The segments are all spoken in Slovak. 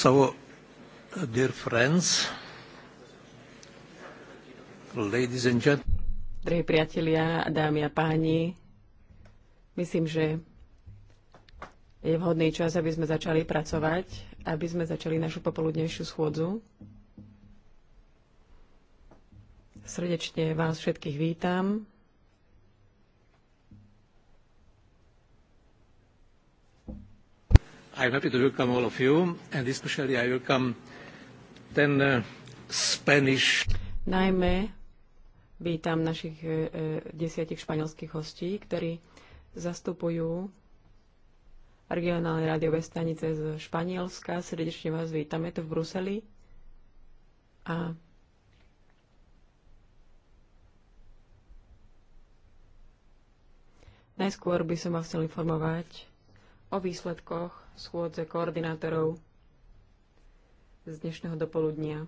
So, uh, dear friends, ladies and gentlemen. Drahí priatelia, dámy a páni, myslím, že je vhodný čas, aby sme začali pracovať, aby sme začali našu popoludnejšiu schôdzu. Srdečne vás všetkých vítam. I'm happy to welcome all of you, and especially I welcome ten uh, Spanish. Najmä vítam našich uh, desiatich španielských hostí, ktorí zastupujú regionálne rádiové stanice z Španielska. Srdečne vás vítame tu v Bruseli. A najskôr by som vás chcel informovať o výsledkoch schôdze koordinátorov z dnešného dopoludnia.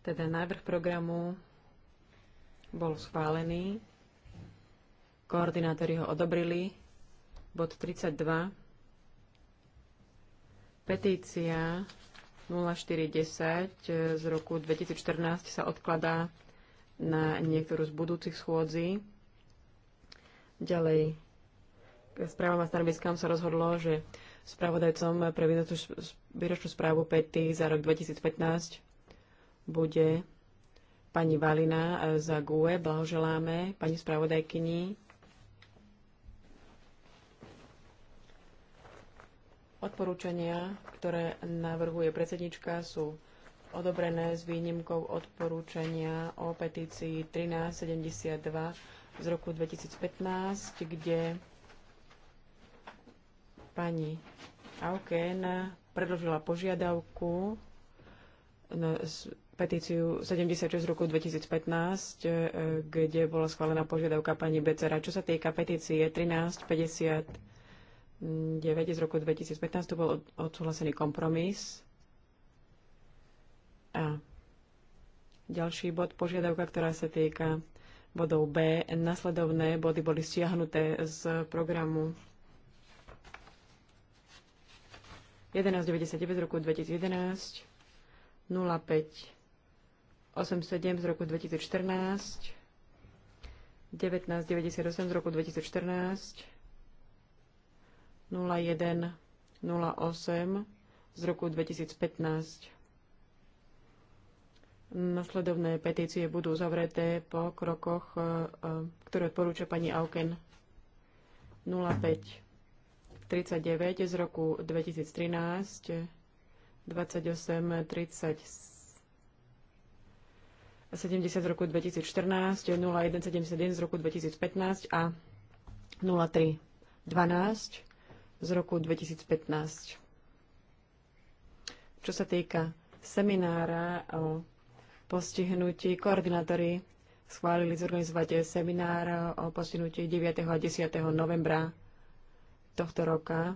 Teda návrh programu bol schválený, koordinátori ho odobrili, bod 32, petícia 0410 eh, z roku 2014 sa odkladá na niektorú z budúcich schôdzí. Ďalej, k správam a stanoviskám sa rozhodlo, že spravodajcom pre výročnú správu PETI za rok 2015 bude pani Valina e, za GUE. Blahoželáme pani spravodajkyni. Odporúčania, ktoré navrhuje predsednička, sú odobrené s výnimkou odporúčania o petícii 1372 z roku 2015, kde pani Auken predložila požiadavku na petíciu 76 z roku 2015, e, kde bola schválená požiadavka pani Becera. Čo sa týka petície 1359 z roku 2015, tu bol odsúhlasený kompromis. A ďalší bod, požiadavka, ktorá sa týka bodov B. Nasledovné body boli stiahnuté z programu 1199 z roku 2011, 0587 z roku 2014, 1998 z roku 2014, 0108 z roku 2015. Nasledovné petície budú zavreté po krokoch, e, e, ktoré odporúča pani Auken 05 39 z roku 2013, 28 30 70 z roku 2014, 01 71 z roku 2015 a 03 12 z roku 2015. Čo sa týka seminára o postihnutí. Koordinátori schválili zorganizovať seminár o postihnutí 9. a 10. novembra tohto roka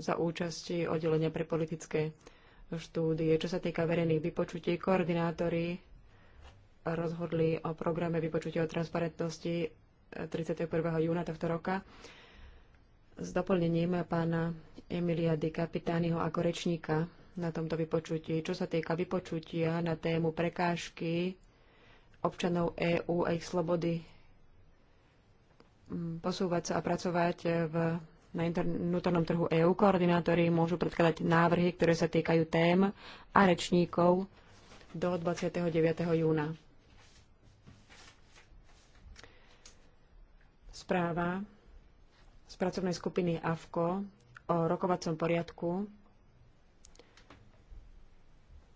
za účasti oddelenia pre politické štúdie. Čo sa týka verejných vypočutí, koordinátori rozhodli o programe vypočutia o transparentnosti 31. júna tohto roka s doplnením pána Emilia Di Capitaniho ako rečníka na tomto vypočutí. Čo sa týka vypočutia na tému prekážky občanov EÚ a ich slobody mm, posúvať sa a pracovať v, na vnútornom trhu EÚ, koordinátori môžu predkladať návrhy, ktoré sa týkajú tém a rečníkov do 29. júna. Správa z pracovnej skupiny AFKO o rokovacom poriadku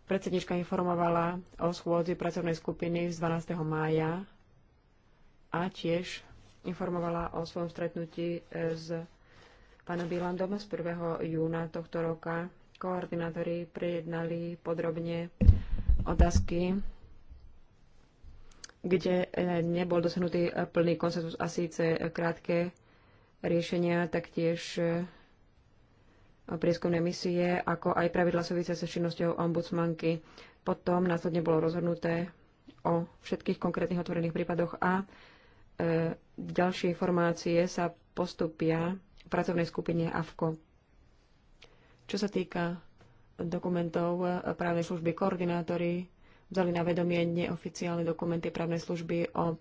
Predsednička informovala o schôdzi pracovnej skupiny z 12. mája a tiež informovala o svojom stretnutí e, s pánom Bílandom z 1. júna tohto roka. Koordinátori prejednali podrobne otázky, kde e, nebol dosiahnutý plný konsenzus a síce krátke riešenia, taktiež e, prieskumné misie, ako aj pravidla súvisia sa činnosťou ombudsmanky. Potom následne bolo rozhodnuté o všetkých konkrétnych otvorených prípadoch a e, ďalšie informácie sa postupia v pracovnej skupine AFKO. Čo sa týka dokumentov e, právnej služby, koordinátori vzali na vedomie neoficiálne dokumenty právnej služby o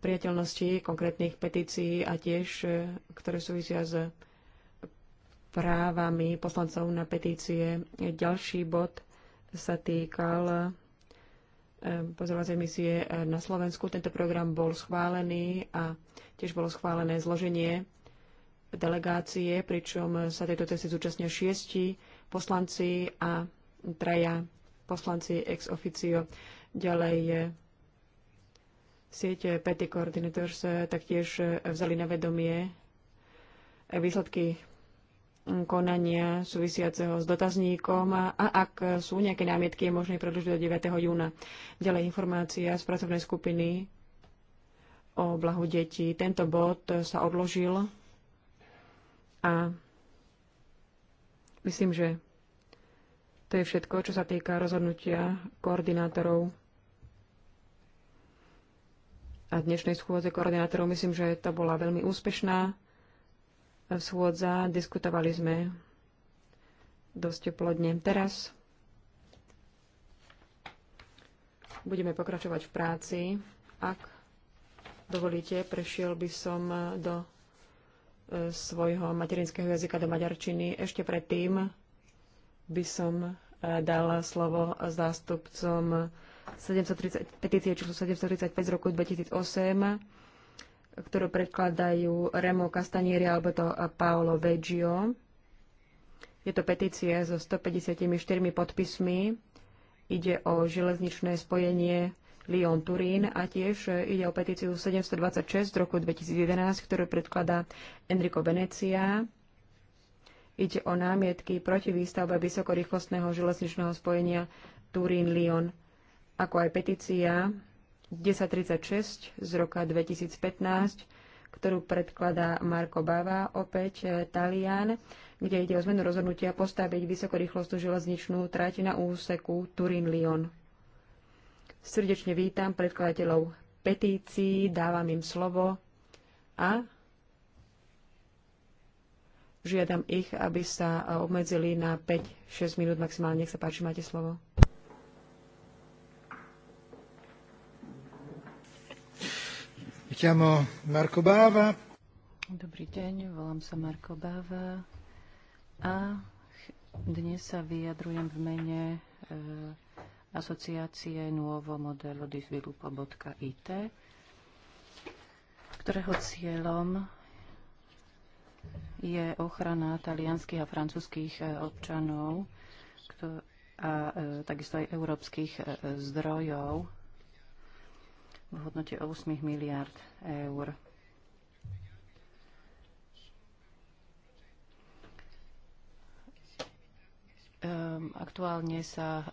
priateľnosti konkrétnych petícií a tiež, e, ktoré súvisia s právami poslancov na petície. Ďalší bod sa týkal e, pozorovacej misie e, na Slovensku. Tento program bol schválený a tiež bolo schválené zloženie delegácie, pričom sa tejto cesty zúčastnia šiesti poslanci a traja poslanci ex officio. Ďalej je sieť Petty Coordinators e, taktiež vzali na vedomie výsledky konania súvisiaceho s dotazníkom a, a ak sú nejaké námietky, je možné predlžiť do 9. júna. Ďalej informácia z pracovnej skupiny o blahu detí. Tento bod sa odložil a myslím, že to je všetko, čo sa týka rozhodnutia koordinátorov a dnešnej schôdze koordinátorov. Myslím, že to bola veľmi úspešná schôdza. Diskutovali sme dosť plodne. Teraz budeme pokračovať v práci. Ak dovolíte, prešiel by som do e, svojho materinského jazyka do maďarčiny. Ešte predtým by som e, dal slovo zástupcom petície číslo 735 z roku 2008 ktorú predkladajú Remo Castanieri alebo to Paolo Veggio. Je to petícia so 154 podpismi. Ide o železničné spojenie Lyon-Turín a tiež ide o petíciu 726 z roku 2011, ktorú predkladá Enrico Venecia. Ide o námietky proti výstavbe vysokorýchlostného železničného spojenia Turín-Lyon, ako aj petícia 1036 z roka 2015, ktorú predkladá Marko Bava, opäť e, Talian, kde ide o zmenu rozhodnutia postaviť vysokorýchlostnú železničnú trať na úseku Turín-Lyon. Srdečne vítam predkladateľov petícií, dávam im slovo a žiadam ich, aby sa e, obmedzili na 5-6 minút maximálne. Nech sa páči, máte slovo. Dobrý deň, volám sa Marko Báva a dnes sa vyjadrujem v mene e, asociácie Nuovo Modelo di ktorého cieľom je ochrana talianských a francúzských eh, občanov a e, takisto aj európskych e, zdrojov v hodnote 8 miliard eur. Ehm, aktuálne sa e,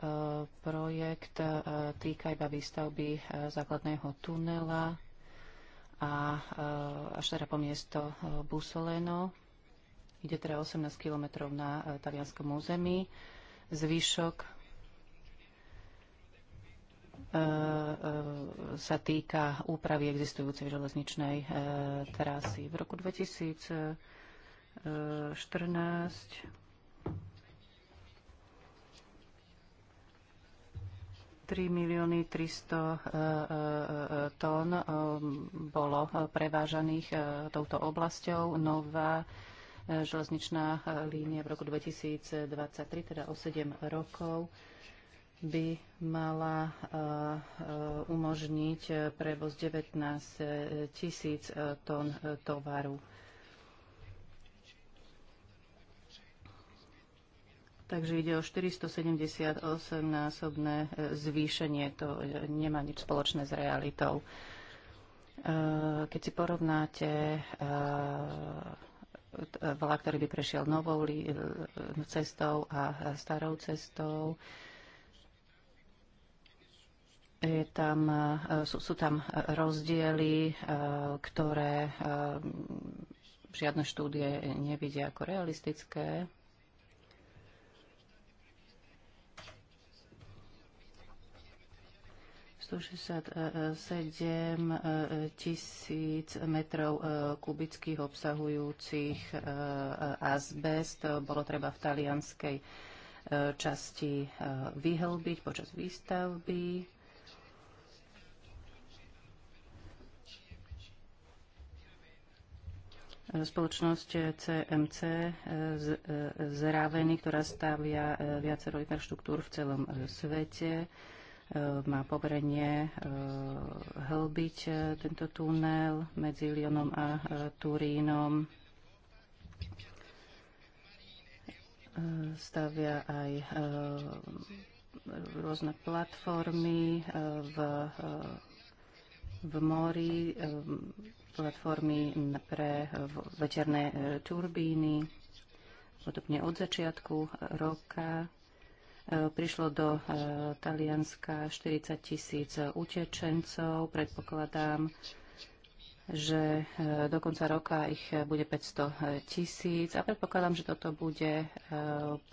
projekt e, týka iba výstavby e, základného tunela a až teda po miesto Busoleno. Ide teda 18 kilometrov na talianskom území. Zvyšok E, e, sa týka úpravy existujúcej železničnej e, trasy. V roku 2014 3 milióny 300 tón bolo prevážaných touto oblasťou. Nová železničná línia v roku 2023, teda o 7 rokov, by mala eh, eh, umožniť eh, prevoz 19 tisíc tón tovaru. Takže ide o 478-násobné zvýšenie. To nemá nič spoločné s realitou. Keď si porovnáte vlak, ktorý by prešiel novou cestou a starou cestou, je tam, e, sú, sú tam rozdiely, e, ktoré e, žiadne štúdie nevidia ako realistické. sedem 67 tisíc metrov kubických obsahujúcich azbest bolo treba v talianskej časti vyhlbiť počas výstavby. spoločnosť CMC z Raveny, ktorá stavia e, viacero infraštruktúr v celom e, svete. E, má poverenie hlbiť tento tunel medzi Lyonom a Turínom. Stavia aj rôzne platformy v, v mori platformy pre večerné e, turbíny. Podobne od začiatku roka e, prišlo do e, Talianska 40 tisíc utečencov. Predpokladám, že do konca roka ich bude 500 tisíc a predpokladám, že toto bude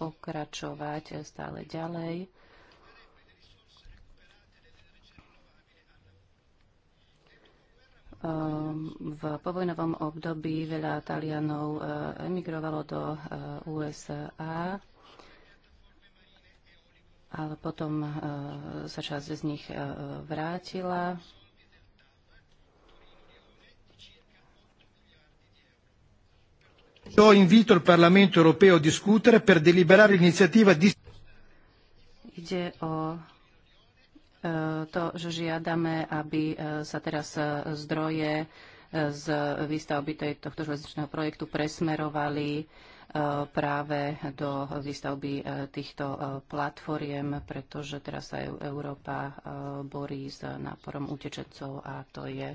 pokračovať stále ďalej. V povojnovom období veľa Talianov e, emigrovalo do e, USA, ale potom e, sa časť z nich vrátila. Io invito il Parlamento europeo a discutere per deliberare l'iniziativa di... Ide o to, že žiadame, aby e, sa teraz e, zdroje e, z výstavby tohto železničného projektu presmerovali práve do výstavby týchto platformiem, pretože teraz sa Európa borí s náporom utečencov a to je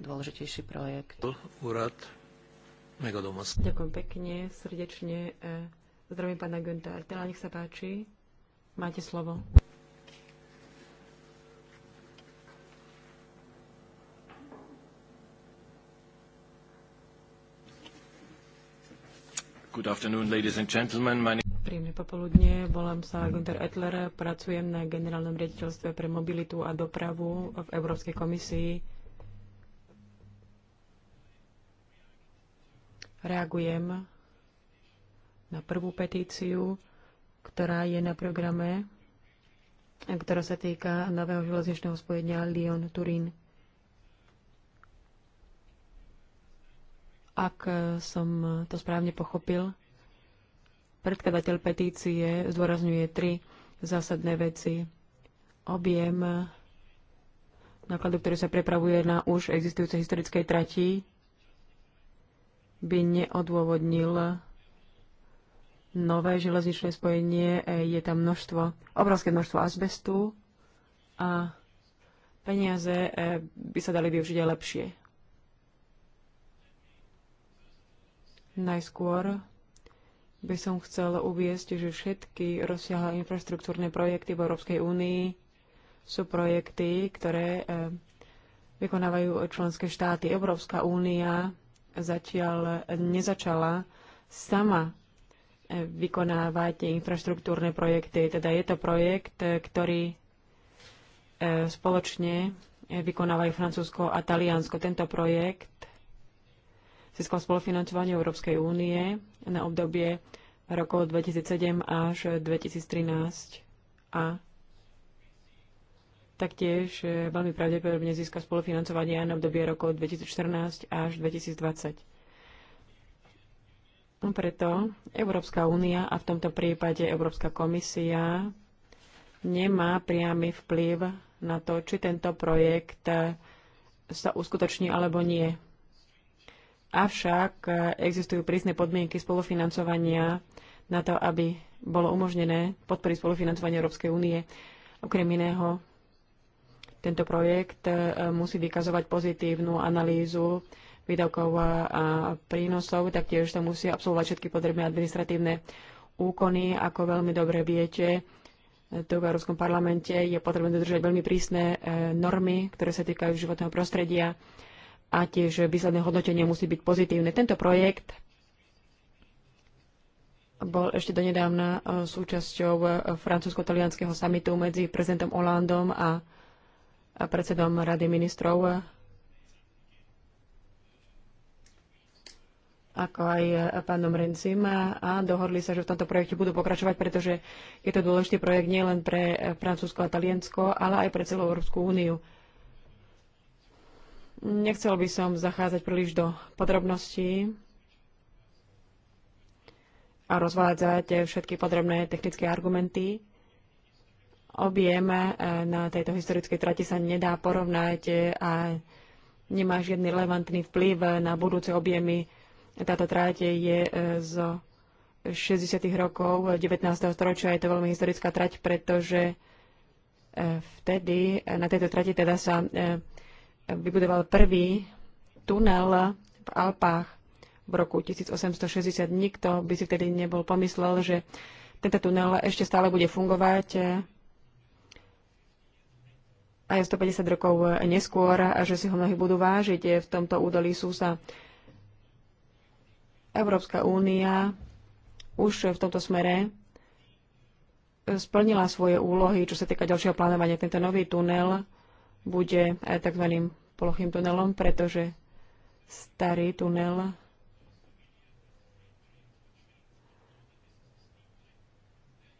dôležitejší projekt. Úrad Megadomas. Ďakujem pekne, srdečne. Zdravím pána Gönta, Teda nech sa páči. Máte slovo. Good afternoon, ladies and gentlemen. My... Príjemné popoludne, volám sa Gunter Etler, pracujem na generálnom riaditeľstve pre mobilitu a dopravu v Európskej komisii. Reagujem na prvú petíciu, ktorá je na programe, ktorá sa týka nového železničného spojenia Lyon-Turín. Ak e, som to správne pochopil, predkladateľ petície zdôrazňuje tri zásadné veci. Objem nákladu, ktorý sa prepravuje na už existujúcej historickej trati, by neodôvodnil nové železničné spojenie. E, je tam množstvo, obrovské množstvo azbestu a peniaze e, by sa dali využiť aj lepšie. Najskôr by som chcel uviesť, že všetky rozsiahle infraštruktúrne projekty v Európskej únii sú projekty, ktoré e, vykonávajú členské štáty. Európska únia zatiaľ nezačala sama e, vykonávať infraštruktúrne projekty. Teda je to projekt, e, ktorý spoločne vykonávajú Francúzsko a Taliansko. Tento projekt získal spolufinancovanie Európskej únie na obdobie rokov 2007 až 2013 a taktiež e, veľmi pravdepodobne získa spolufinancovanie na obdobie rokov 2014 až 2020. No preto Európska únia a v tomto prípade Európska komisia nemá priamy vplyv na to, či tento projekt sa uskutoční alebo nie. Avšak e, existujú prísne podmienky spolufinancovania na to, aby bolo umožnené podporiť spolufinancovanie Európskej únie. Okrem iného, tento projekt e, musí vykazovať pozitívnu analýzu výdavkov a prínosov, taktiež sa musí absolvovať všetky potrebné administratívne úkony. Ako veľmi dobre viete, tu v Európskom parlamente je potrebné dodržať veľmi prísne e, normy, ktoré sa týkajú životného prostredia a tiež výsledné hodnotenie musí byť pozitívne. Tento projekt bol ešte donedávna e, súčasťou e, francúzsko-talianského samitu medzi prezidentom Hollandom a predsedom Rady ministrov, e, ako aj pánom Rencim a dohodli sa, že v tomto projekte budú pokračovať, pretože je to dôležitý projekt nielen pre Francúzsko a Taliansko, ale aj pre celú Európsku úniu. Nechcel by som zacházať príliš do podrobností a rozvádzať všetky podrobné technické argumenty. Objem eh, na tejto historickej trati sa nedá porovnať eh, a nemá žiadny relevantný vplyv eh, na budúce objemy. Táto trať je z 60. rokov 19. storočia. Je to veľmi historická trať, pretože vtedy na tejto trati teda sa vybudoval prvý tunel v Alpách v roku 1860. Nikto by si vtedy nebol pomyslel, že tento tunel ešte stále bude fungovať aj 150 rokov neskôr a že si ho mnohí budú vážiť. V tomto údolí sú sa Európska únia už v tomto smere splnila svoje úlohy, čo sa týka ďalšieho plánovania. Tento nový tunel bude eh, tzv. plochým tunelom, pretože starý tunel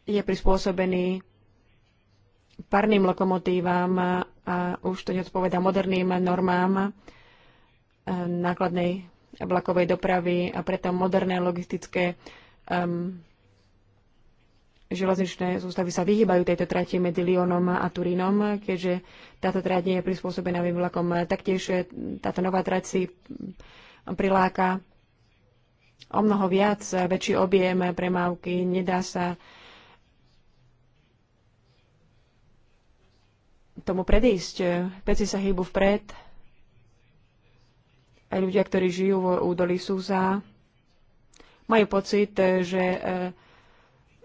je prispôsobený parným lokomotívam a už to neodpoveda moderným normám eh, nákladnej vlakovej dopravy a preto moderné logistické um, železničné sústavy sa vyhýbajú tejto trati medzi Lyonom a Turínom, keďže táto trať nie je prispôsobená vlakom. Taktiež eh, táto nová trať si priláka o mnoho viac eh, väčší objem premávky. Nedá sa tomu predísť. Veci sa hýbu vpred. Aj ľudia, ktorí žijú v údolí Súza, majú pocit, eh, že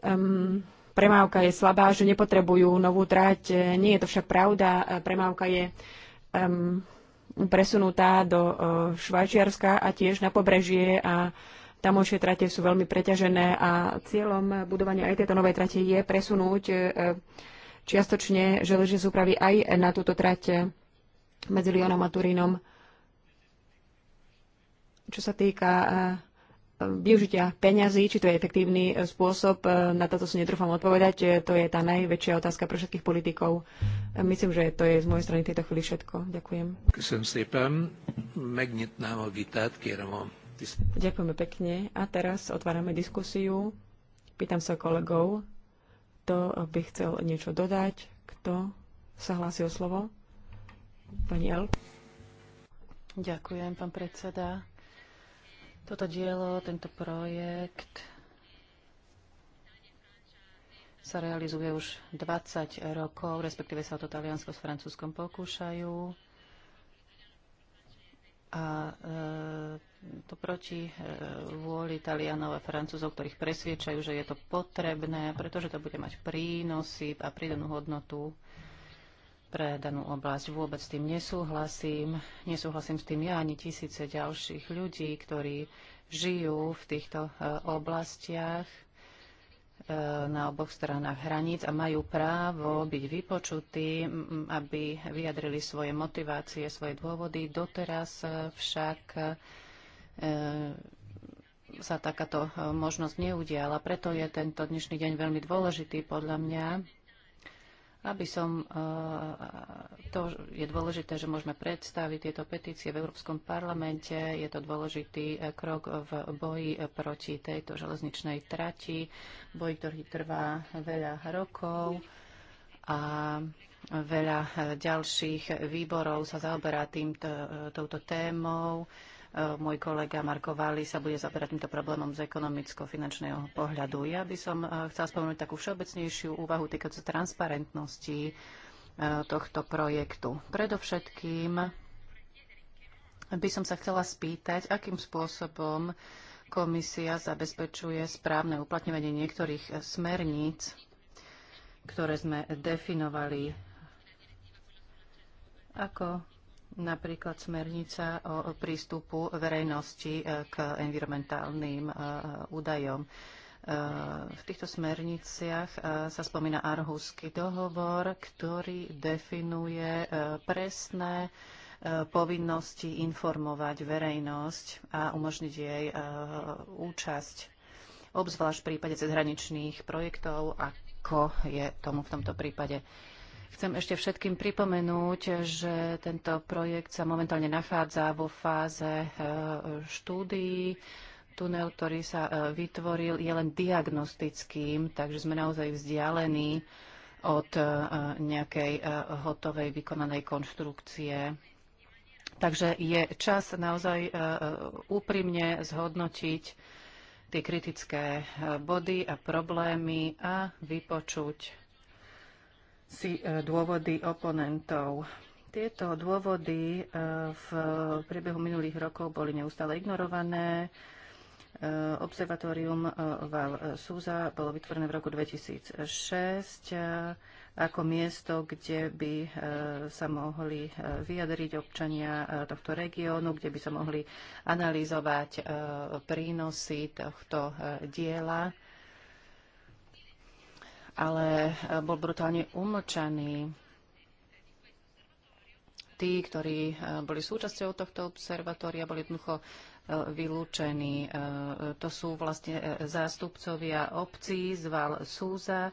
um, premávka je slabá, že nepotrebujú novú trať. E, nie je to však pravda. E, premávka je um, presunutá do uh, Švajčiarska a tiež na pobrežie a tamošie trate sú veľmi preťažené a cieľom budovania aj tejto novej trate je presunúť uh, čiastočne železné súpravy aj na túto trať medzi Lyonom a Turínom. Čo sa týka uh, využitia peňazí, či to je efektívny e, spôsob, e, na toto si netrúfam odpovedať. E, to je tá najväčšia otázka pre všetkých politikov. Myslím, že to je z mojej strany tejto chvíli všetko. Ďakujem. Ďakujeme pekne. A teraz otvárame diskusiu. Pýtam sa kolegov, kto by chcel niečo dodať, kto sa hlási o slovo. Pani El. Ďakujem, pán predseda. Toto dielo, tento projekt sa realizuje už 20 rokov, respektíve sa o to Taliansko s Francúzskom pokúšajú. A e, to proti e, vôli Talianov a Francúzov, ktorých presviečajú, že je to potrebné, pretože to bude mať prínosy a prídanú hodnotu e, pre danú oblasť. Vôbec s tým nesúhlasím. Nesúhlasím s tým ja ani tisíce ďalších ľudí, ktorí žijú v týchto e, oblastiach e, na oboch stranách hraníc a majú právo byť vypočutí, aby vyjadrili svoje motivácie, svoje dôvody. Doteraz e, však sa takáto možnosť neudiala. Preto je tento dnešný deň veľmi dôležitý podľa mňa aby som... Eh, to je dôležité, že môžeme predstaviť tieto petície v Európskom parlamente. Je to dôležitý eh, krok v boji eh, proti tejto železničnej trati, boji, ktorý trvá veľa rokov a veľa ďalších výborov sa zaoberá týmto, touto témou E, môj kolega Marko Vali sa bude zaberať týmto problémom z ekonomicko-finančného pohľadu. Ja by som e, chcela spomenúť takú všeobecnejšiu úvahu týkajúcu transparentnosti e, tohto projektu. Predovšetkým by som sa chcela spýtať, akým spôsobom komisia zabezpečuje správne uplatňovanie niektorých smerníc, ktoré sme definovali ako Napríklad smernica o prístupu verejnosti e, k environmentálnym e, údajom. E, v týchto smerniciach sa spomína Arhusky dohovor, ktorý definuje presné povinnosti informovať verejnosť a umožniť jej účasť, obzvlášť v prípade cezhraničných projektov, ako je tomu v tomto prípade. Chcem ešte všetkým pripomenúť, že tento projekt sa momentálne nachádza vo fáze e, štúdií. Tunel, ktorý sa e, vytvoril, je len diagnostickým, takže sme naozaj vzdialení od e, nejakej hotovej vykonanej konštrukcie. Takže je čas naozaj úprimne zhodnotiť tie kritické body a problémy a vypočuť si e, dôvody oponentov. Tieto dôvody e, v priebehu minulých rokov boli neustále ignorované. E, observatórium Val Súza bolo vytvorené v roku 2006 ako miesto, kde by sa mohli vyjadriť občania tohto regiónu, kde by sa mohli analyzovať prínosy tohto diela ale e, bol brutálne umlčaný. Tí, ktorí e, boli súčasťou tohto observatória, boli jednoducho e, vylúčení. To sú vlastne zástupcovia obcí z Val Súza.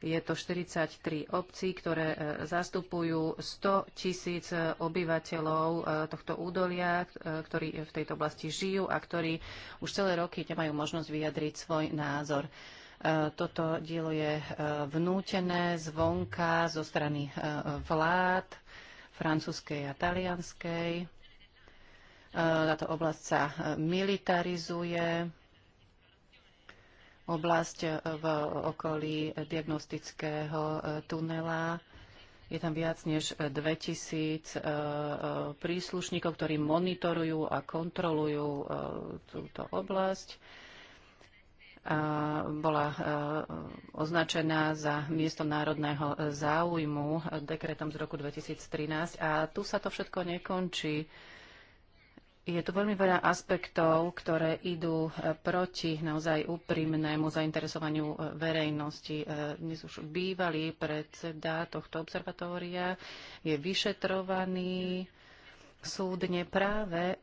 Je to 43 obcí, ktoré zastupujú 100 tisíc obyvateľov tohto údolia, ktorí v tejto oblasti žijú a ktorí už celé roky nemajú možnosť vyjadriť svoj názor. E, toto dielo je e, vnútené zvonka zo strany e, vlád francúzskej a talianskej. Táto oblasť sa militarizuje oblasť v okolí diagnostického tunela. Je tam viac než 2000 príslušníkov, ktorí monitorujú a kontrolujú túto oblasť bola označená za miesto národného záujmu dekretom z roku 2013. A tu sa to všetko nekončí. Je tu veľmi veľa aspektov, ktoré idú e, proti naozaj úprimnému zainteresovaniu e, verejnosti. E, dnes už bývalý predseda tohto observatória je vyšetrovaný súdne práve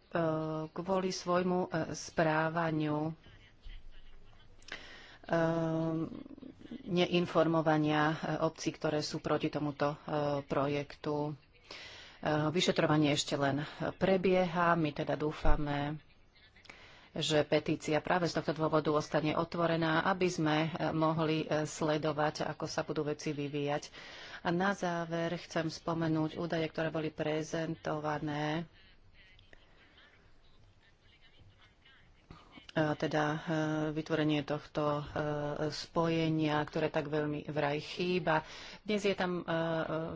kvôli svojmu správaniu Ehm, neinformovania eh, obcí, ktoré sú proti tomuto eh, projektu. Ehm, vyšetrovanie ešte len prebieha. My teda dúfame, že petícia práve z tohto dôvodu ostane otvorená, aby sme eh, mohli sledovať, ako sa budú veci vyvíjať. A na záver chcem spomenúť údaje, ktoré boli prezentované teda e, vytvorenie tohto e, spojenia, ktoré tak veľmi vraj chýba. Dnes je tam e,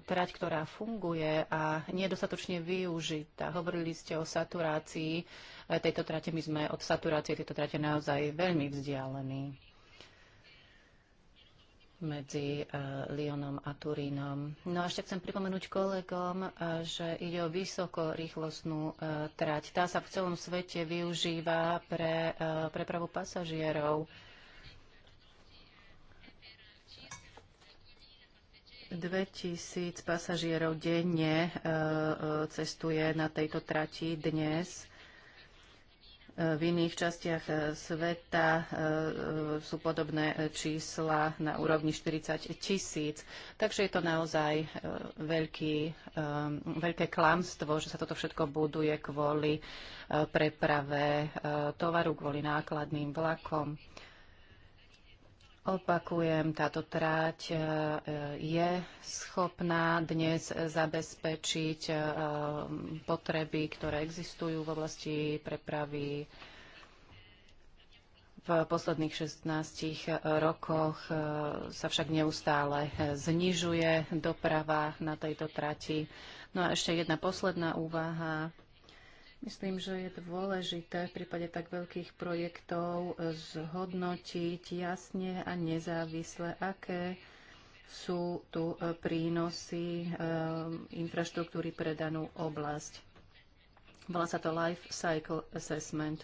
trať, ktorá funguje a nedostatočne využitá. Hovorili ste o saturácii tejto trate. My sme od saturácie tejto trate naozaj veľmi vzdialení medzi eh, Lyonom a Turínom. No a ešte chcem pripomenúť kolegom, eh, že ide o vysokorýchlostnú eh, trať. Tá sa v celom svete využíva pre prepravu pasažierov. 2000 pasažierov denne cestuje na tejto trati dnes v iných častiach e, sveta e, e, sú podobné čísla na úrovni 40 tisíc. Takže je to naozaj veľký, veľké klamstvo, že sa toto všetko buduje kvôli preprave tovaru, kvôli nákladným vlakom. Opakujem, táto tráť e, je schopná dnes zabezpečiť e, potreby, ktoré existujú v oblasti prepravy. V posledných 16 rokoch e, sa však neustále znižuje doprava na tejto trati. No a ešte jedna posledná úvaha Myslím, že je dôležité v prípade tak veľkých projektov zhodnotiť jasne a nezávisle, aké sú tu e, prínosy e, infraštruktúry pre danú oblasť. Volá sa to Life Cycle Assessment,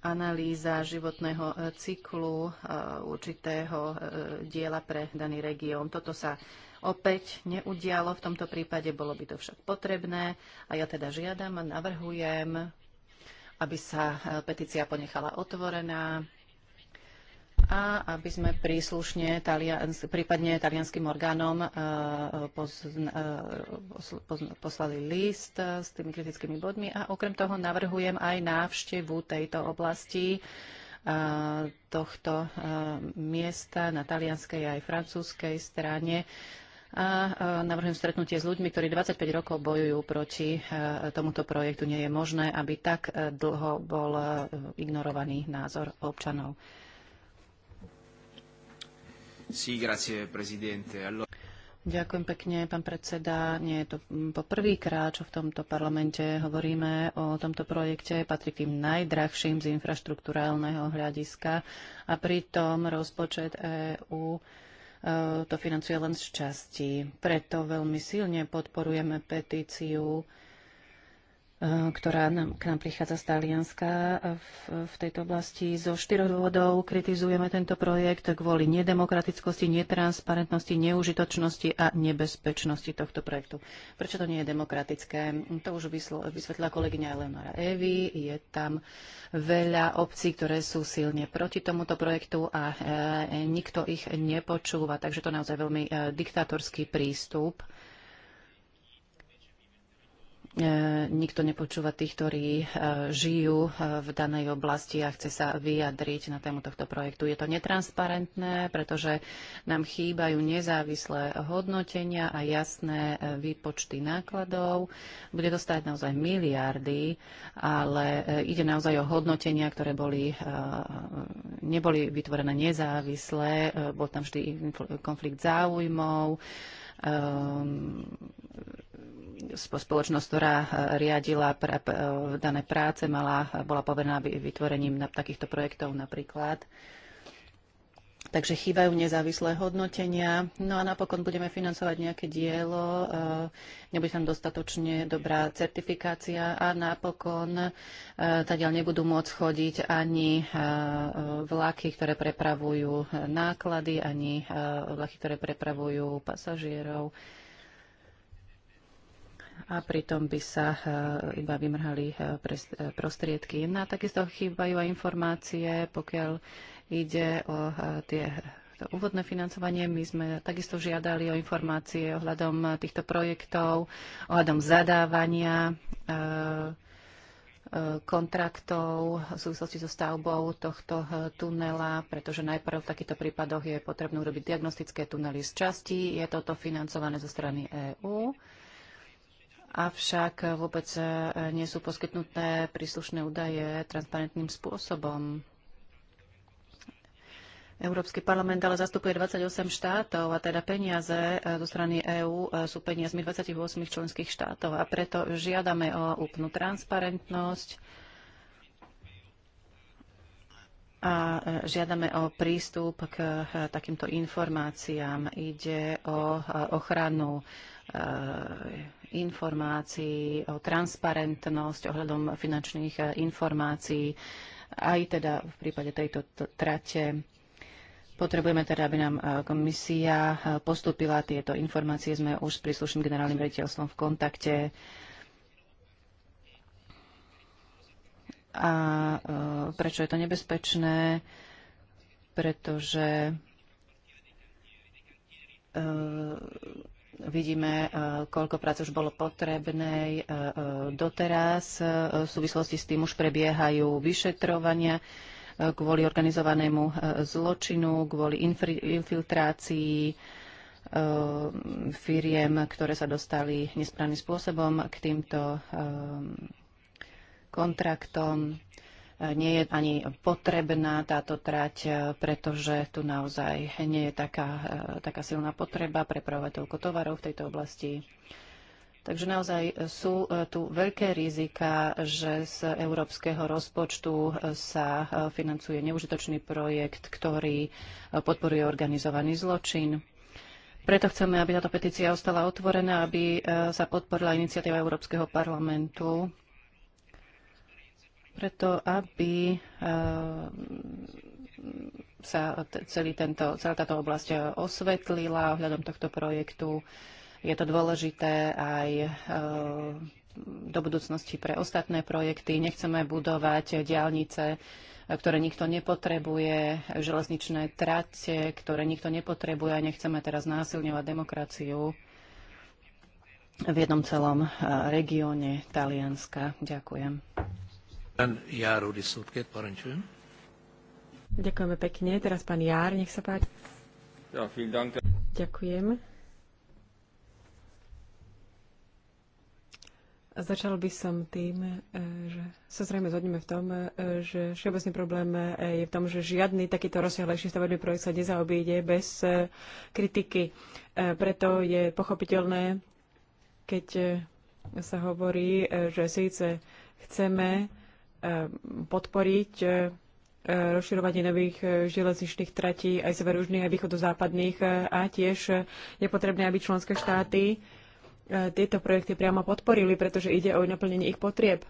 analýza životného e, cyklu určitého diela pre daný región. Toto sa opäť neudialo. V tomto prípade bolo by to však potrebné a ja teda žiadam a navrhujem, aby sa e, petícia ponechala otvorená a aby sme príslušne talians, prípadne talianským orgánom e, e, poslali list s tými kritickými bodmi a okrem toho navrhujem aj návštevu tejto oblasti tohto miesta na talianskej aj francúzskej strane a e, navrhujem stretnutie s ľuďmi, ktorí 25 rokov bojujú proti e, tomuto projektu. Nie je možné, aby tak e, dlho bol ignorovaný názor občanov. Sí, grazie, Ďakujem pekne, pán predseda. Nie je to po čo v tomto parlamente hovoríme o tomto projekte. Patrí tým najdrahším z infraštruktúrálneho hľadiska a pritom rozpočet EÚ to financuje len z časti. Preto veľmi silne podporujeme petíciu Eh, ktorá nám, k nám prichádza z Talianska eh, v, v tejto oblasti. Zo štyroch dôvodov kritizujeme tento projekt kvôli nedemokratickosti, netransparentnosti, neužitočnosti a nebezpečnosti tohto projektu. Prečo to nie je demokratické? To už vysvetlila kolegyňa Eleonora Evi. Je tam veľa obcí, ktoré sú silne proti tomuto projektu a e, nikto ich nepočúva, takže to naozaj veľmi e, diktátorský prístup E, nikto nepočúva tých, ktorí e, žijú e, v danej oblasti a chce sa vyjadriť na tému tohto projektu. Je to netransparentné, pretože nám chýbajú nezávislé hodnotenia a jasné výpočty nákladov. Bude dostať naozaj miliardy, ale ide naozaj o hodnotenia, ktoré boli, neboli vytvorené nezávisle. Bol tam vždy konflikt záujmov ehm, spoločnosť, ktorá e, riadila pr- e, dané práce, mala, bola poverená vytvorením takýchto projektov napríklad. Takže chýbajú nezávislé hodnotenia. No a napokon budeme financovať nejaké dielo, e, nebude tam dostatočne dobrá certifikácia a napokon tadiaľ nebudú môcť chodiť ani vlaky, ktoré prepravujú náklady, ani vlaky, ktoré prepravujú pasažierov a pritom by sa eh, iba vymrhali eh, eh, prostriedky. No a takisto chýbajú aj informácie, pokiaľ ide o tie to úvodné financovanie. My sme takisto žiadali o informácie ohľadom týchto projektov, ohľadom zadávania kontraktov v súvislosti so stavbou tohto tunela, pretože najprv v takýchto prípadoch je potrebné urobiť diagnostické tunely z časti. Je toto financované zo strany EÚ avšak eh, vôbec eh, nie sú poskytnuté príslušné údaje transparentným spôsobom. Európsky parlament ale zastupuje 28 štátov a teda peniaze eh, zo strany EÚ sú peniazmi 28 členských štátov a preto žiadame o úplnú transparentnosť a žiadame o prístup k takýmto informáciám. Ide o ochranu Eh, informácií, o transparentnosť ohľadom finančných eh, informácií, aj teda v prípade tejto trate. Potrebujeme teda, aby nám eh, komisia postupila tieto informácie. Sme už s príslušným generálnym rediteľstvom v kontakte. A prečo je to nebezpečné? Pretože Vidíme, e, koľko prác už bolo potrebné e, e, doteraz. V súvislosti s tým už prebiehajú vyšetrovania kvôli organizovanému zločinu, kvôli infiltrácii firiem, ktoré sa dostali nesprávnym spôsobom k týmto kontraktom nie je ani potrebná táto trať, e, pretože tu naozaj nie je taká, e, taká silná potreba prepravovať toľko tovarov v tejto oblasti. Takže naozaj sú e, tu veľké rizika, že z európskeho rozpočtu sa financuje neužitočný projekt, ktorý podporuje organizovaný zločin. Preto chceme, aby táto petícia ostala otvorená, aby sa podporila iniciatíva Európskeho parlamentu preto aby eh, sa celý tento, celá táto oblasť eh, osvetlila ohľadom tohto projektu. Je to dôležité aj eh, do budúcnosti pre ostatné projekty. Nechceme budovať diálnice, ktoré nikto nepotrebuje, železničné trate, ktoré nikto nepotrebuje a nechceme teraz násilňovať demokraciu v jednom celom regióne Talianska. Ďakujem. Jár úr is Ďakujeme pekne. Teraz pán Jár, nech sa páči. Ja, vielen Dank. Ďakujem. Začal by som tým, e, že sa zrejme zhodneme v tom, e, že všeobecný problém e, je v tom, že žiadny takýto rozsiahlejší stavebný projekt sa nezaobíde bez kritiky. Preto je pochopiteľné, keď sa hovorí, že síce chceme Ehm, podporiť e, e, rozširovanie nových e, železničných tratí aj severužných, aj východozápadných a tiež je potrebné, aby členské štáty tieto projekty priamo podporili, pretože ide o naplnenie ich potrieb.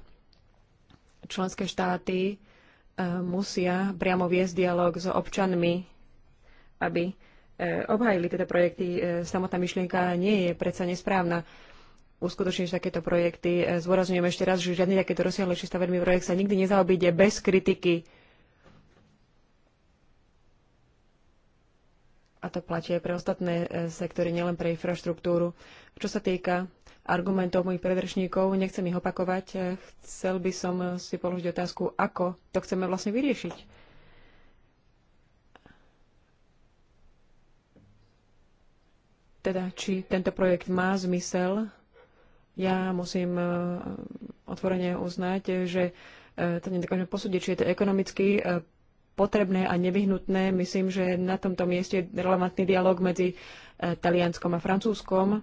Členské štáty musia priamo viesť dialog s občanmi, aby obhajili teda projekty. Samotná myšlienka nie je predsa nesprávna uskutočniť takéto projekty. E, Zôrazňujem ešte raz, že žiadny takéto rozsiahlejší stavebný projekt sa nikdy nezaobíde bez kritiky. A to platí aj pre ostatné e, sektory, nielen pre infraštruktúru. Čo sa týka argumentov mojich predrečníkov, nechcem ich opakovať. E, chcel by som si položiť otázku, ako to chceme vlastne vyriešiť. Teda, či tento projekt má zmysel ja musím e, otvorene uznať, že e, to nedokážem posúdiť, či je to ekonomicky e, potrebné a nevyhnutné. Myslím, že na tomto mieste je relevantný dialog medzi Talianskom a Francúzskom.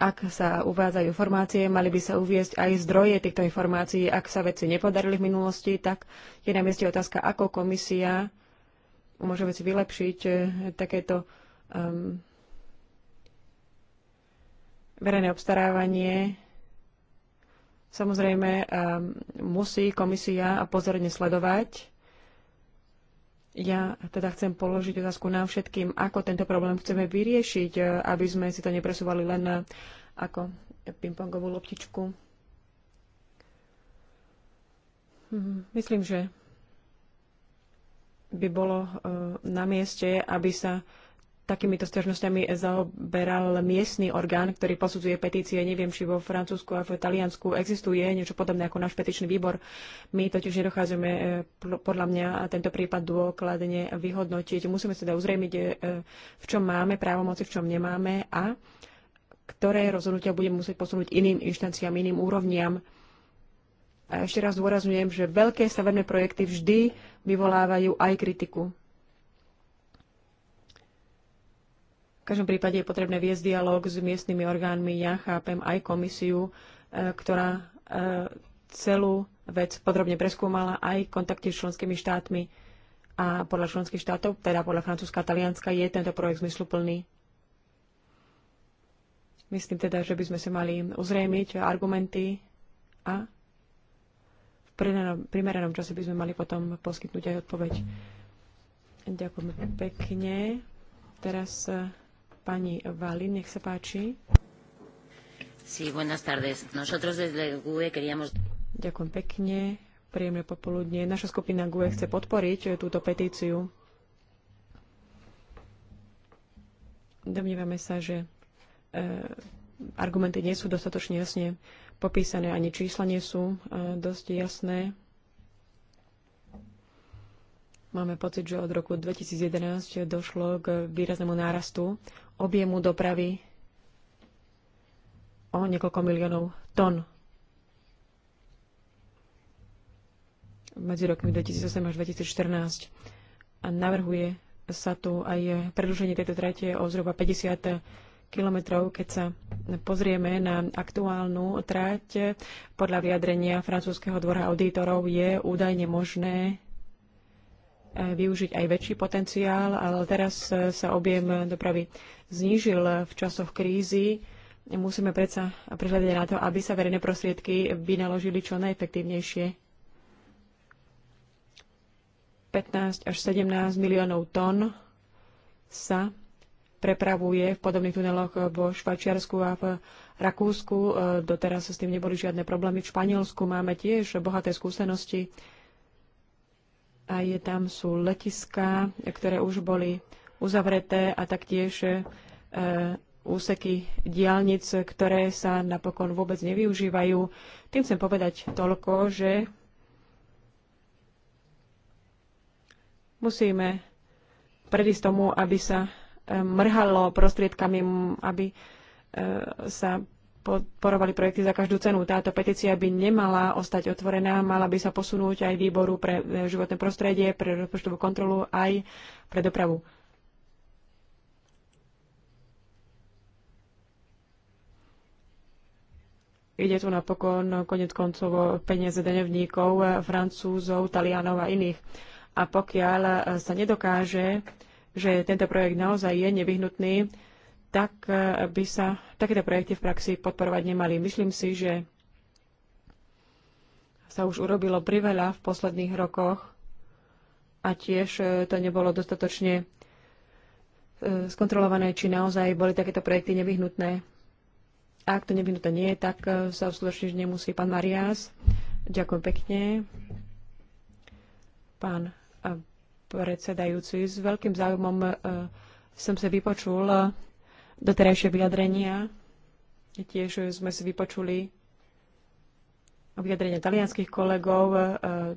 Ak sa uvádzajú informácie, mali by sa uviesť aj zdroje týchto informácií. Ak sa veci nepodarili v minulosti, tak je na mieste otázka, ako komisia môže veci vylepšiť takéto um, verejné obstarávanie samozrejme eh, musí komisia pozorne sledovať. Ja teda chcem položiť otázku nám všetkým, ako tento problém chceme vyriešiť, eh, aby sme si to nepresúvali len ako pingpongovú loptičku. Mhm, myslím, že by bolo eh, na mieste, aby sa takýmito stiažnosťami zaoberal miestny orgán, ktorý posudzuje petície. Neviem, či vo Francúzsku a v Taliansku existuje niečo podobné ako náš petičný výbor. My totiž nedochádzame e, podľa mňa tento prípad dôkladne vyhodnotiť. Musíme teda uzrejmiť, e, v čom máme právomoci, v čom nemáme a ktoré rozhodnutia budeme musieť posunúť iným inštanciám, iným úrovniam. A ešte raz dôrazňujem, že veľké stavebné projekty vždy vyvolávajú aj kritiku. každom prípade je potrebné viesť dialog s miestnymi orgánmi. Ja chápem aj komisiu, e, ktorá e, celú vec podrobne preskúmala aj kontakty s členskými štátmi. A podľa členských štátov, teda podľa Francúzska a Talianska, je tento projekt zmysluplný. Myslím teda, že by sme sa mali uzrejmiť argumenty a v primeranom čase by sme mali potom poskytnúť aj odpoveď. Ďakujem pekne. Teraz e, Pani Vali, nech sa páči. Sí, buenas tardes. Nosotros desde GUE queríamos... Ďakujem pekne. Príjemné popoludne. Naša skupina GUE chce podporiť túto petíciu. Domnievame sa, že e, argumenty nie sú dostatočne jasne popísané, ani čísla nie sú e, dosť jasné Máme pocit, že od roku 2011 došlo k výraznému nárastu objemu dopravy o niekoľko miliónov tón. Medzi rokmi 2008 až 2014. A navrhuje sa tu aj predĺženie tejto trate o zhruba 50 kilometrov, keď sa pozrieme na aktuálnu trať, podľa vyjadrenia francúzského dvora auditorov je údajne možné Eh, využiť aj väčší potenciál, ale teraz eh, sa objem dopravy znížil v časoch krízy. Musíme predsa prihľadať na to, aby sa verejné prostriedky vynaložili čo najefektívnejšie. 15 až 17 miliónov tón sa prepravuje v podobných tuneloch vo Švajčiarsku a v Rakúsku. Eh, doteraz s tým neboli žiadne problémy. V Španielsku máme tiež bohaté skúsenosti aj tam sú letiská, ktoré už boli uzavreté a taktiež e, úseky diálnic, ktoré sa napokon vôbec nevyužívajú. Tým chcem povedať toľko, že musíme predísť tomu, aby sa e, mrhalo prostriedkami, aby e, sa podporovali projekty za každú cenu. Táto petícia by nemala ostať otvorená, mala by sa posunúť aj výboru pre e, životné prostredie, pre rozpočtovú kontrolu, aj pre dopravu. Ide tu napokon konec koncov peniaze denevníkov, e, francúzov, talianov a iných. A pokiaľ e, sa nedokáže, že tento projekt naozaj je nevyhnutný, tak e, by sa takéto projekty v praxi podporovať nemali. Myslím si, že sa už urobilo priveľa v posledných rokoch a tiež e, to nebolo dostatočne e, skontrolované, či naozaj boli takéto projekty nevyhnutné. A ak to nevyhnuté nie je, tak sa skutočne nemusí. Pán Marias, ďakujem pekne. Pán predsedajúci, s veľkým záujmom som sa vypočul doterajšie vyjadrenia. Tiež sme si vypočuli vyjadrenia talianských kolegov, e,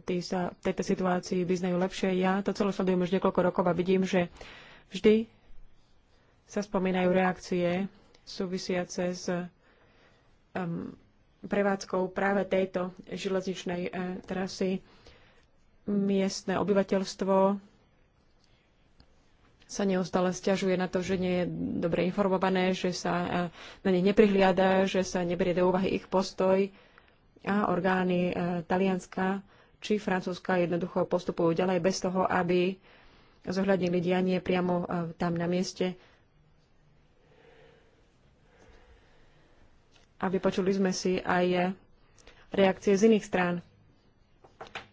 tí sa v tejto situácii vyznajú lepšie. Ja to celé sledujem už niekoľko rokov a vidím, že vždy sa spomínajú reakcie súvisiace s um, prevádzkou práve tejto železničnej e, trasy. Miestne obyvateľstvo sa neustále stiažuje na to, že nie je dobre informované, že sa e, na nich neprihliada, že sa neberie do úvahy ich postoj a orgány e, Talianska či Francúzska jednoducho postupujú ďalej bez toho, aby zohľadnili dianie priamo e, tam na mieste. A vypočuli sme si aj reakcie z iných strán.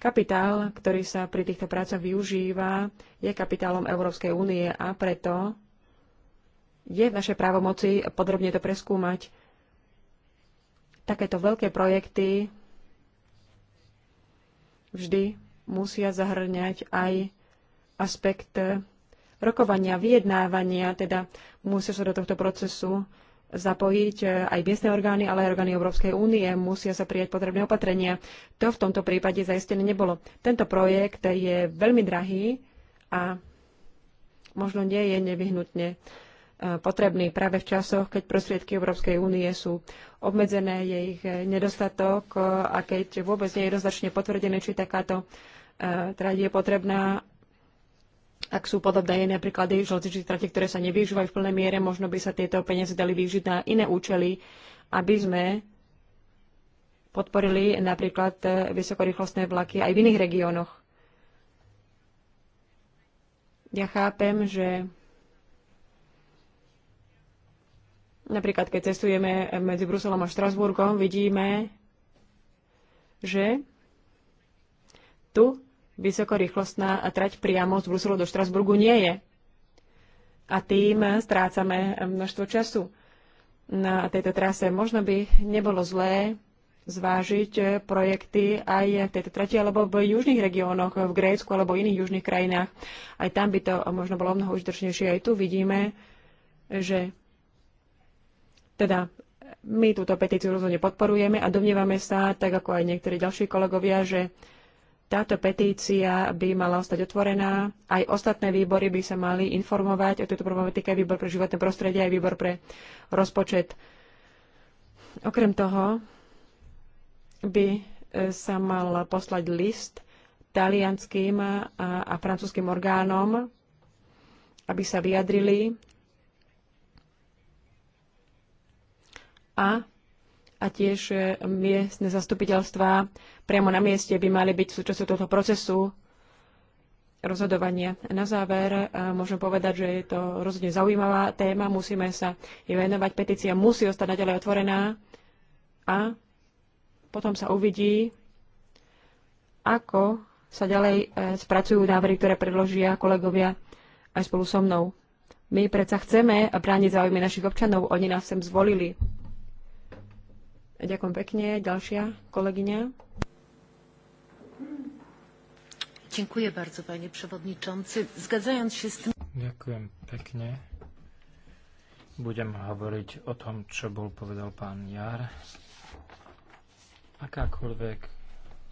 Kapitál, ktorý sa pri týchto prácach využíva, je kapitálom Európskej únie a preto je v našej právomoci podrobne to preskúmať. Takéto veľké projekty vždy musia zahrňať aj aspekt rokovania, vyjednávania, teda musia sa do tohto procesu zapojiť e, aj miestne orgány, ale aj orgány Európskej únie. Musia sa prijať potrebné opatrenia. To v tomto prípade zaistené nebolo. Tento projekt je veľmi drahý a možno nie je nevyhnutne e, potrebný práve v časoch, keď prostriedky Európskej únie sú obmedzené, je ich nedostatok e, a keď vôbec nie je jednoznačne potvrdené, či takáto teda je potrebná ak sú podobné napríklad železničné trate, ktoré sa nevyužívajú v plnej miere, možno by sa tieto peniaze dali využiť na iné účely, aby sme podporili napríklad e, vysokorýchlostné vlaky aj v iných regiónoch. Ja chápem, že napríklad keď cestujeme medzi Bruselom a Štrasburgom, vidíme, že tu vysokorýchlostná trať priamo z Bruselu do Štrasburgu nie je. A tým strácame množstvo času na tejto trase. Možno by nebolo zlé zvážiť projekty aj v tejto trati alebo v južných regiónoch, v Grécku alebo iných južných krajinách. Aj tam by to možno bolo mnoho užitočnejšie. Aj tu vidíme, že teda my túto petíciu rozhodne podporujeme a domnievame sa, tak ako aj niektorí ďalší kolegovia, že táto petícia by mala ostať otvorená. Aj ostatné výbory by sa mali informovať o tejto problematike, výbor pre životné prostredie, aj výbor pre rozpočet. Okrem toho by e, sa mal poslať list talianským a, a francúzským orgánom, aby sa vyjadrili a a tiež e, miestne zastupiteľstva priamo na mieste by mali byť súčasťou tohto procesu rozhodovania. Na záver e, môžem povedať, že je to rozhodne zaujímavá téma, musíme sa jej venovať, petícia musí ostať naďalej otvorená a potom sa uvidí, ako sa ďalej e, spracujú návrhy, ktoré predložia kolegovia aj spolu so mnou. My predsa chceme brániť záujmy našich občanov, oni nás sem zvolili. Ďakujem pekne. Ďalšia kolegyňa. Ďakujem bardzo, panie przewodniczący. Zgadzając się z tym... Ďakujem pekne. Budem hovoriť o tom, čo bol povedal pán Jar. Akákoľvek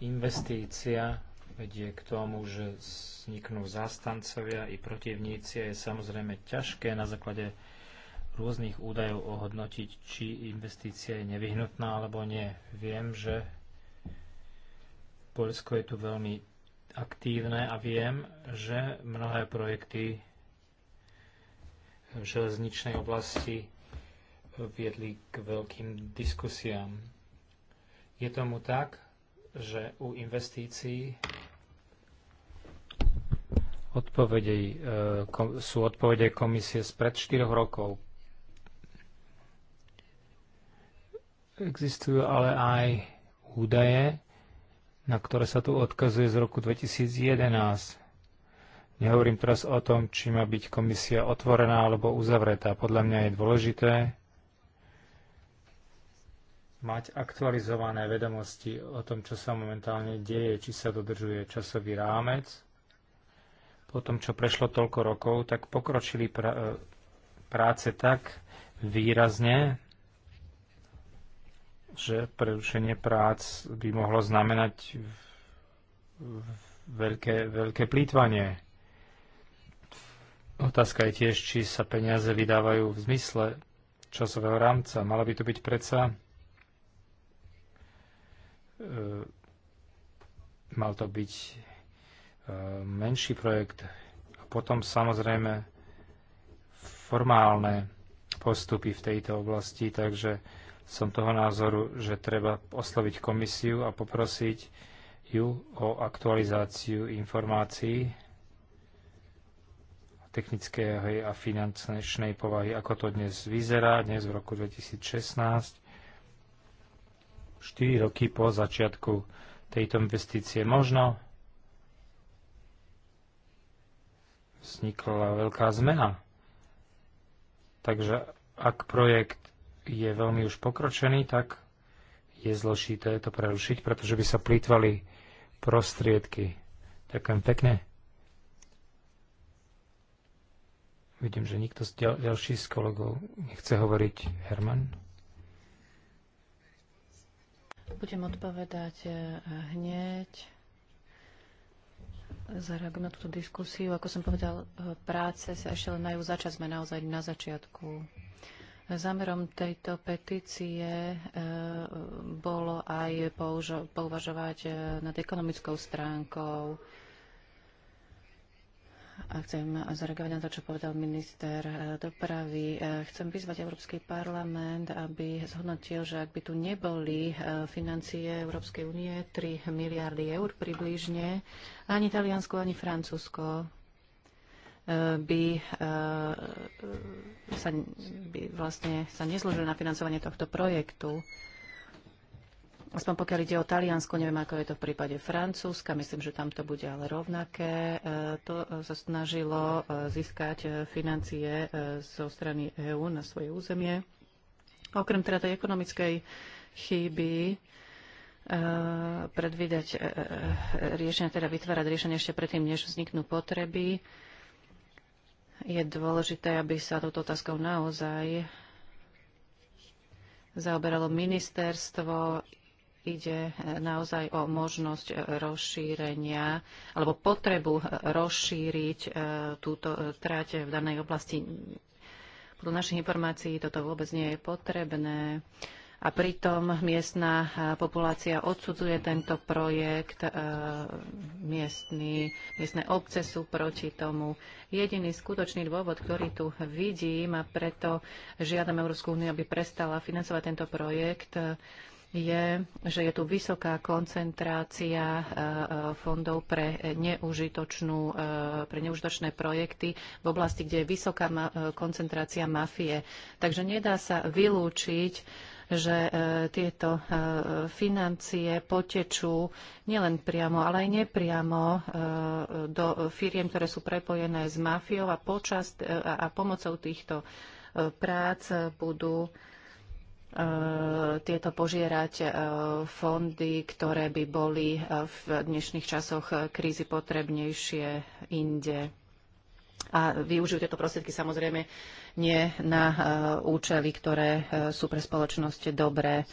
investícia vedie k tomu, že vzniknú zástancovia i protivníci, je samozrejme ťažké na základe rôznych údajov ohodnotiť, či investícia je nevyhnutná alebo nie. Viem, že Poľsko je tu veľmi aktívne a viem, že mnohé projekty v železničnej oblasti viedli k veľkým diskusiám. Je tomu tak, že u investícií odpovedej, e, sú odpovede komisie spred 4 rokov. Existujú ale aj údaje, na ktoré sa tu odkazuje z roku 2011. Nehovorím teraz o tom, či má byť komisia otvorená alebo uzavretá. Podľa mňa je dôležité mať aktualizované vedomosti o tom, čo sa momentálne deje, či sa dodržuje časový rámec. Po tom, čo prešlo toľko rokov, tak pokročili e, práce tak výrazne, že prerušenie prác by mohlo znamenať veľké, veľké plýtvanie. Otázka je tiež, či sa peniaze vydávajú v zmysle časového rámca. Malo by to byť predsa... E, mal to byť e, menší projekt. A potom samozrejme formálne postupy v tejto oblasti, takže som toho názoru, že treba osloviť komisiu a poprosiť ju o aktualizáciu informácií technickej a finančnej povahy, ako to dnes vyzerá, dnes v roku 2016, 4 roky po začiatku tejto investície. Možno vznikla veľká zmena. Takže ak projekt je veľmi už pokročený, tak je zložité to prerušiť, pretože by sa plýtvali prostriedky. Ďakujem pekne. Vidím, že nikto z ďal, ďalší z kolegov nechce hovoriť. Herman? Budem odpovedať eh, hneď. Zareagujem na túto diskusiu. Ako som povedal, eh, práce sa ešte len majú začať. Sme naozaj na začiatku Zámerom tejto petície e, bolo aj pouvažovať e, nad ekonomickou stránkou a chcem zareagovať na to, čo povedal minister e, dopravy. Chcem vyzvať Európsky parlament, aby zhodnotil, že ak by tu neboli financie Európskej únie, 3 miliardy eur približne, ani Taliansko, ani Francúzsko by eh, sa, by vlastne sa nezložili na financovanie tohto projektu. Aspoň pokiaľ ide o Taliansko, neviem, ako je to v prípade Francúzska, myslím, že tam to bude ale rovnaké. Eh, to sa snažilo eh, získať financie zo strany EÚ na svoje územie. Okrem teda tej ekonomickej chyby, predvídať riešenia, teda vytvárať riešenia ešte predtým, než vzniknú potreby je dôležité, aby sa touto otázkou naozaj zaoberalo ministerstvo. Ide naozaj o možnosť rozšírenia alebo potrebu rozšíriť e, túto e, trať v danej oblasti. Podľa našich informácií toto vôbec nie je potrebné. A pritom miestna populácia odsudzuje tento projekt, miestny, miestne obce sú proti tomu. Jediný skutočný dôvod, ktorý tu vidím a preto žiadam Európsku úniu, aby prestala financovať tento projekt, je, že je tu vysoká koncentrácia fondov pre, neužitočnú, pre neužitočné projekty v oblasti, kde je vysoká koncentrácia mafie. Takže nedá sa vylúčiť, že e, tieto e, financie potečú nielen priamo, ale aj nepriamo e, do firiem, ktoré sú prepojené s mafiou a, počas, a pomocou týchto prác budú tieto požierať fondy, ktoré by boli v dnešných časoch krízy potrebnejšie inde a využijú tieto prostriedky samozrejme nie na e, účely, ktoré e, sú pre spoločnosť dobré.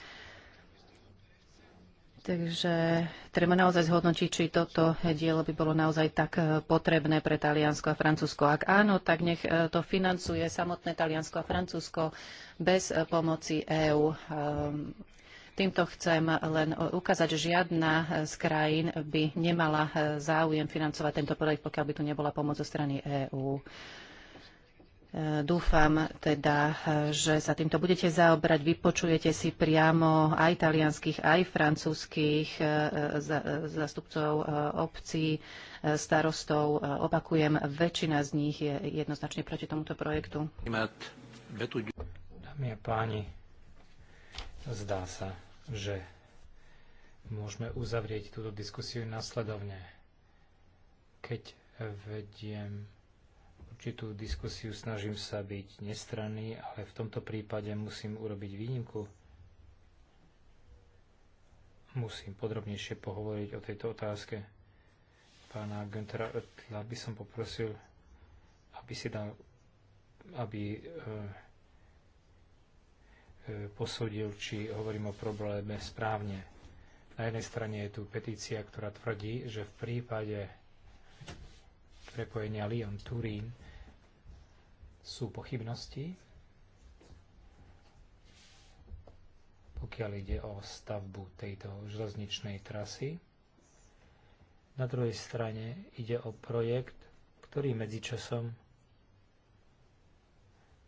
Takže treba naozaj zhodnotiť, či toto dielo by bolo naozaj tak e, potrebné pre Taliansko a Francúzsko. Ak áno, tak nech to financuje samotné Taliansko a Francúzsko bez pomoci EÚ. Týmto chcem len ukázať, že žiadna z krajín by nemala záujem financovať tento projekt, pokiaľ by tu nebola pomoc zo strany EÚ. E, dúfam teda, že sa týmto budete zaobrať, vypočujete si priamo aj italianských, aj francúzských e, e, zastupcov obcí, starostov. Opakujem, väčšina z nich je jednoznačne proti tomuto projektu. Dámy a páni, Zdá sa, že môžeme uzavrieť túto diskusiu nasledovne. Keď vediem určitú diskusiu, snažím sa byť nestranný, ale v tomto prípade musím urobiť výnimku. Musím podrobnejšie pohovoriť o tejto otázke. Pána Günthera Oetla by som poprosil, aby si dal, aby eh, E, posúdil, či hovorím o probléme správne. Na jednej strane je tu petícia, ktorá tvrdí, že v prípade prepojenia Lyon-Turín sú pochybnosti, pokiaľ ide o stavbu tejto železničnej trasy. Na druhej strane ide o projekt, ktorý medzičasom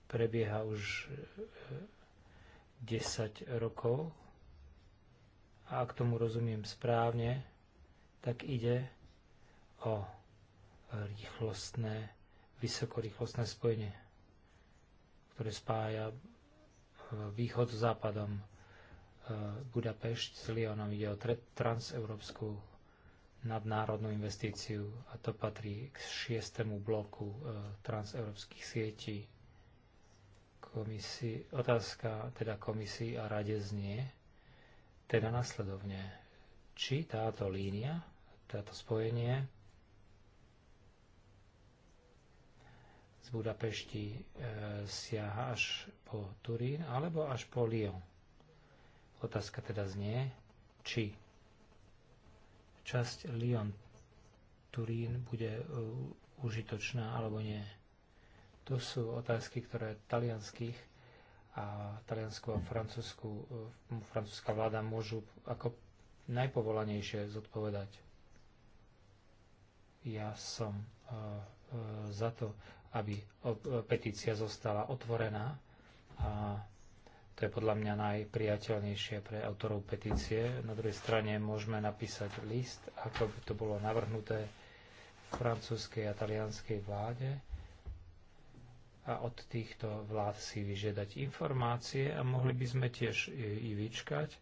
prebieha už e, 10 rokov. A ak tomu rozumiem správne, tak ide o rýchlostné, vysokorýchlostné spojenie, ktoré spája e, východ s západom e, Budapešť s Lyonom. Ide o transeurópsku nadnárodnú investíciu a to patrí k šiestému bloku e, transeurópskych sietí Komisii, otázka teda komisii a rade znie teda nasledovne, či táto línia, táto spojenie z Budapešti e, siaha až po Turín alebo až po Lyon. Otázka teda znie, či časť Lyon-Turín bude e, užitočná alebo nie. To sú otázky, ktoré talianských a taliansku a francúzsku, e, francúzska vláda môžu ako najpovolanejšie zodpovedať. Ja som e, e, za to, aby petícia zostala otvorená a to je podľa mňa najpriateľnejšie pre autorov petície. Na druhej strane môžeme napísať list, ako by to bolo navrhnuté francúzskej a talianskej vláde a od týchto vlád si vyžiadať informácie a mohli by sme tiež i vyčkať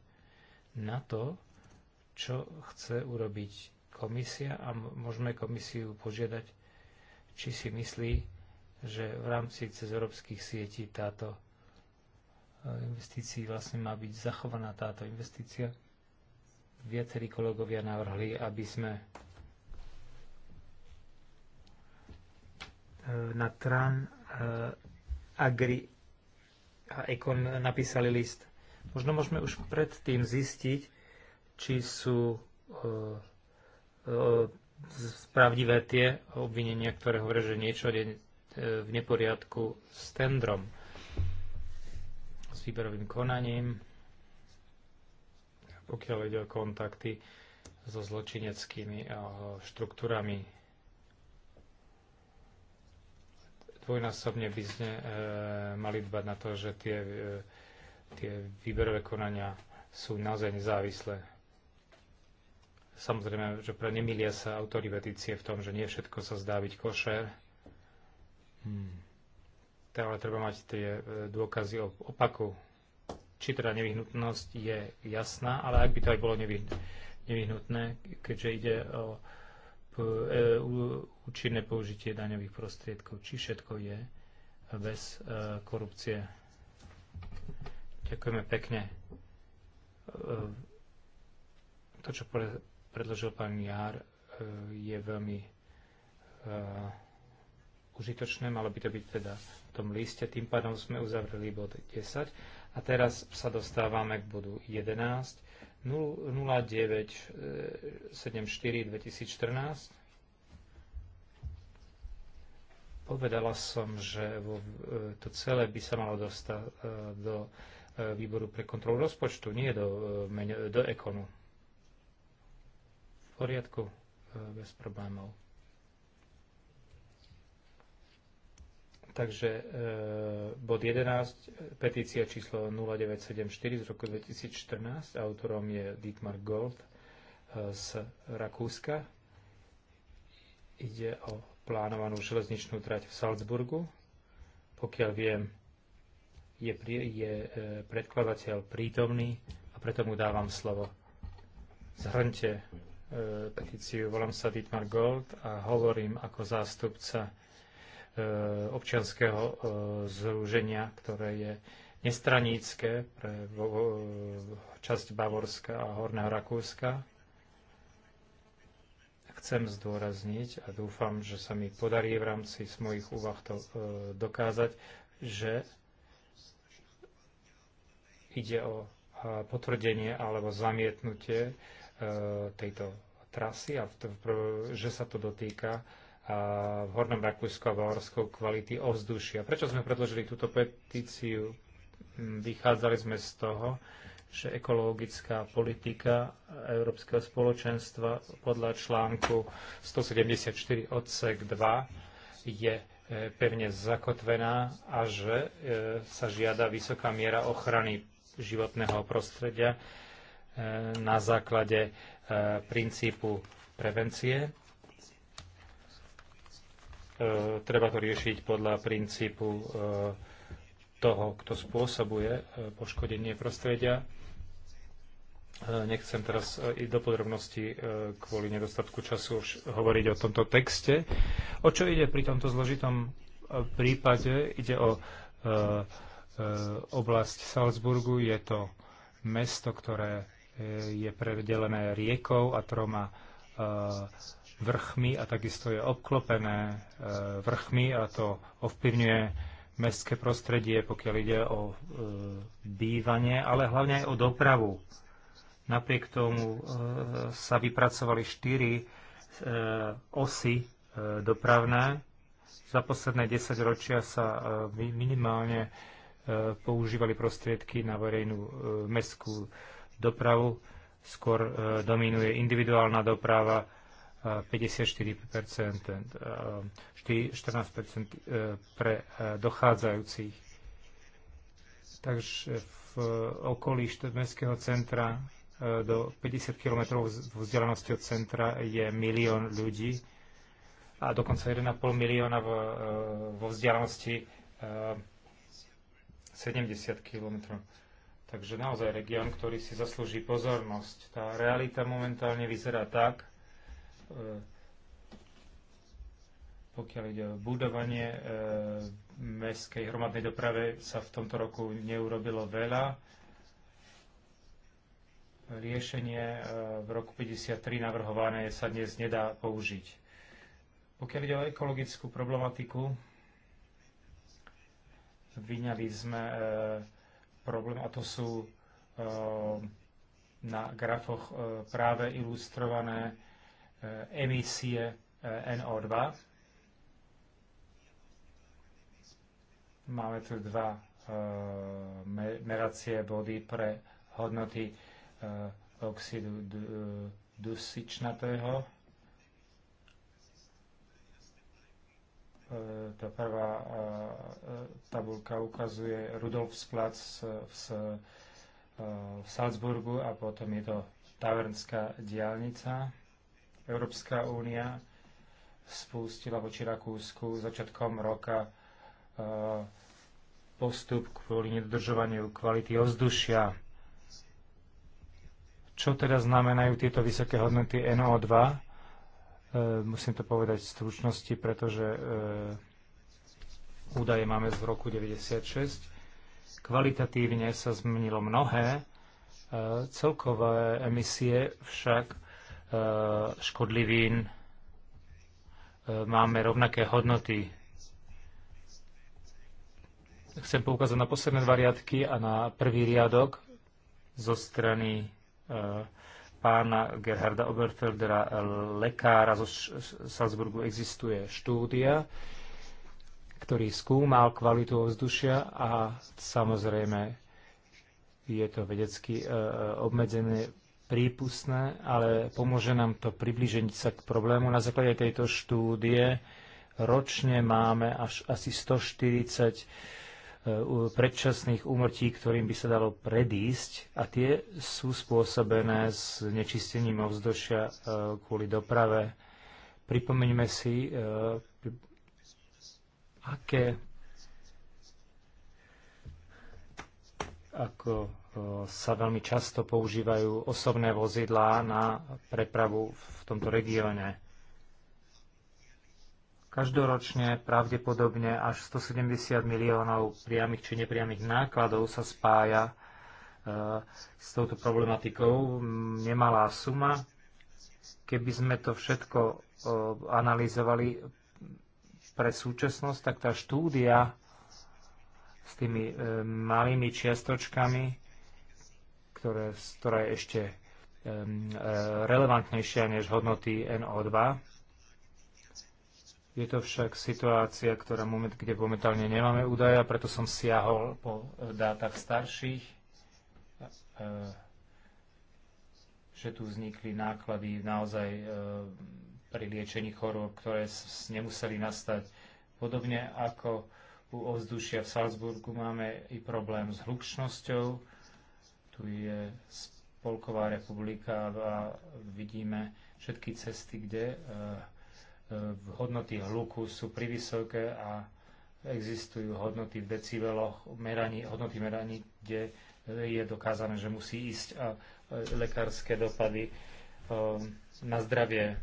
na to, čo chce urobiť komisia a môžeme komisiu požiadať, či si myslí, že v rámci cez európskych sietí táto e, investícii vlastne má byť zachovaná táto investícia. Viacerí kolegovia navrhli, aby sme e, na TRAN Eh, Agri a Ekon napísali list. Možno môžeme už predtým zistiť, či sú eh, eh, pravdivé tie obvinenia, ktoré hovoria, že niečo je v neporiadku s tendrom, s výberovým konaním, pokiaľ ide o kontakty so zločineckými štruktúrami dvojnásobne by sme e, mali dbať na to, že tie, e, tie výberové konania sú naozaj nezávislé. Samozrejme, že pre nemilia sa autory vedície v tom, že nie všetko sa zdá byť košer. Hmm. Ale treba mať tie e, dôkazy o opaku. Či teda nevyhnutnosť je jasná, ale ak by to aj bolo nevyhnutné, keďže ide o E, účinné použitie daňových prostriedkov, či všetko je bez e, korupcie. Ďakujeme pekne. E, to, čo predložil pán Jár, je veľmi užitočné, malo by to byť teda v tom liste. Tým pádom sme uzavreli bod 10 a teraz sa dostávame k bodu 11 0974-2014 povedala som, že e, to celé by sa malo dostať e, do e, výboru pre kontrolu rozpočtu, nie do, do ekonu. V poriadku, bez problémov. Takže e, bod 11, petícia číslo 0974 z roku 2014, autorom je Dietmar Gold e, z Rakúska. Ide o plánovanú železničnú trať v Salzburgu. Pokiaľ viem, je, je e, predkladateľ prítomný a preto mu dávam slovo. Zhrňte e, petíciu, volám sa Dietmar Gold a hovorím ako zástupca E, občianského e, zruženia, ktoré je nestranícke pre časť Bavorska a Horného Rakúska. Chcem zdôrazniť a dúfam, že sa mi podarí v rámci mojich úvah to e, dokázať, že ide o potvrdenie alebo zamietnutie tejto trasy a že sa to dotýka v Hornom Rakúsku a Bavorsku kvality ovzdušia. Prečo sme predložili túto petíciu? Mm, vychádzali sme z toho, že ekologická politika Európskeho spoločenstva podľa článku 174 odsek 2 je e, pevne zakotvená a že e, sa žiada vysoká miera ochrany životného prostredia e, na základe princípu prevencie E, treba to riešiť podľa princípu e, toho, kto spôsobuje e, poškodenie prostredia. Nechcem teraz i do podrobností kvôli nedostatku času hovoriť o tomto texte. O čo ide pri tomto zložitom prípade? Ide o oblasť Salzburgu. Je to mesto, ktoré je predelené riekou a troma vrchmi a takisto je obklopené e, vrchmi a to ovplyvňuje mestské prostredie, pokiaľ ide o e, bývanie, ale hlavne aj o dopravu. Napriek tomu e, sa vypracovali štyri osy dopravné. Za posledné 10 ročia sa minimálne používali prostriedky na verejnú mestskú dopravu. Skôr dominuje individuálna doprava, 54 14 e, pre e, dochádzajúcich. Takže v okolí mestského centra e, do 50 km vzdialenosti od centra je milión ľudí a dokonca 1,5 milióna vo vzdialenosti 70 km. Takže naozaj región, ktorý si zaslúži pozornosť. Tá realita momentálne vyzerá tak, E, pokiaľ ide o budovanie e, mestskej hromadnej doprave, sa v tomto roku neurobilo veľa. Riešenie e, v roku 53 navrhované sa dnes nedá použiť. Pokiaľ ide o ekologickú problematiku, vyňali sme e, problém, a to sú e, na grafoch e, práve ilustrované e, Eh, emisie eh, NO2. Máme tu dva eh, meracie body pre hodnoty oxidu dusičnatého. Tá prvá tabulka ukazuje Rudolfsplatz v Salzburgu a potom je to Tavernská diálnica. Európska únia spustila voči Rakúsku začiatkom roka eh, postup kvôli nedodržovaniu kvality ovzdušia. Čo teda znamenajú tieto vysoké hodnoty NO2? Eh, musím to povedať v stručnosti, pretože eh, údaje máme z roku 96. Kvalitatívne sa zmenilo mnohé, celkové emisie však Eh, škodlivín eh, máme rovnaké hodnoty. Chcem poukázať na posledné dva riadky a na prvý riadok zo strany eh, pána Gerharda Oberfeldera, lekára zo Salzburgu, existuje štúdia, ktorý skúmal kvalitu ovzdušia a samozrejme je to vedecky obmedzené prípustné, ale pomôže nám to priblížiť sa k problému. Na základe tejto štúdie ročne máme až asi 140 e, predčasných úmrtí, ktorým by sa dalo predísť a tie sú spôsobené s nečistením ovzdušia e, kvôli doprave. Pripomeňme si, e, aké ako E, sa veľmi často používajú osobné vozidlá na prepravu v tomto regióne. Každoročne pravdepodobne až 170 miliónov priamých či nepriamých nákladov sa spája e, s touto problematikou. Nemalá suma. Keby sme to všetko e, analyzovali pre súčasnosť, tak tá štúdia s tými malými čiastočkami ktoré, ktorá je ešte e, relevantnejšia než hodnoty NO2. Je to však situácia, ktorá moment, kde momentálne nemáme údaje, preto som siahol po e, dátach starších, e, že tu vznikli náklady naozaj pri liečení chorôb, ktoré nemuseli nastať. Podobne ako u ovzdušia v Salzburgu máme i problém s hlučnosťou, tu je Spolková republika a vidíme všetky cesty, kde e, e, hodnoty hluku sú privysoké a existujú hodnoty v decibeloch, meraní, hodnoty meraní, kde e, je dokázané, že musí ísť a lekárske dopady na zdravie.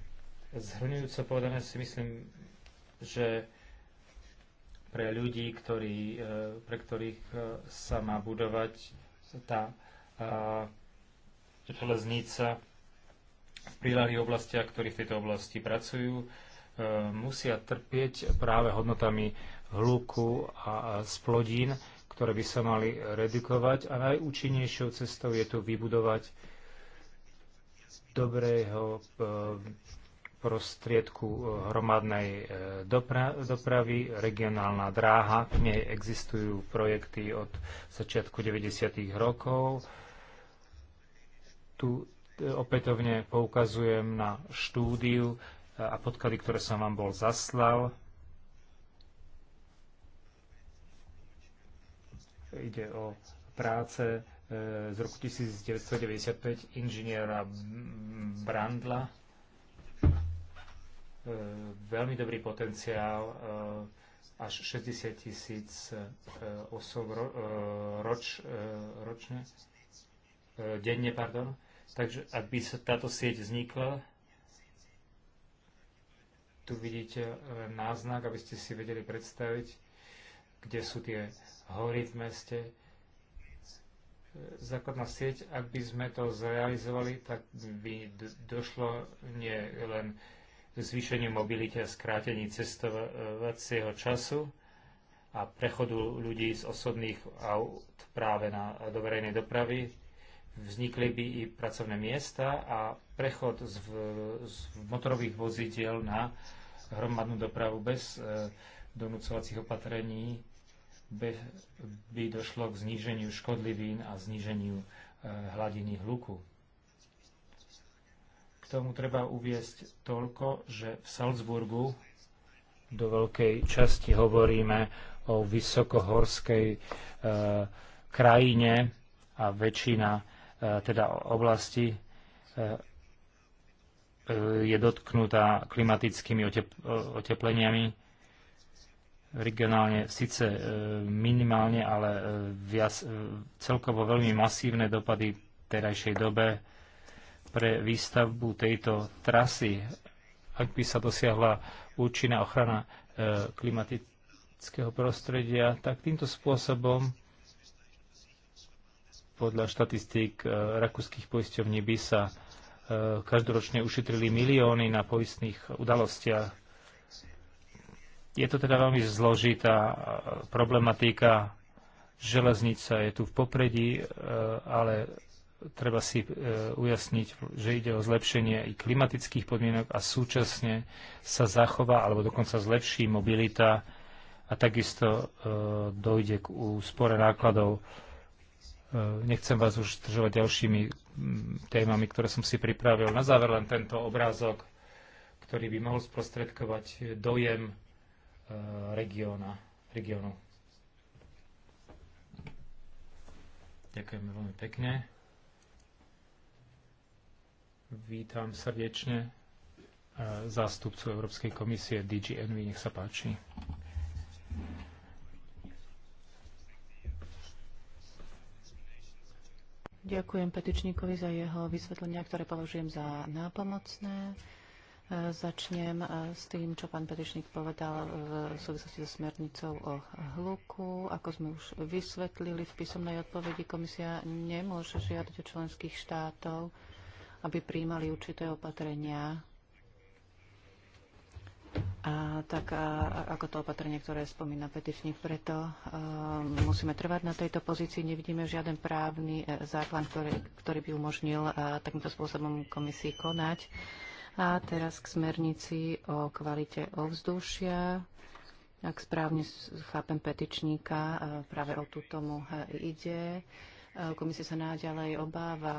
Zhrňujúco povedané si myslím, že pre ľudí, ktorí, pre ktorých sa má budovať tá železnica v prílalých oblastiach, ktorí v tejto oblasti pracujú, e, musia trpieť práve hodnotami hluku a splodín, ktoré by sa mali redukovať a najúčinnejšou cestou je tu vybudovať dobrého e, prostriedku e, hromadnej dopra- dopravy, regionálna dráha. V nej existujú projekty od začiatku 90. rokov. Tu e, opätovne poukazujem na štúdiu a podklady, ktoré som vám bol zaslal. Ide o práce e, z roku 1995 inžiniera Brandla. E, veľmi dobrý potenciál, až 60 tisíc osob roč, ročne, denne, pardon. Takže aby sa táto sieť vznikla, tu vidíte e, náznak, aby ste si vedeli predstaviť, kde sú tie hory v meste. E, základná sieť, ak by sme to zrealizovali, tak by došlo nie len k zvýšeniu mobility a skrátení cestovacieho času a prechodu ľudí z osobných aut práve na, do verejnej dopravy, vznikli by i pracovné miesta a prechod z, z motorových vozidiel na hromadnú dopravu bez e, donúcovacích opatrení be, by došlo k zníženiu škodlivín a zníženiu e, hladiny hluku. K tomu treba uviesť toľko, že v Salzburgu do veľkej časti hovoríme o vysokohorskej e, krajine a väčšina E, teda oblasti e, je dotknutá klimatickými otepleniami regionálne síce e, minimálne, ale viac, celkovo veľmi masívne dopady v terajšej dobe pre výstavbu tejto trasy, ak by sa dosiahla účinná ochrana klimatického prostredia, tak týmto spôsobom podľa štatistík e, rakúskych poisťovní by sa e, každoročne ušetrili milióny na poistných udalostiach. Je to teda veľmi zložitá e, problematika. Železnica je tu v popredí, ale treba si ujasniť, že ide o zlepšenie i klimatických podmienok a súčasne sa zachová alebo dokonca zlepší mobilita a takisto dojde k úspore nákladov. E, nechcem vás už zdržovať ďalšími témami, ktoré som si pripravil. Na záver len tento obrázok, ktorý by mohol sprostredkovať dojem e, regióna, regiónu. Ďakujeme veľmi pekne. Vítam srdečne e, zástupcu Európskej komisie DG Envy. Nech sa páči. Ďakujem petičníkovi za jeho vysvetlenia, ktoré považujem za nápomocné. E, začnem e, s tým, čo pán petičník povedal e, v súvislosti so smernicou o hluku. Ako sme už vysvetlili v písomnej odpovedi, komisia nemôže žiadať o členských štátov, aby príjmali určité opatrenia a, tak a, ako to opatrenie, ktoré spomína petičník, preto a, musíme trvať na tejto pozícii. Nevidíme žiaden právny e, základ, ktorý, ktorý by umožnil a, takýmto spôsobom komisii konať. A teraz k smernici o kvalite ovzdušia. Ak správne chápem petičníka, práve o tú tomu e, ide. Eh, komisia sa naďalej obáva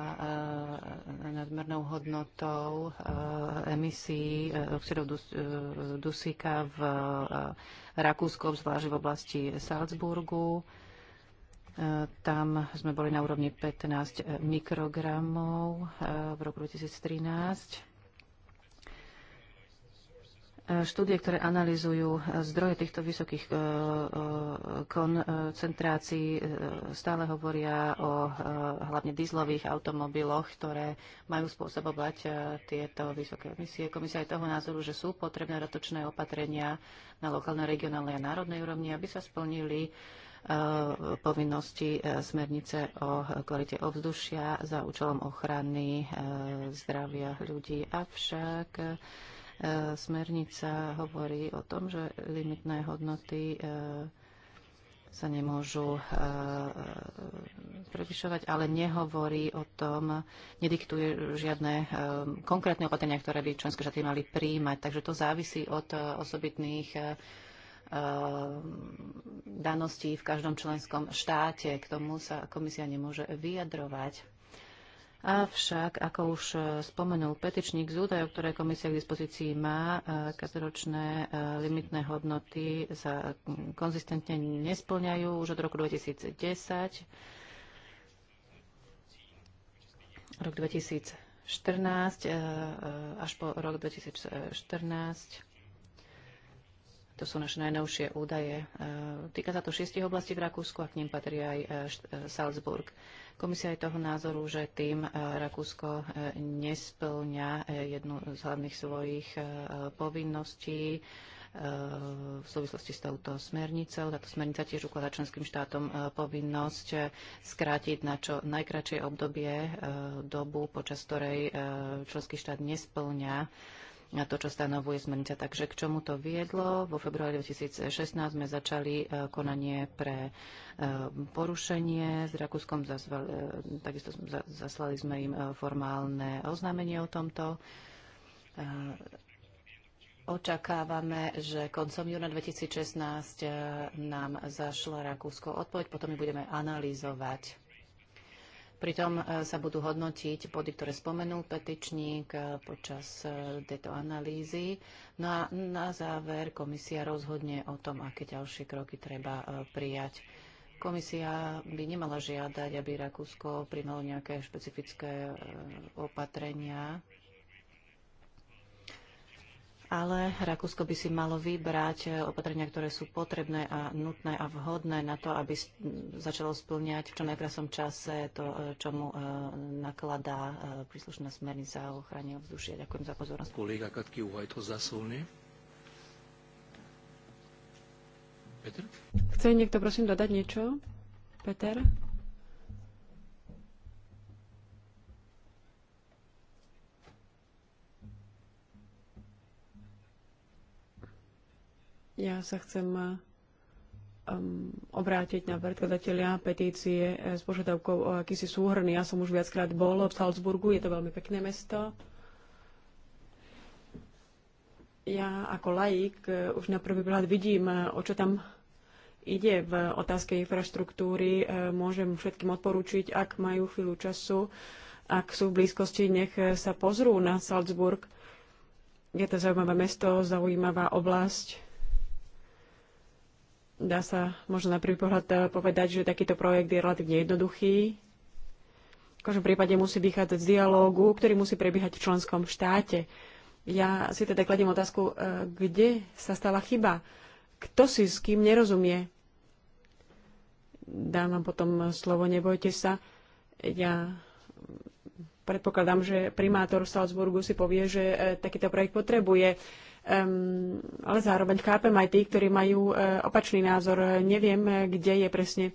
eh, nadmernou hodnotou eh, emisí oxidov dusíka v Rakúsku, zvlášť v oblasti Salzburgu. Tam sme boli na úrovni 15 mikrogramov v roku 2013 E, štúdie, ktoré analýzujú e, zdroje týchto vysokých e, koncentrácií, stále hovoria o hlavne dizlových automobiloch, ktoré majú spôsobovať tieto vysoké emisie. Komisia je toho názoru, že sú potrebné rotočné opatrenia na lokálnej, regionálnej a národnej úrovni, aby sa splnili povinnosti smernice o kvalite ovzdušia za účelom ochrany zdravia ľudí. Avšak E, smernica hovorí o tom, že limitné hodnoty e, sa nemôžu e, prevyšovať, ale nehovorí o tom, nediktuje žiadne konkrétne opatrenia, ktoré by členské štáty mali príjmať. Takže to závisí od osobitných daností v každom členskom štáte. K tomu sa komisia nemôže vyjadrovať. Avšak, ako už e, spomenul petičník z údajov, ktoré komisia k dispozícii má, e, každoročné e, limitné hodnoty sa konzistentne nesplňajú už od roku 2010. Rok 2014 až po rok 2014 to sú naše najnovšie údaje. Týka sa to šiestich oblastí v Rakúsku a k ním patrí aj Salzburg. Komisia je toho názoru, že tým e, Rakúsko e, nesplňa e, jednu z hlavných svojich povinností v súvislosti s touto smernicou. Táto smernica tiež ukladá členským štátom povinnosť skrátiť na čo najkračšie obdobie dobu, počas ktorej členský štát nesplňa na to, čo stanovuje smernica. Takže k čomu to viedlo? Vo februári 2016 sme začali e, konanie pre e, porušenie s Rakúskom. Zazval, e, takisto zaslali sme im formálne oznámenie o tomto. Očakávame, že koncom júna 2016 nám zašla Rakúsko odpoveď, potom my budeme analýzovať. Pritom e, sa budú hodnotiť body, ktoré spomenul petičník e, počas e, tejto analýzy. No a na záver komisia rozhodne o tom, aké ďalšie kroky treba prijať. Komisia by nemala žiadať, aby Rakúsko prijalo nejaké špecifické opatrenia ale Rakúsko by si malo vybrať eh, opatrenia, ktoré sú potrebné a nutné a vhodné na to, aby začalo splňať v čo najkrasom čase to, eh, čo mu eh, nakladá príslušná smernica o ochrane obzdušia. Ďakujem za pozornosť. Kolega Katky Uhajto zasolne. Peter? Chce niekto prosím dodať niečo? Peter? Ja sa chcem um, obrátiť na predkladateľia petície eh, s požiadavkou o akýsi súhrn. Ja som už viackrát bol v Salzburgu, je to veľmi pekné mesto. Ja ako laik eh, už na prvý pohľad vidím, o čo tam ide v otázke infraštruktúry. Môžem všetkým odporúčiť, ak majú chvíľu času, ak sú v blízkosti, nech sa pozrú na Salzburg. Je to zaujímavé mesto, zaujímavá oblasť Dá sa možno na prvý pohľad eh, povedať, že takýto projekt je relatívne jednoduchý. V každom prípade musí vychádzať z dialógu, ktorý musí prebiehať v členskom štáte. Ja si teda kladiem otázku, eh, kde sa stala chyba? Kto si s kým nerozumie? Dám vám potom slovo, nebojte sa. Ja predpokladám, že primátor v Salzburgu si povie, že eh, takýto projekt potrebuje. Um, ale zároveň chápem aj tí, ktorí majú uh, opačný názor. Neviem, kde je presne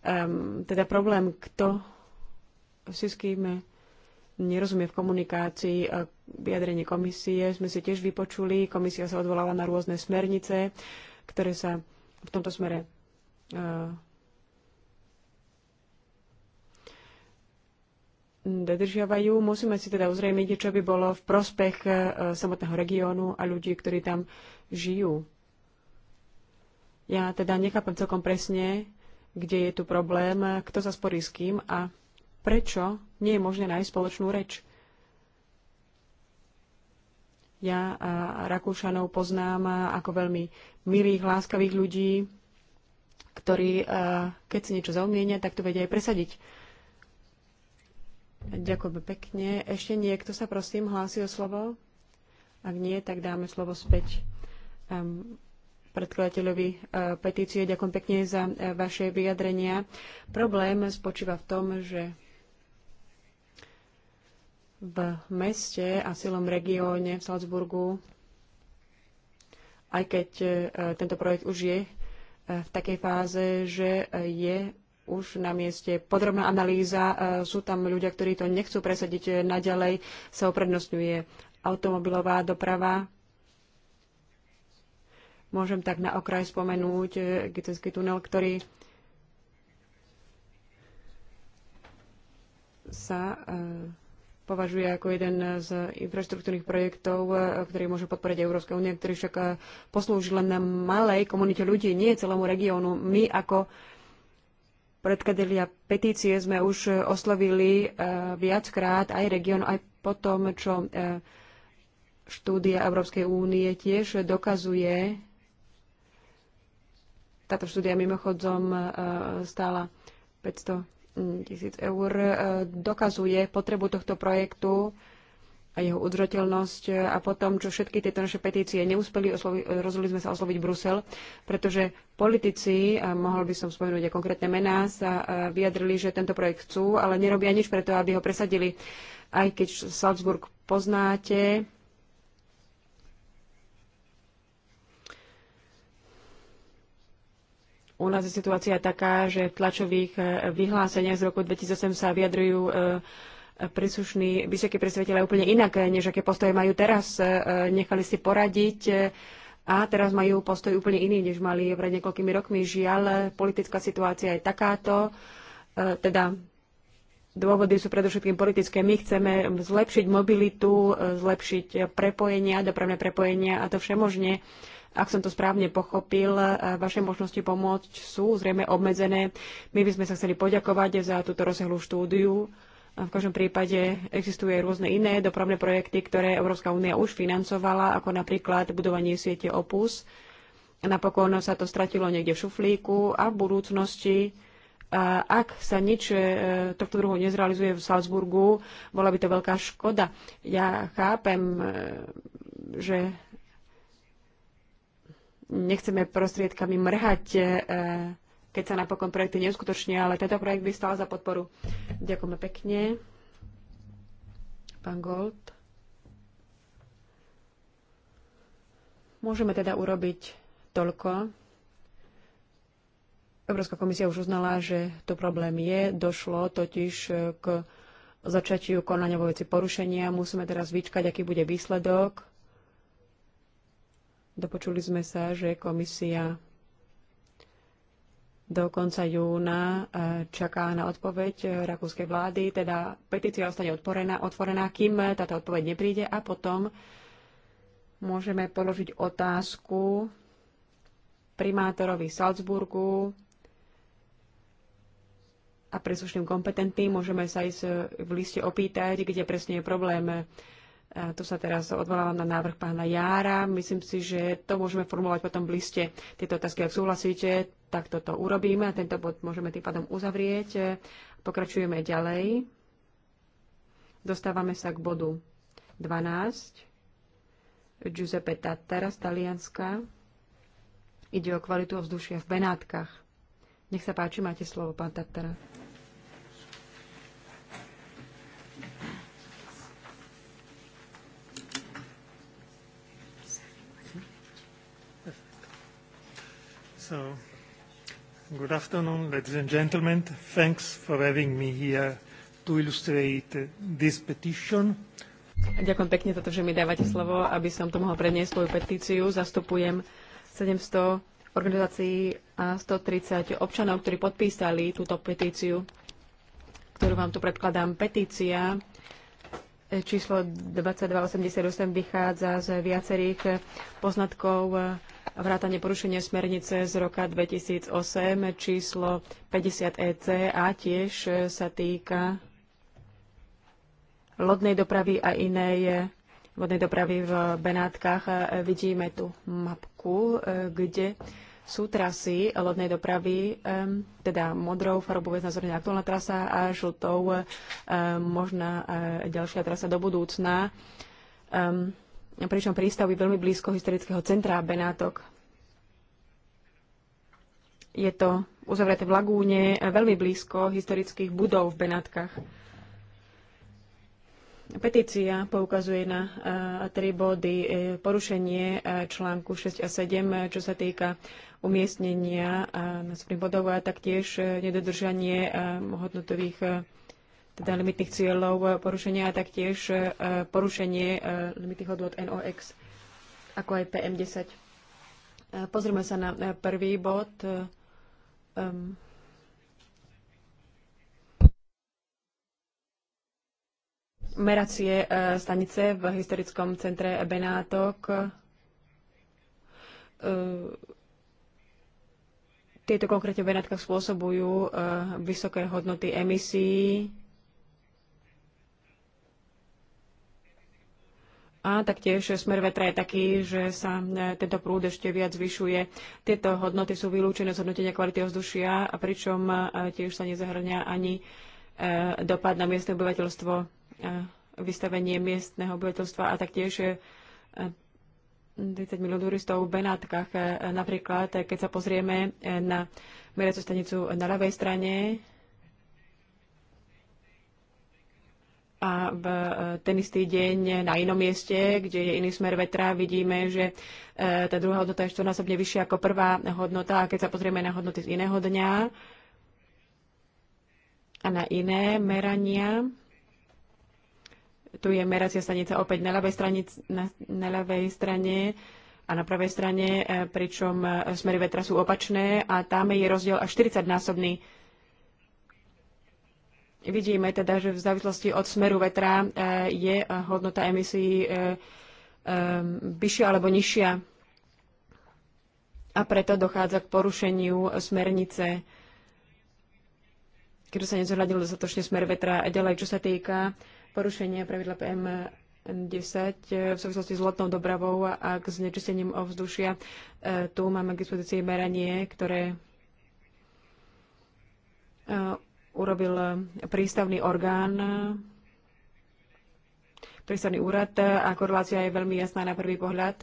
um, teda problém, kto si s kým nerozumie v komunikácii. E, vyjadrenie komisie sme si tiež vypočuli. Komisia sa odvolala na rôzne smernice, ktoré sa v tomto smere uh, dodržiavajú. Musíme si teda uzrejmiť, čo by bolo v prospech e, samotného regiónu a ľudí, ktorí tam žijú. Ja teda nechápem celkom presne, kde je tu problém, kto sa sporí s kým a prečo nie je možné nájsť spoločnú reč. Ja a Rakúšanov poznám ako veľmi milých, láskavých ľudí, ktorí, e, keď si niečo zaumienia, tak to vedia aj presadiť. Ďakujem pekne. Ešte niekto sa prosím hlási o slovo? Ak nie, tak dáme slovo späť um, predkladateľovi uh, petície. Ďakujem pekne za uh, vaše vyjadrenia. Problém spočíva v tom, že v meste a silom regióne v Salzburgu, aj keď uh, tento projekt už je uh, v takej fáze, že uh, je už na mieste podrobná analýza. E, sú tam ľudia, ktorí to nechcú presadiť e, naďalej, sa oprednostňuje automobilová doprava. Môžem tak na okraj spomenúť e, Gicenský tunel, ktorý sa považuje ako jeden z infraštruktúrnych projektov, ktorý môže podporiť Európska únia, ktorý však poslúži len malej komunite ľudí, nie celému regiónu. My ako predkladatelia petície sme už e, oslovili e, viackrát aj región, aj po tom, čo e, štúdia Európskej únie tiež dokazuje, táto štúdia mimochodzom stála 500 mm, tisíc eur, dokazuje potrebu tohto projektu a jeho udržateľnosť a potom, čo všetky tieto naše petície neúspeli, oslovi, rozhodli sme sa osloviť Brusel, pretože politici, a mohol by som spomenúť aj konkrétne mená, sa e, vyjadrili, že tento projekt chcú, ale nerobia nič preto, aby ho presadili. Aj keď Salzburg poznáte, U nás je situácia taká, že v tlačových e, vyhláseniach z roku 2008 sa vyjadrujú e, príslušní vysokí predstaviteľe úplne inak, eh, než aké postoje majú teraz. Eh, eh, nechali si poradiť a teraz majú postoj úplne iný, než mali pred niekoľkými rokmi. Žiaľ, politická situácia je takáto. Teda dôvody sú predovšetkým politické. My chceme zlepšiť mobilitu, zlepšiť prepojenia, dopravné prepojenia a to všemožne. Ak som to správne pochopil, vaše možnosti pomôcť sú zrejme obmedzené. My by sme sa chceli poďakovať za túto rozsiahlu štúdiu v každom prípade existujú aj rôzne iné dopravné projekty, ktoré Európska únia už financovala, ako napríklad budovanie siete Opus. Napokon sa to stratilo niekde v šuflíku a v budúcnosti a ak sa nič e, tohto druhu nezrealizuje v Salzburgu, bola by to veľká škoda. Ja chápem, e, že nechceme prostriedkami mrhať e, keď sa napokon projekty neskutočnia, ale tento projekt by stal za podporu. Ďakujeme pekne. Pán Gold. Môžeme teda urobiť toľko. Európska komisia už uznala, že to problém je. Došlo totiž k začiatiu konania vo veci porušenia. Musíme teraz vyčkať, aký bude výsledok. Dopočuli sme sa, že komisia do konca júna e, čaká na odpoveď e, rakúskej vlády, teda petícia ostane otvorená, otvorená, kým e, táto odpoveď nepríde a potom môžeme položiť otázku primátorovi Salzburgu a príslušným kompetentným. Môžeme sa aj v liste opýtať, kde presne je problém tu sa teraz odvolávam na návrh pána Jára. Myslím si, že to môžeme formulovať potom v liste. Tieto otázky, ak súhlasíte, tak toto urobíme a tento bod môžeme tým pádom uzavrieť. Pokračujeme ďalej. Dostávame sa k bodu 12. Giuseppe Tatara z Talianska. Ide o kvalitu ovzdušia v Benátkach. Nech sa páči, máte slovo, pán tatara. So, good afternoon, ladies and gentlemen. Thanks for having me here to illustrate this petition. Ďakujem pekne za to, že mi dávate slovo, aby som to mohol predniesť svoju petíciu. Zastupujem 700 organizácií a 130 občanov, ktorí podpísali túto petíciu, ktorú vám tu predkladám. Petícia eh, číslo 2288 vychádza z viacerých poznatkov eh, vrátane porušenia smernice z roka 2008 číslo 50 EC a tiež sa týka lodnej dopravy a inej vodnej dopravy v Benátkach. Vidíme tu mapku, kde sú trasy lodnej dopravy, teda modrou farbou je znázornená aktuálna trasa a žltou možná e, ďalšia trasa do budúcna pričom prístav je veľmi blízko historického centra Benátok. Je to uzavreté v lagúne, veľmi blízko historických budov v Benátkach. Petícia poukazuje na tri body. E, porušenie e, článku 6 a 7, e, čo sa týka umiestnenia na bodov a taktiež nedodržanie hodnotových teda limitných cieľov eh, porušenia a taktiež eh, porušenie eh, limitných hodnot NOx, ako aj PM10. Pozrieme sa na prvý bod. Meracie stanice v historickom centre Benátok tieto konkrétne Benátka spôsobujú vysoké hodnoty emisí A taktiež smer vetra je taký, že sa e, tento prúd ešte viac zvyšuje. Tieto hodnoty sú vylúčené z hodnotenia kvality ovzdušia, a pričom e, tiež sa nezahrňa ani e, dopad na miestne obyvateľstvo, vystavenie miestneho obyvateľstva a taktiež 30 miliónov turistov v Benátkach. Napríklad, keď sa pozrieme na meracú stanicu na ľavej strane, a v e, ten istý deň na inom mieste, kde je iný smer vetra, vidíme, že e, tá druhá hodnota je štvornásobne vyššia ako prvá hodnota. A keď sa pozrieme na hodnoty z iného dňa a na iné merania, tu je meracia stanica opäť na ľavej strane, na, na ľavej strane a na pravej strane, e, pričom smery vetra sú opačné a tam je rozdiel až 40-násobný. Vidíme teda, že v závislosti od smeru vetra e, je e, hodnota emisí e, vyššia alebo nižšia. A preto dochádza k porušeniu smernice, keď sa nezohľadil dostatočne smer vetra. A ďalej, čo sa týka porušenia pravidla PM10 v súvislosti s letnou dopravou a k znečistením ovzdušia, tu máme k dispozícii meranie, ktoré urobil prístavný orgán, prístavný úrad a korelácia je veľmi jasná na prvý pohľad.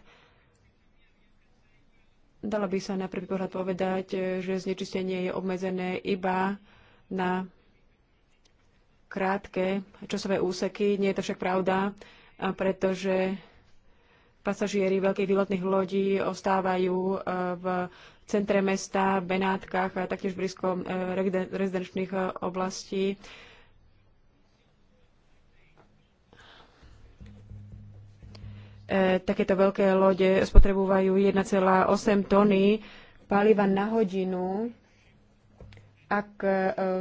Dalo by sa na prvý pohľad povedať, že znečistenie je obmedzené iba na krátke časové úseky. Nie je to však pravda, pretože pasažieri veľkých výletných lodí ostávajú e, v v centre mesta, v Benátkach a taktiež blízko e, rezidenčných e, oblastí. E, takéto veľké lode spotrebujú 1,8 tony paliva na hodinu, ak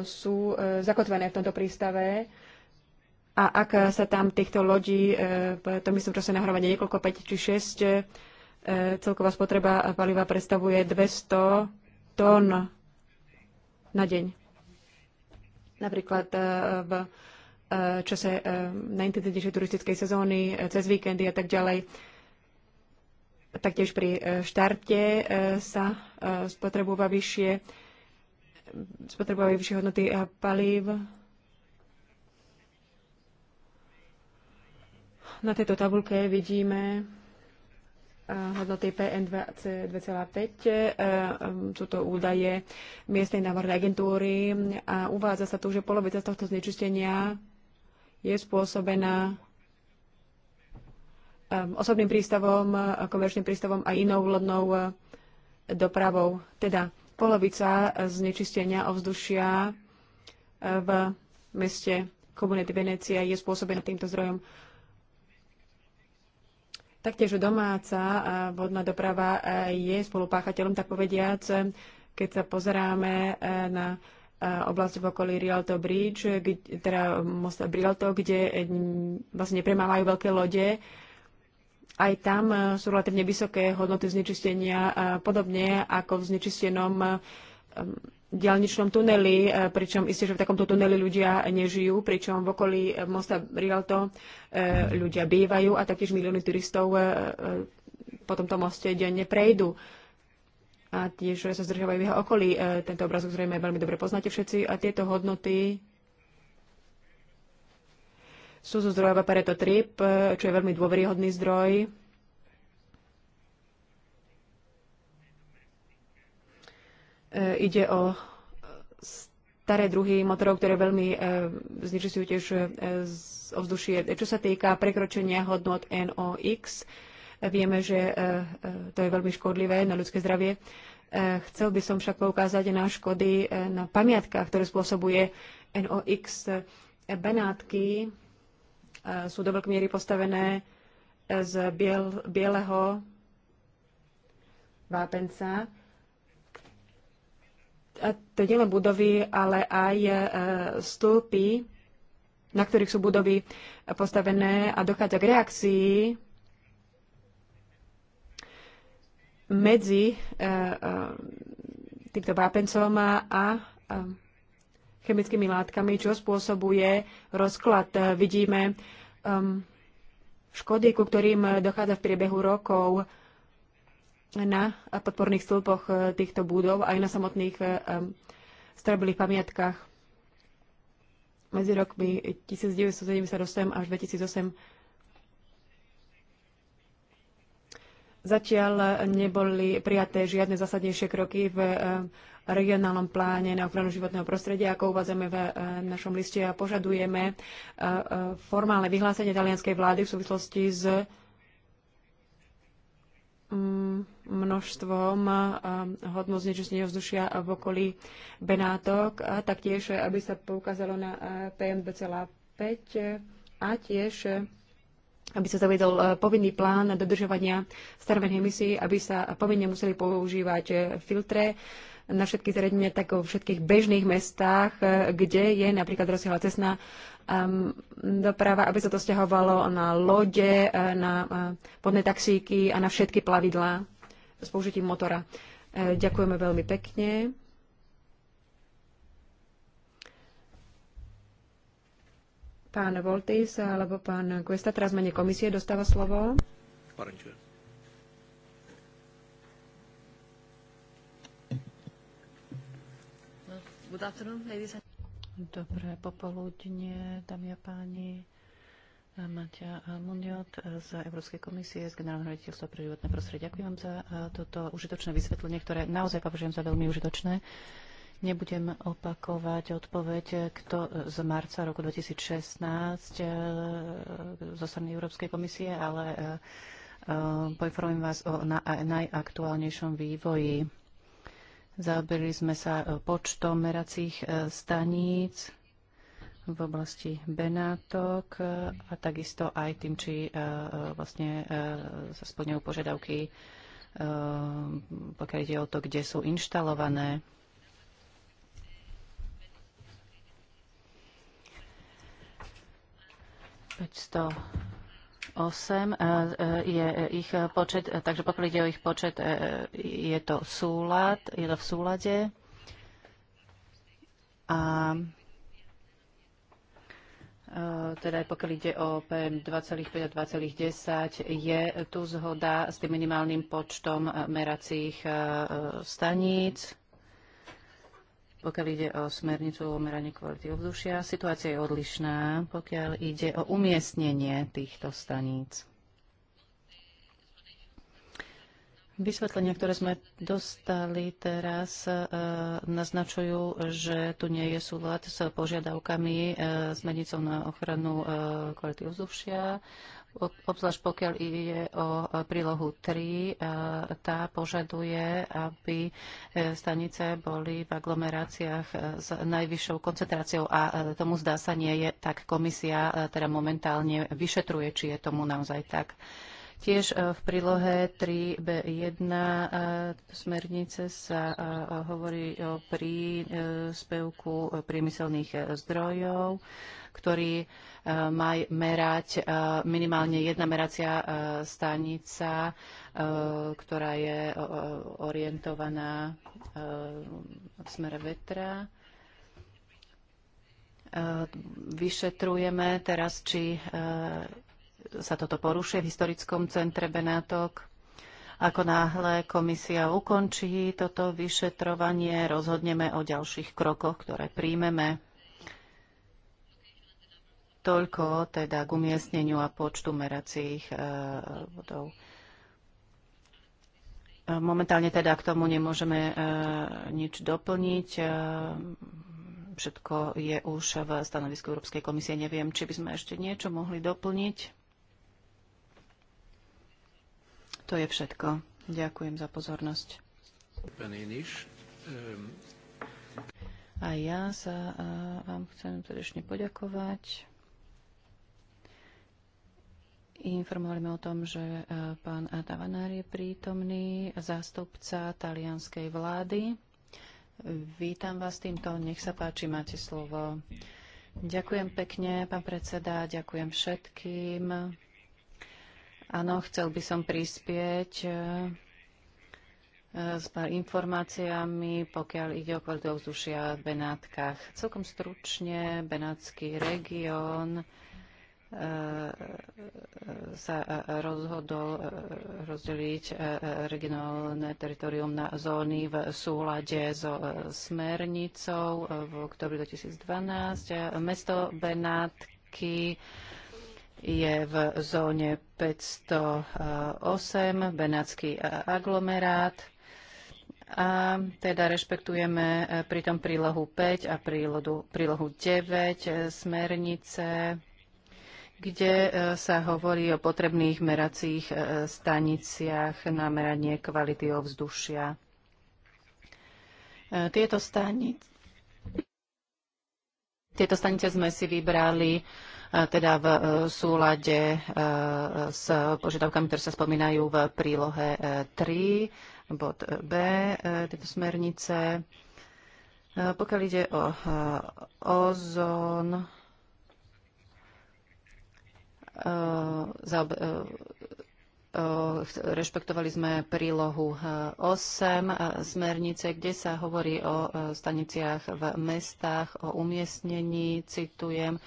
sú zakotvené v tomto prístave a ak sa tam týchto lodí to myslím, že sa nahromadí niekoľko, 5 či 6 E, celková spotreba paliva predstavuje 200 tón na deň. Napríklad e, v e, čase najintenzívnejšej turistickej sezóny, cez víkendy a tak ďalej. Taktiež pri štarte sa spotrebúva vyššie spotrebovajú vyššie hodnoty palív. Na tejto tabulke vidíme hodnoty PN2,5. E, sú to údaje miestnej námornej agentúry a uvádza sa tu, že polovica z tohto znečistenia je spôsobená osobným prístavom, komerčným prístavom a inou lodnou e, dopravou. Teda polovica e, znečistenia ovzdušia v meste Komunity Venecia je spôsobená týmto zdrojom. Taktiež domáca vodná doprava e, je spolupáchateľom, tak povediac, keď sa pozeráme e, na e, oblasť v okolí Rialto Bridge, teda mosta Rialto, kde vlastne nepremávajú veľké lode, aj tam sú relatívne vysoké hodnoty znečistenia, podobne ako v znečistenom diálničnom tuneli, e, pričom isté, že v takomto tuneli ľudia nežijú, pričom v okolí e, mosta Rialto e, ľudia bývajú a taktiež milióny turistov po tomto moste denne prejdú a tiež sa zdržiavajú v jeho okolí. Tento obrazok zrejme veľmi dobre poznáte všetci a tieto hodnoty sú zo zdroja Pareto Trip, čo je veľmi dôveryhodný zdroj E, ide o e, staré druhy motorov, ktoré veľmi e, znečistujú tiež e, z ovzdušie. Čo sa týka prekročenia hodnot NOx, vieme, že e, e, to je veľmi škodlivé na ľudské zdravie. E, chcel by som však poukázať na škody e, na pamiatkách, ktoré spôsobuje NOx. Benátky e, sú do veľkej miery postavené z biel, bieleho vápenca to nielen budovy, ale aj e, stĺpy, na ktorých sú budovy postavené a dochádza k reakcii medzi e, e, týmto vápencom a chemickými látkami, čo spôsobuje rozklad. Vidíme škody, ku ktorým dochádza v priebehu rokov na podporných stĺpoch e, týchto budov, aj na samotných e, stabilých pamiatkách. Medzi rokmi 1978 až 2008 Zatiaľ neboli prijaté žiadne zásadnejšie kroky v e, regionálnom pláne na ochranu životného prostredia, ako uvádzame v našom liste a požadujeme formálne vyhlásenie talianskej vlády v súvislosti s Mm, množstvom hodnosť znečistenia vzdušia v okolí Benátok a taktiež, aby sa poukázalo na PM2,5 a tiež aby sa zaviedol povinný plán dodržovania stanovených emisí, aby sa povinne museli používať filtre, na všetky zariadenia, tak vo všetkých bežných mestách, e, kde je napríklad rozsiahla cestná doprava, aby sa to stiahovalo na lode, e, na podné e, taxíky a na všetky plavidlá s použitím motora. Ďakujeme veľmi pekne. Pán Voltis alebo pán Questa, teraz mene komisie dostáva slovo. Pardon, Good afternoon, ladies and Dobré popoludne, dámy a páni. Matia Muniot z Európskej komisie, z Generálneho rediteľstva pre životné prostredie. Ďakujem vám za eh, toto užitočné vysvetlenie, ktoré naozaj považujem za veľmi užitočné. Nebudem opakovať odpoveď kto z marca roku 2016 eh, zo strany Európskej komisie, ale eh, poinformujem vás o najaktuálnejšom vývoji Zaoberili sme sa e, počtom meracích e, staníc v oblasti Benátok e, a takisto aj tým, či vlastne sa splňujú požiadavky, pokiaľ ide o to, kde sú inštalované. Peťsto E, e, je ich počet, takže pokiaľ ide o ich počet, e, je to súlad, je to v súlade. A teda aj pokiaľ ide o PM 2,5 a 2,10, je tu zhoda s tým minimálnym počtom meracích staníc. Pokiaľ ide o smernicu o meraní kvality ovzdušia, situácia je odlišná, pokiaľ ide o umiestnenie týchto staníc. Vysvetlenia, ktoré sme dostali teraz, e, naznačujú, že tu nie je súlad s požiadavkami e, s na ochranu e, kvality ovzdušia obzvlášť pokiaľ ide o e, prílohu 3, e, tá požaduje, aby e, stanice boli v aglomeráciách s najvyššou koncentráciou a tomu zdá sa nie je tak. Komisia teda momentálne vyšetruje, či je tomu naozaj tak. Tiež e, v prílohe 3b1 e, smernice sa e, hovorí o príspevku priemyselných zdrojov, ktorý má merať minimálne jedna meracia stanica, ktorá je orientovaná v smere vetra. Vyšetrujeme teraz, či sa toto porušuje v historickom centre Benátok. Ako náhle komisia ukončí toto vyšetrovanie, rozhodneme o ďalších krokoch, ktoré príjmeme. Toľko teda k umiestneniu a počtu meracích e, bodov. Momentálne teda k tomu nemôžeme e, nič doplniť. E, všetko je už v stanovisku Európskej komisie. Neviem, či by sme ešte niečo mohli doplniť. To je všetko. Ďakujem za pozornosť. Ehm, a ja sa vám chcem srdečne poďakovať. Informovali o tom, že e, pán Tavanár je prítomný, zástupca talianskej vlády. Vítam vás týmto, nech sa páči, máte slovo. Ďakujem pekne, pán predseda, ďakujem všetkým. Áno, chcel by som prispieť e, e, s pár informáciami, pokiaľ ide o kvalitu ovzdušia v Benátkach. Celkom stručne, Benátsky región e, sa rozhodol rozdeliť regionálne teritorium na zóny v súlade so smernicou v oktobri 2012. Mesto Benátky je v zóne 508, Benátsky e, aglomerát. A teda rešpektujeme e, pritom prílohu 5 a prílohu, prílohu 9 e, smernice, kde sa hovorí o potrebných meracích staniciach na meranie kvality ovzdušia. Tieto stanice, tieto stanice sme si vybrali teda v e, súlade e, s požiadavkami, ktoré sa spomínajú v prílohe 3, e, bod B tejto smernice. Pokiaľ ide o ozón, rešpektovali sme prílohu 8 smernice, kde sa hovorí o staniciach v mestách, o umiestnení, citujem,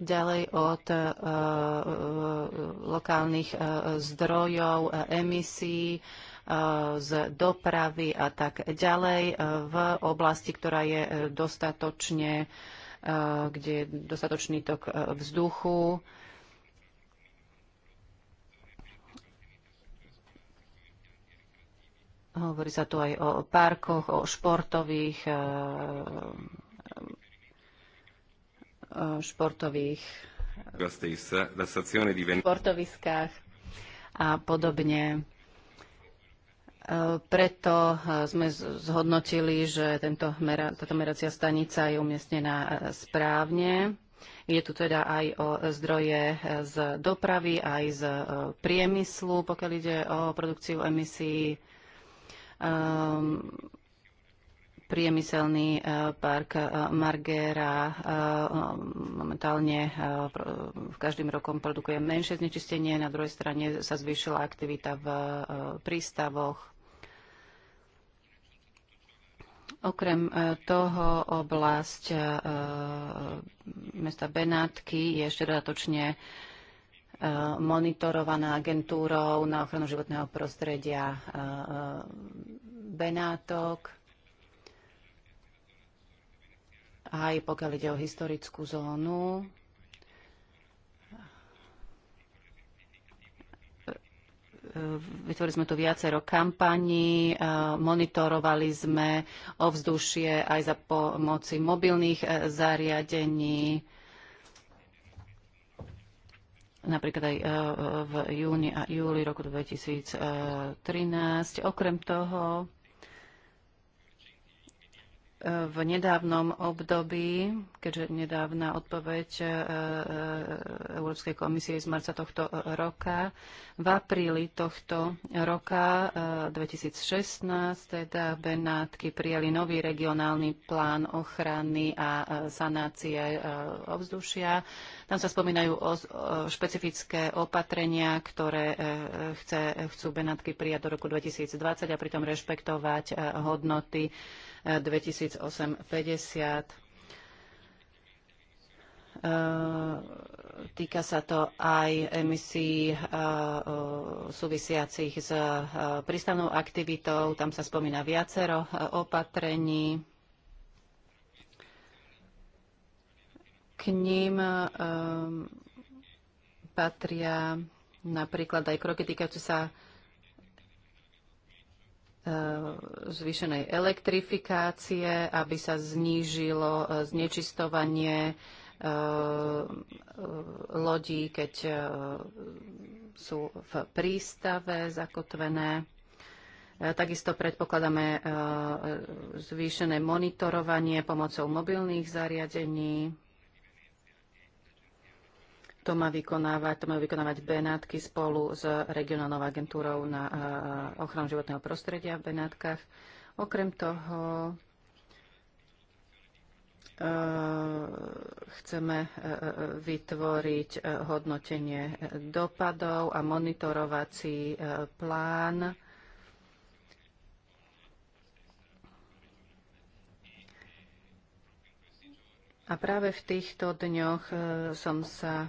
ďalej od e, e, lokálnych e, zdrojov, emisí, z dopravy a tak ďalej v oblasti, ktorá je dostatočne, kde je dostatočný tok vzduchu. Hovorí sa tu aj o parkoch, o športových Eh, športových eh, športoviskách a podobne. Eh, preto sme zhodnotili, že tento, táto meracia stanica je umiestnená správne. Je tu teda aj o zdroje z dopravy, aj z priemyslu, pokiaľ ide o produkciu emisí. Um, priemyselný eh, park eh, Margera eh, momentálne v každým rokom produkuje menšie znečistenie, na druhej strane sa zvýšila aktivita v prístavoch. Okrem toho oblasť mesta Benátky je ešte dodatočne monitorovaná agentúrou na ochranu životného prostredia Benátok. aj pokiaľ ide o historickú zónu. Vytvorili sme tu viacero kampaní, monitorovali sme ovzdušie aj za pomoci mobilných eh, zariadení napríklad aj eh, v júni a júli roku 2013. Eh, Okrem toho v nedávnom období, keďže nedávna odpoveď e, e, Európskej komisie z marca tohto roka, v apríli tohto roka 2016 e, teda Benátky prijali nový regionálny plán ochrany a sanácie ovzdušia tam sa spomínajú o, o špecifické opatrenia, ktoré e, chce, chcú Benátky prijať do roku 2020 a pritom rešpektovať e, hodnoty 2850. E, týka sa to aj emisí súvisiacich s prístavnou aktivitou. Tam sa spomína viacero opatrení K ním ehm, patria napríklad aj kroky týkajúce sa e, zvýšenej elektrifikácie, aby sa znížilo e, znečistovanie e, lodí, keď sú v prístave zakotvené. Takisto predpokladáme zvýšené monitorovanie pomocou mobilných zariadení. To má vykonávať, to majú vykonávať Benátky spolu s regionálnou agentúrou na ochranu životného prostredia v Benátkach. Okrem toho e, chceme e, e, vytvoriť hodnotenie dopadov a monitorovací plán A práve v týchto dňoch e, som sa e,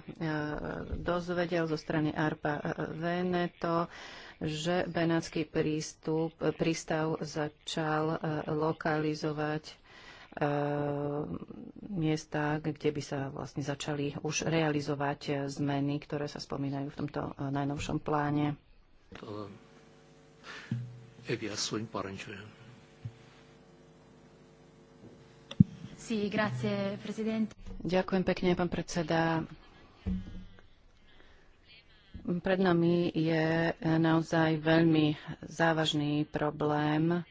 dozvedel zo strany ARPA e, Veneto, že Benátsky prístup, prístav začal lokalizovať miesta, kde by sa vlastne začali už realizovať zmeny, ktoré sa spomínajú v tomto najnovšom pláne. Evi Ďakujem pekne, pán predseda. Pred nami je naozaj veľmi závažný problém,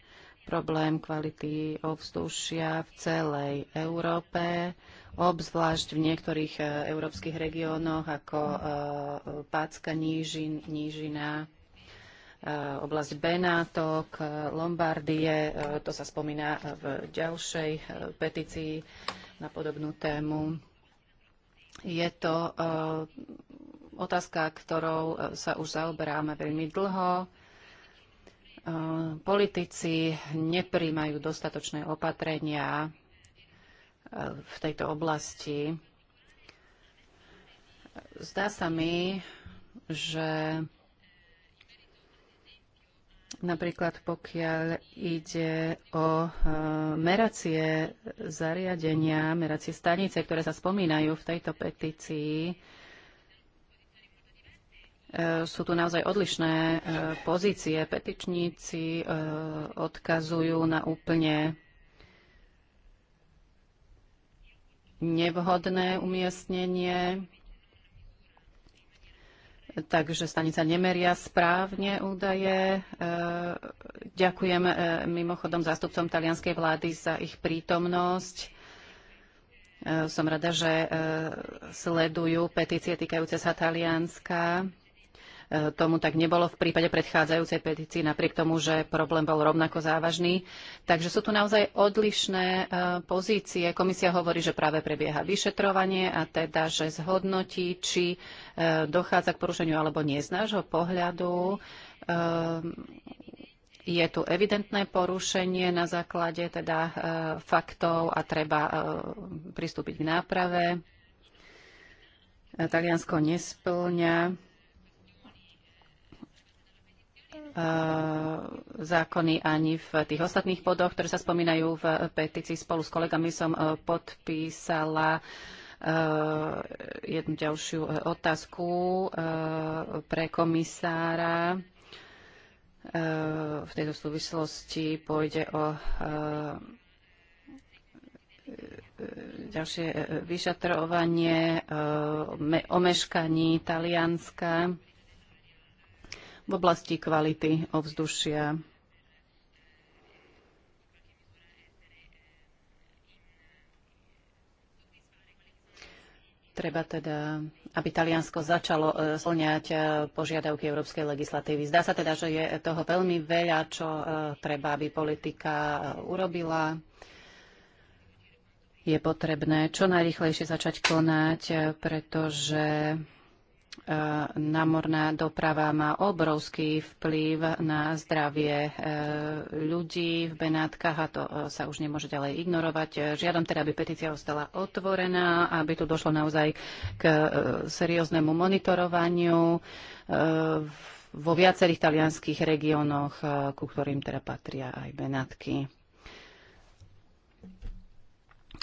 problém kvality ovzdušia v celej Európe, obzvlášť v niektorých eh, európskych regiónoch ako eh, Pácka nížin, nížina Eh, oblasť Benátok, eh, Lombardie, eh, to sa spomína v ďalšej petícii na podobnú tému. Je to otázka, ktorou sa už zaoberáme veľmi dlho. Politici nepríjmajú dostatočné opatrenia v tejto oblasti. Zdá sa mi, že Napríklad pokiaľ ide o e, meracie zariadenia, meracie stanice, ktoré sa spomínajú v tejto petícii, e, sú tu naozaj odlišné e, pozície. Petičníci e, odkazujú na úplne nevhodné umiestnenie takže stanica nemeria správne údaje. E, ďakujem e, mimochodom zástupcom talianskej vlády za ich prítomnosť. E, som rada, že sledujú petície týkajúce sa Talianska tomu tak nebolo v prípade predchádzajúcej petícii, napriek tomu, že problém bol rovnako závažný. Takže sú tu naozaj odlišné e, pozície. Komisia hovorí, že práve prebieha vyšetrovanie a teda, že zhodnotí, či e, dochádza k porušeniu alebo nie. Z nášho pohľadu e, je tu evidentné porušenie na základe teda e, faktov a treba e, pristúpiť k náprave. Taliansko nesplňa E, zákony ani v tých ostatných bodoch, ktoré sa spomínajú v petícii. Spolu s kolegami som e, podpísala e, jednu ďalšiu otázku pre komisára. V tejto súvislosti pôjde o ďalšie vyšatrovanie, meškaní Talianska v oblasti kvality ovzdušia. Treba teda, aby Taliansko začalo e, splňať e, požiadavky európskej legislatívy. Zdá sa teda, že je toho veľmi veľa, čo e, treba, aby politika urobila je potrebné čo najrychlejšie začať konať, pretože E, námorná doprava má obrovský vplyv na zdravie e, ľudí v Benátkach a to e, sa už nemôže ďalej ignorovať. Žiadam teda, aby petícia ostala otvorená, aby tu došlo naozaj k serióznemu monitorovaniu vo viacerých talianských regiónoch, ku ktorým teda patria aj Benátky.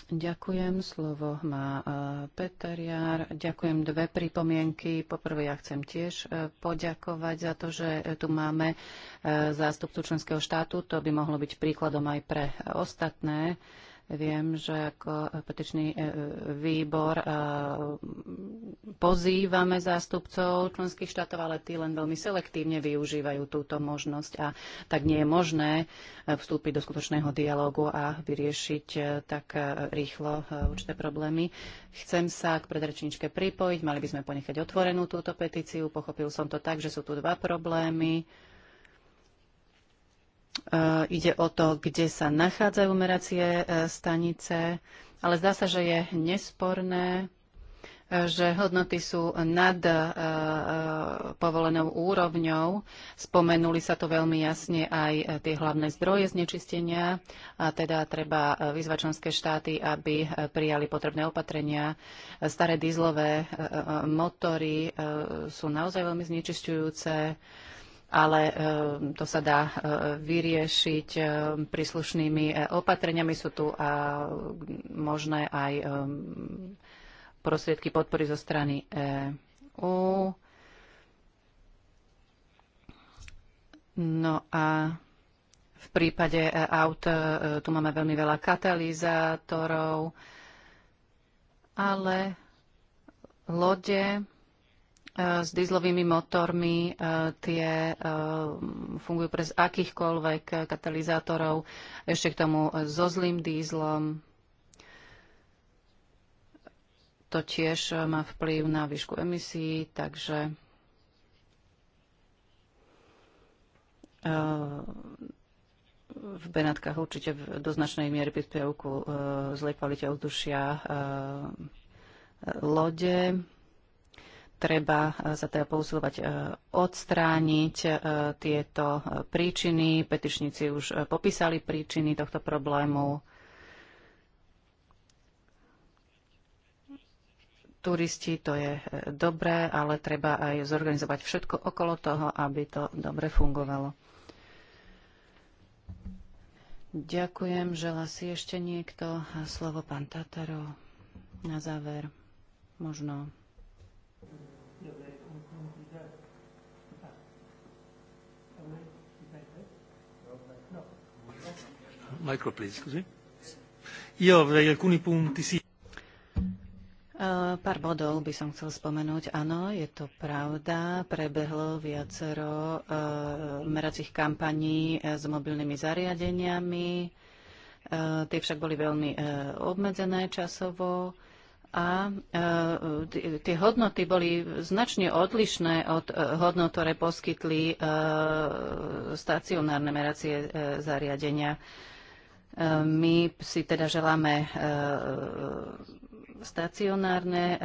Ďakujem. Slovo má e, Peter Jar. Ďakujem dve pripomienky. Poprvé ja chcem tiež e, poďakovať za to, že e, tu máme zástupcu členského štátu. To by mohlo byť príkladom aj pre ostatné Viem, že ako petičný e, výbor e, pozývame zástupcov členských štátov, ale tí len veľmi selektívne využívajú túto možnosť a tak nie je možné e, vstúpiť do skutočného dialogu a vyriešiť tak rýchlo určité problémy. Chcem sa k predrečničke pripojiť, mali by sme ponechať otvorenú túto petíciu. Pochopil som to tak, že sú tu dva problémy Eh, ide o to, kde sa nachádzajú meracie eh, stanice, ale zdá sa, že je nesporné, eh, že hodnoty sú nad povolenou úrovňou. Spomenuli sa to veľmi jasne aj tie hlavné zdroje znečistenia a teda treba vyzvať členské štáty, aby prijali potrebné opatrenia. Staré dízlové motory sú naozaj veľmi znečistujúce ale eh, to sa dá eh, vyriešiť eh, príslušnými opatreniami. Sú tu možné aj prostriedky podpory zo strany EU. No a v prípade aut tu máme veľmi veľa katalizátorov, ale lode E, s dizlovými motormi. E, tie e, fungujú bez akýchkoľvek katalizátorov, ešte k tomu so zlým dízlom. To tiež má vplyv na výšku emisí, takže v Benátkach určite do značnej miery prispievajú zlej kvalite ovzdušia lode treba e, sa teda pousilovať e, odstrániť e, tieto príčiny. Petičníci už popísali príčiny tohto problému. Turisti to je dobré, ale treba aj zorganizovať všetko okolo toho, aby to dobre fungovalo. Ďakujem. Žela si ešte niekto slovo pán Tataro na záver. Možno Micro, please, Io avrei alcuni punti, sì. Eh, pár bodov by som chcel spomenúť. Áno, je to pravda. Prebehlo viacero eh, meracích kampaní eh, s mobilnými zariadeniami. Tie však boli veľmi obmedzené časovo a e, tie hodnoty boli značne odlišné od e, hodnot, ktoré poskytli e, stacionárne meracie zariadenia. My si teda želáme stacionárne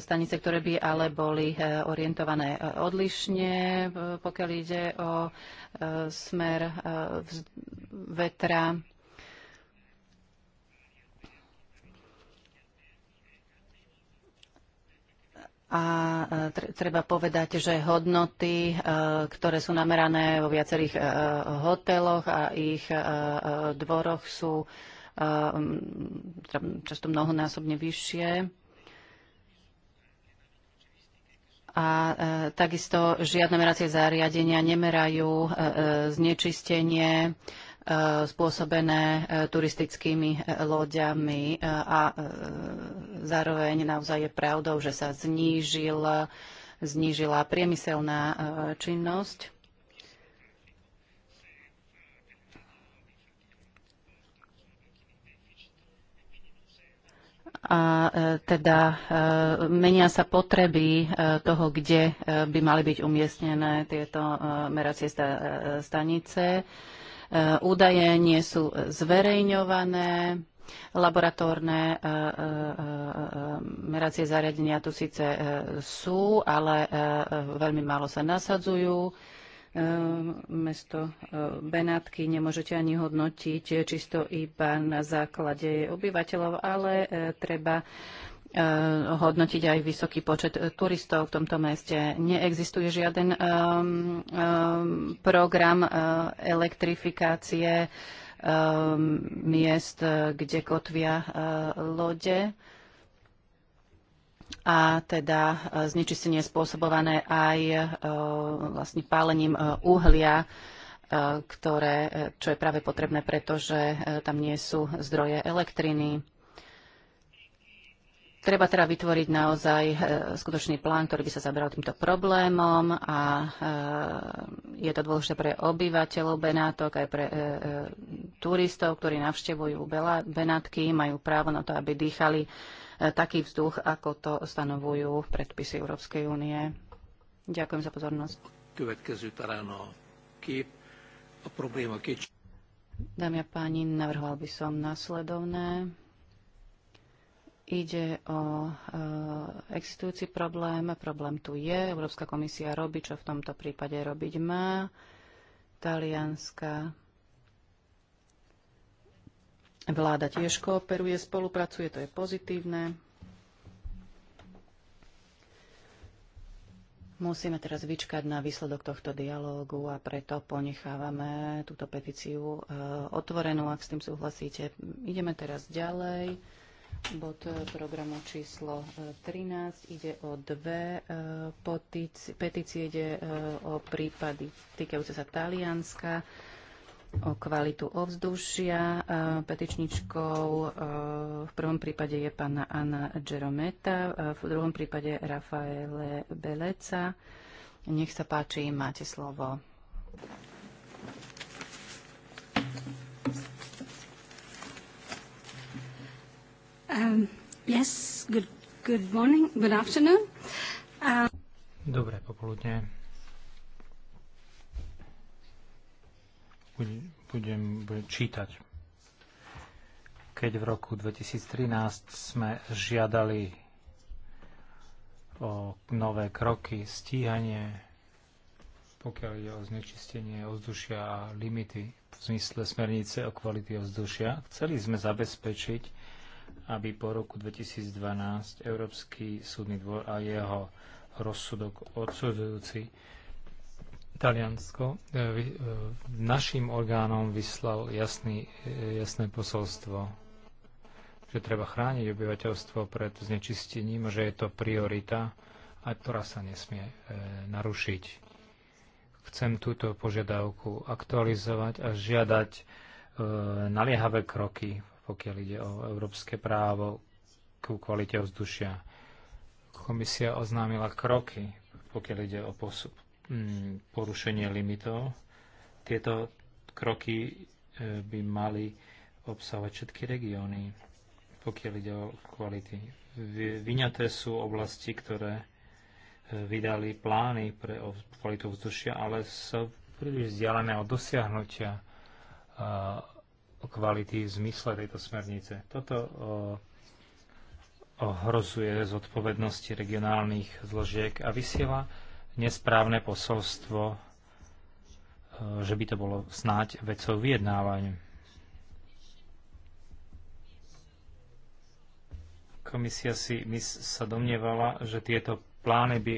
stanice, ktoré by ale boli orientované odlišne, pokiaľ ide o smer vetra A e, treba povedať, že hodnoty, e, ktoré sú namerané vo viacerých e, hoteloch a ich dvoroch sú teda často mnohonásobne vyššie. A takisto žiadne meracie zariadenia nemerajú znečistenie Eh, spôsobené eh, turistickými eh, loďami a zároveň naozaj je pravdou, že sa znížil, znížila priemyselná činnosť. a teda menia sa potreby toho, kde by mali byť umiestnené tieto meracie stanice. Eh, údaje nie sú eh, zverejňované. Laboratórne eh, meracie zariadenia tu síce sú, ale veľmi málo sa nasadzujú. Mesto Benátky nemôžete ani hodnotiť čisto iba na základe obyvateľov, ale treba Eh, hodnotiť aj vysoký počet turistov v tomto meste. Neexistuje žiaden um, um, program uh, elektrifikácie um, miest, kde kotvia uh, lode a teda znečistenie spôsobované aj uh, vlastne pálením uhlia ktoré, čo je práve potrebné, pretože tam nie sú zdroje elektriny. Treba teda vytvoriť naozaj e, skutočný plán, ktorý by sa zabral týmto problémom a e, je to dôležité pre obyvateľov Benátok, aj pre e, turistov, ktorí navštevujú Benátky, majú právo na to, aby dýchali taký vzduch, ako to stanovujú predpisy Európskej únie. Ďakujem za pozornosť. Dámy a páni, navrhoval by som nasledovné. Ide o e, existujúci problém, problém tu je, Európska komisia robí, čo v tomto prípade robiť má. Talianska vláda tiež kooperuje, spolupracuje, to je pozitívne. Musíme teraz vyčkať na výsledok tohto dialógu a preto ponechávame túto petíciu e, otvorenú, ak s tým súhlasíte. Ideme teraz ďalej bod e, programu číslo 13. E, ide o dve e, petície, ide o prípady týkajúce sa Talianska, o kvalitu ovzdušia. Petičničkou v prvom prípade je pána Anna Gerometa, v druhom prípade Rafaele Beleca. Nech sa páči, máte slovo. Um, yes, good, good morning, good afternoon. Um... Dobré popoludne. Budem, budem, čítať. Keď v roku 2013 sme žiadali o nové kroky, stíhanie, pokiaľ ide o znečistenie ovzdušia a limity v zmysle smernice o kvality ovzdušia, chceli sme zabezpečiť, aby po roku 2012 Európsky súdny dvor a jeho rozsudok odsudzujúci Taliansko e, e, našim orgánom vyslal jasný, e, jasné posolstvo, že treba chrániť obyvateľstvo pred znečistením, že je to priorita, a ktorá sa nesmie narušiť. Chcem túto požiadavku aktualizovať a žiadať naliehavé kroky pokiaľ ide o európske právo ku kvalite vzdušia. Komisia oznámila kroky, pokiaľ ide o posup, mm, porušenie limitov. Tieto kroky e, by mali obsahovať všetky regióny, pokiaľ ide o kvality. Vyňaté sú oblasti, ktoré e, vydali plány pre kvalitu vzdušia, ale sú príliš vzdialené od dosiahnutia kvality v zmysle tejto smernice. Toto ohrozuje zodpovednosti regionálnych zložiek a vysiela nesprávne posolstvo, že by to bolo snáď vecou vyjednávania. Komisia si sa domnievala, že tieto plány by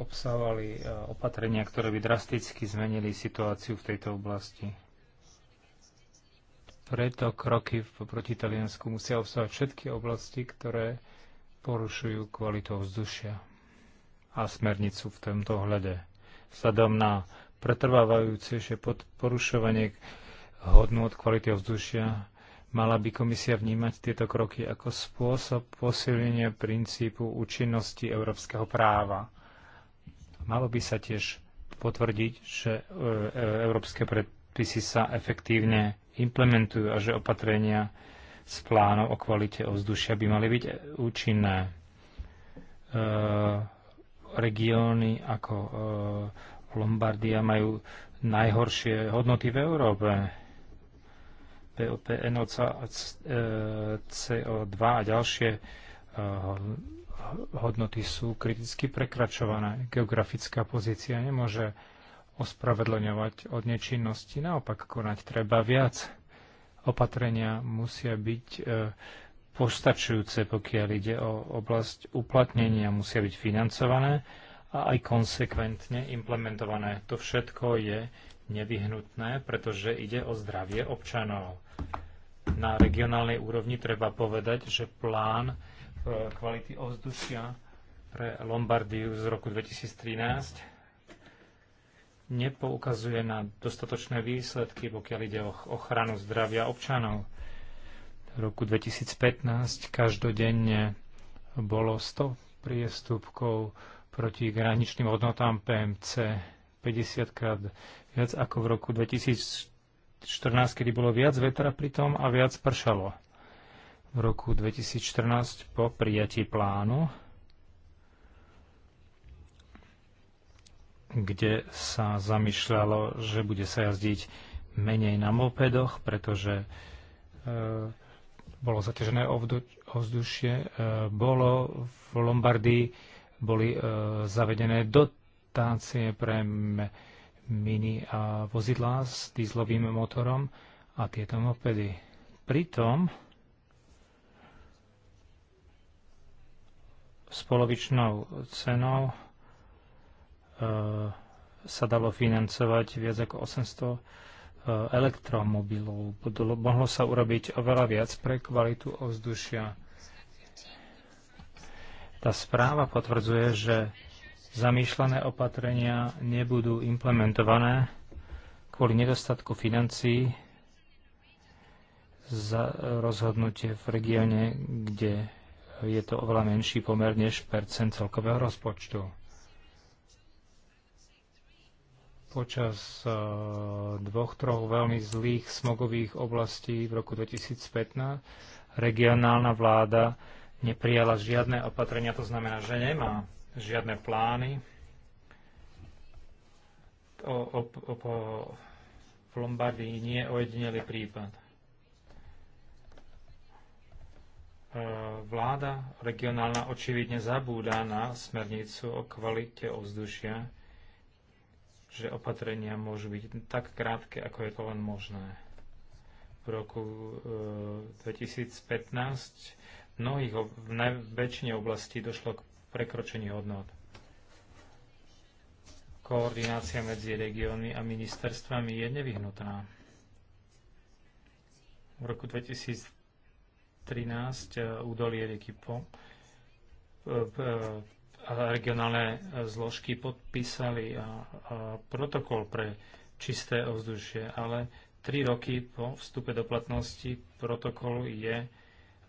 obsahovali opatrenia, ktoré by drasticky zmenili situáciu v tejto oblasti. Preto kroky proti Taliansku musia obsahovať všetky oblasti, ktoré porušujú kvalitu vzdušia a smernicu v tomto ohľade. Vzhľadom na pretrvávajúcejšie porušovanie hodnôt kvality vzdušia, mala by komisia vnímať tieto kroky ako spôsob posilnenia princípu účinnosti európskeho práva. Malo by sa tiež potvrdiť, že e, e, európske predpisy sa efektívne implementujú a že opatrenia z plánov o kvalite ovzdušia by mali byť účinné. E, regióny ako e, Lombardia majú najhoršie hodnoty v Európe. POP, NOC, e, CO2 a ďalšie e, hodnoty sú kriticky prekračované. Geografická pozícia nemôže ospravedlňovať od nečinnosti. Naopak konať treba viac. Opatrenia musia byť e, postačujúce, pokiaľ ide o oblasť uplatnenia, musia byť financované a aj konsekventne implementované. To všetko je nevyhnutné, pretože ide o zdravie občanov. Na regionálnej úrovni treba povedať, že plán e, kvality ovzdušia pre Lombardiu z roku 2013 nepoukazuje na dostatočné výsledky, pokiaľ ide o ochranu zdravia občanov. V roku 2015 každodenne bolo 100 priestupkov proti graničným hodnotám PMC 50 krát viac ako v roku 2014, kedy bolo viac vetra pritom a viac pršalo. V roku 2014 po prijatí plánu kde sa zamýšľalo, že bude sa jazdiť menej na mopedoch, pretože e, bolo zatežené ovzdušie. E, bolo v Lombardii boli e, zavedené dotácie pre mini a vozidlá s dýzlovým motorom a tieto mopedy. Pritom s polovičnou cenou E, sa dalo financovať viac ako 800 e, elektromobilov. Mohlo sa urobiť oveľa viac pre kvalitu ovzdušia. Tá správa potvrdzuje, že zamýšľané opatrenia nebudú implementované kvôli nedostatku financií za rozhodnutie v regióne, kde je to oveľa menší pomer než percent celkového rozpočtu počas e, dvoch, troch veľmi zlých smogových oblastí v roku 2015 regionálna vláda neprijala žiadne opatrenia, to znamená, že nemá žiadne plány o, o, o, o v Lombardii nie ojedinelý prípad. E, vláda regionálna očividne zabúda na smernicu o kvalite ovzdušia, že opatrenia môžu byť tak krátke, ako je to len možné. V roku 2015 e, mnohých, v väčšine oblasti došlo k prekročení hodnot. Koordinácia medzi regiónmi a ministerstvami je nevyhnutná. V roku 2013 e, údolie rieky Po e, regionálne e, zložky podpísali protokol pre čisté ovzdušie, ale tri roky po vstupe do platnosti protokol je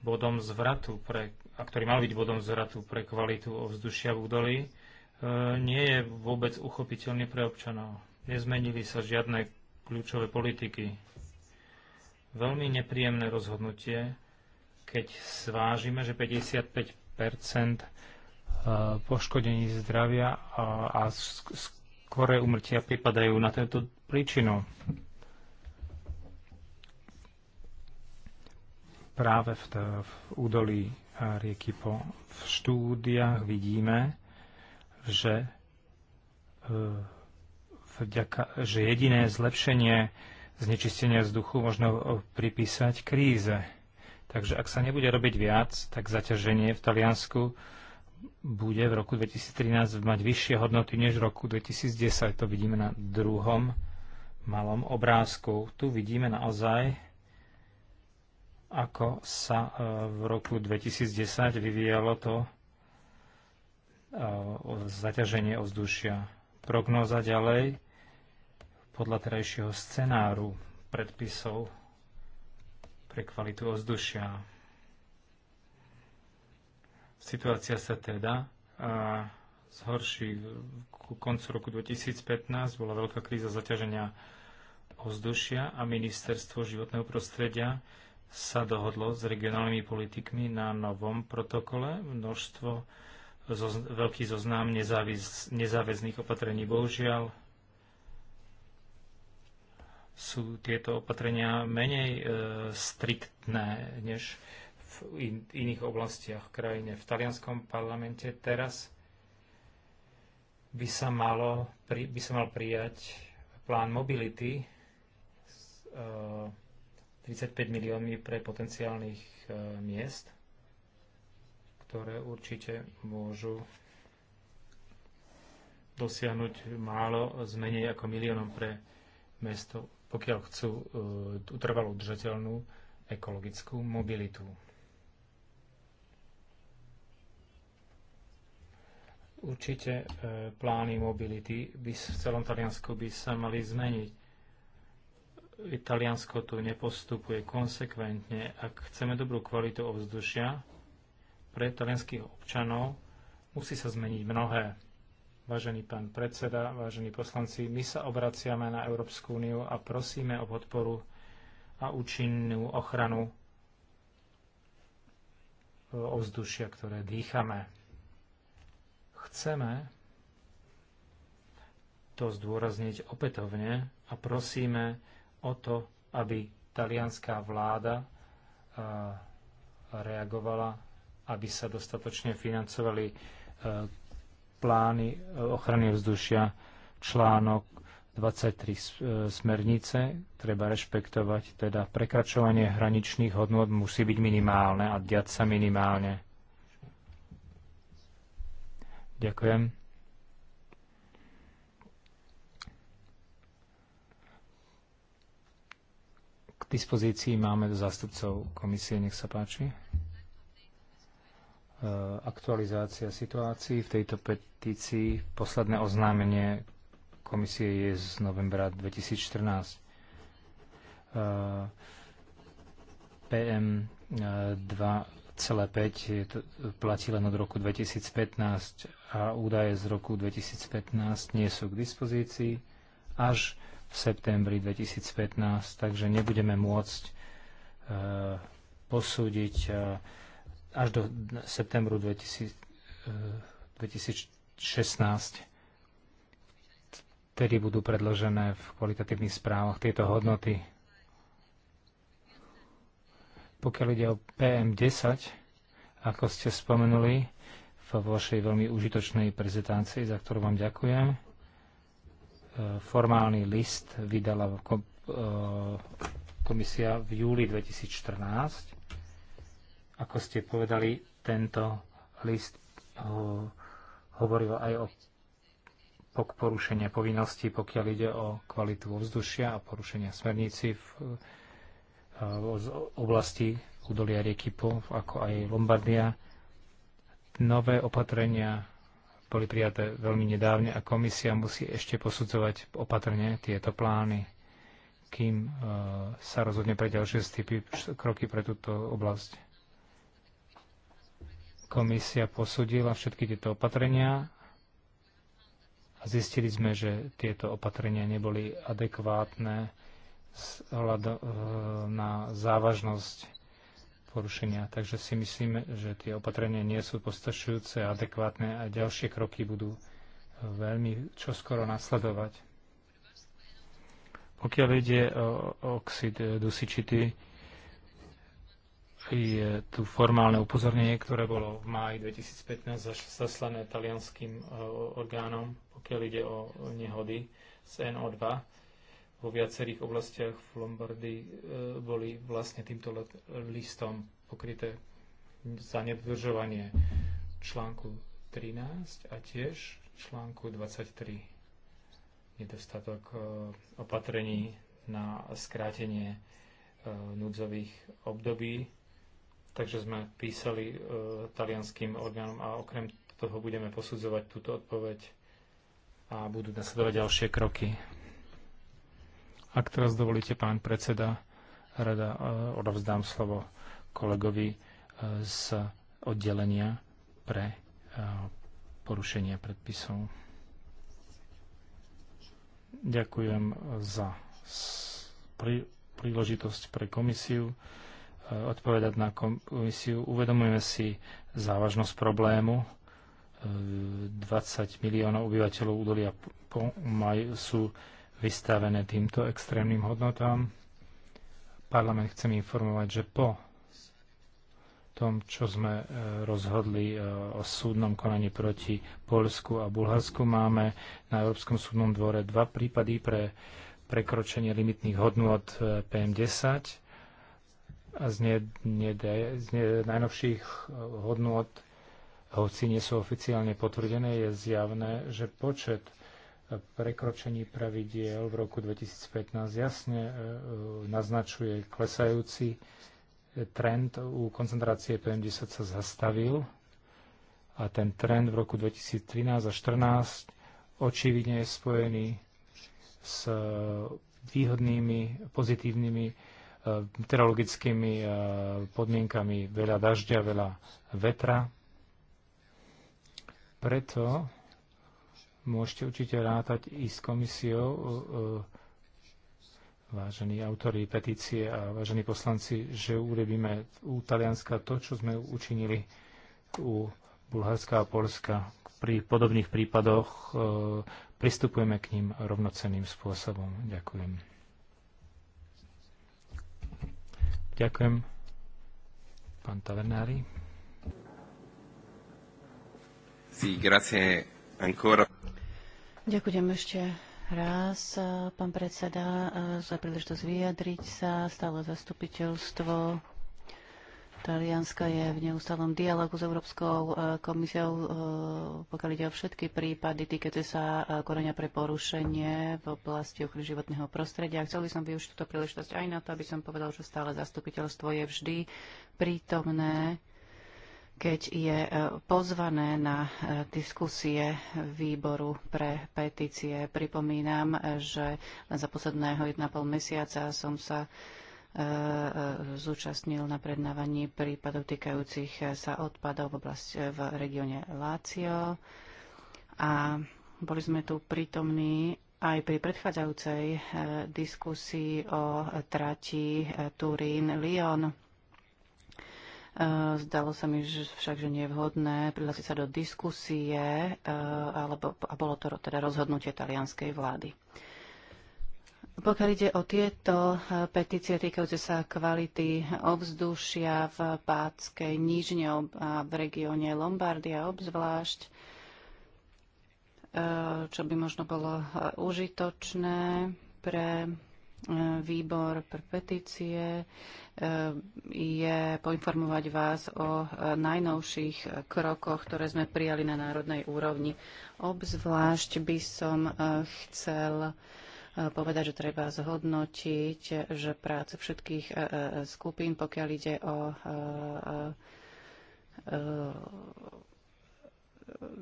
bodom zvratu, pre, a ktorý mal byť bodom zvratu pre kvalitu ovzdušia v údolí, e, nie je vôbec uchopiteľný pre občanov. Nezmenili sa žiadne kľúčové politiky. Veľmi nepríjemné rozhodnutie, keď svážime, že 55 poškodení zdravia a, a skoré umrtia pripadajú na tento príčinu. Práve v, v údolí rieky Po v štúdiách vidíme, že, e, vďaka, že jediné zlepšenie znečistenia vzduchu možno e, pripísať kríze. Takže ak sa nebude robiť viac, tak zaťaženie v Taliansku bude v roku 2013 mať vyššie hodnoty než v roku 2010. To vidíme na druhom malom obrázku. Tu vidíme naozaj, ako sa e, v roku 2010 vyvíjalo to e, zaťaženie ovzdušia. Prognoza ďalej podľa terajšieho scenáru predpisov pre kvalitu ovzdušia Situácia sa teda a, zhorší ku koncu roku 2015. Bola veľká kríza zaťaženia ovzdušia a ministerstvo životného prostredia sa dohodlo s regionálnymi politikmi na novom protokole. Množstvo zo, veľký zoznam nezáviz, nezáväzných opatrení. Bohužiaľ sú tieto opatrenia menej e, striktné než v in, iných oblastiach krajine. V talianskom parlamente teraz by sa, malo, by sa mal prijať plán mobility s 35 eh, miliónmi pre potenciálnych eh, miest, ktoré určite môžu dosiahnuť málo z menej ako miliónom pre mesto, pokiaľ chcú utrvalú eh, trvalo udržateľnú ekologickú mobilitu. Určite e, plány mobility by v celom Taliansku by sa mali zmeniť. Taliansko tu nepostupuje konsekventne. Ak chceme dobrú kvalitu ovzdušia pre talianských občanov, musí sa zmeniť mnohé. Vážený pán predseda, vážení poslanci, my sa obraciame na Európsku úniu a prosíme o podporu a účinnú ochranu e, ovzdušia, ktoré dýchame. Chceme to zdôrazniť opätovne a prosíme o to, aby talianská vláda e, reagovala, aby sa dostatočne financovali e, plány e, ochrany vzdušia, článok 23 smernice, treba rešpektovať, teda prekračovanie hraničných hodnot musí byť minimálne a diať sa minimálne. Ďakujem. K dispozícii máme zástupcov komisie, nech sa páči. E, aktualizácia situácií v tejto petícii. Posledné oznámenie komisie je z novembra 2014. PM 2 2,5 platí len od roku 2015 a údaje z roku 2015 nie sú k dispozícii až v septembri 2015, takže nebudeme môcť e, posúdiť e, až do septembru 2016 e, tedy budú predložené v kvalitatívnych správach tieto hodnoty pokiaľ ide o PM10, ako ste spomenuli v vašej veľmi užitočnej prezentácii, za ktorú vám ďakujem, e, formálny list vydala e, komisia v júli 2014. Ako ste povedali, tento list e, hovoril aj o porušenia povinností, pokiaľ ide o kvalitu ovzdušia a porušenia smerníci v z oblasti údolia rieky Po, ako aj Lombardia. Nové opatrenia boli prijaté veľmi nedávne a komisia musí ešte posudzovať opatrne tieto plány, kým e, sa rozhodne pre ďalšie stipy, kroky pre túto oblasť. Komisia posudila všetky tieto opatrenia a zistili sme, že tieto opatrenia neboli adekvátne E, na závažnosť porušenia. Takže si myslím, že tie opatrenia nie sú postačujúce a adekvátne a ďalšie kroky budú e, veľmi čoskoro nasledovať. Pokiaľ ide o oxid e, dusičitý, je tu formálne upozornenie, ktoré bolo v máji 2015 zaslané talianským orgánom, pokiaľ ide o nehody z NO2 vo viacerých oblastiach v Lombardii e, boli vlastne týmto listom pokryté za nedodržovanie článku 13 a tiež článku 23 nedostatok e, opatrení na skrátenie e, núdzových období. Takže sme písali talianským orgánom a okrem toho budeme posudzovať túto odpoveď a budú nasledovať ďalšie kroky. Ak teraz dovolíte, pán predseda, rada e, odovzdám slovo kolegovi e, z oddelenia pre e, porušenia predpisov. Ďakujem za príležitosť pre komisiu odpovedať na komisiu. Uvedomujeme si závažnosť problému. 20 miliónov obyvateľov údolia sú vystavené týmto extrémnym hodnotám. Parlament chcem informovať, že po tom, čo sme e, rozhodli e, o súdnom konaní proti Polsku a Bulharsku, máme na Európskom súdnom dvore dva prípady pre prekročenie limitných hodnôt e, PM10 a z, ne, ne, z ne, najnovších hodnôt, hoci nie sú oficiálne potvrdené, je zjavné, že počet prekročení pravidiel v roku 2015 jasne e, naznačuje klesajúci trend u koncentrácie PM10 sa zastavil a ten trend v roku 2013 a 2014 očividne je spojený s e, výhodnými, pozitívnymi e, meteorologickými podmienkami veľa dažďa, veľa vetra. Preto Môžete určite rátať i s komisiou, e, e, vážení autori petície a vážení poslanci, že urobíme u Talianska to, čo sme učinili u Bulharska a Polska. Pri podobných prípadoch e, pristupujeme k ním rovnocenným spôsobom. Ďakujem. Ďakujem. Pán Tavernári. Sí, grazie ancora. Ďakujem ešte raz, e, pán predseda, e, za príležitosť vyjadriť sa. Stále zastupiteľstvo Talianska je v neustálom dialogu s Európskou e, komisiou, pokiaľ ide o všetky prípady týkajúce sa korenia pre porušenie v oblasti ochrany životného prostredia. Chcel by som využiť túto príležitosť aj na to, aby som povedal, že stále zastupiteľstvo je vždy prítomné keď je e, pozvané na e, diskusie výboru pre petície. Pripomínam, e, že len za posledného 1,5 mesiaca som sa zúčastnil na prednávaní prípadov týkajúcich sa odpadov v, oblasti, v regióne Lácio a boli sme tu prítomní aj pri predchádzajúcej diskusii o trati Turín-Lyon Eh, zdalo sa mi že však, že nie je vhodné prihlásiť sa do diskusie eh, alebo, a bolo to teda rozhodnutie talianskej vlády. Pokiaľ ide o tieto eh, petície týkajúce sa kvality ovzdušia v Páckej nížne a v regióne Lombardia obzvlášť, čo by možno bolo užitočné pre výbor pre petície eh, je poinformovať vás o eh, najnovších eh, krokoch, ktoré sme prijali na národnej úrovni. Obzvlášť by som chcel povedať, že treba zhodnotiť, že práce všetkých skupín, pokiaľ ide o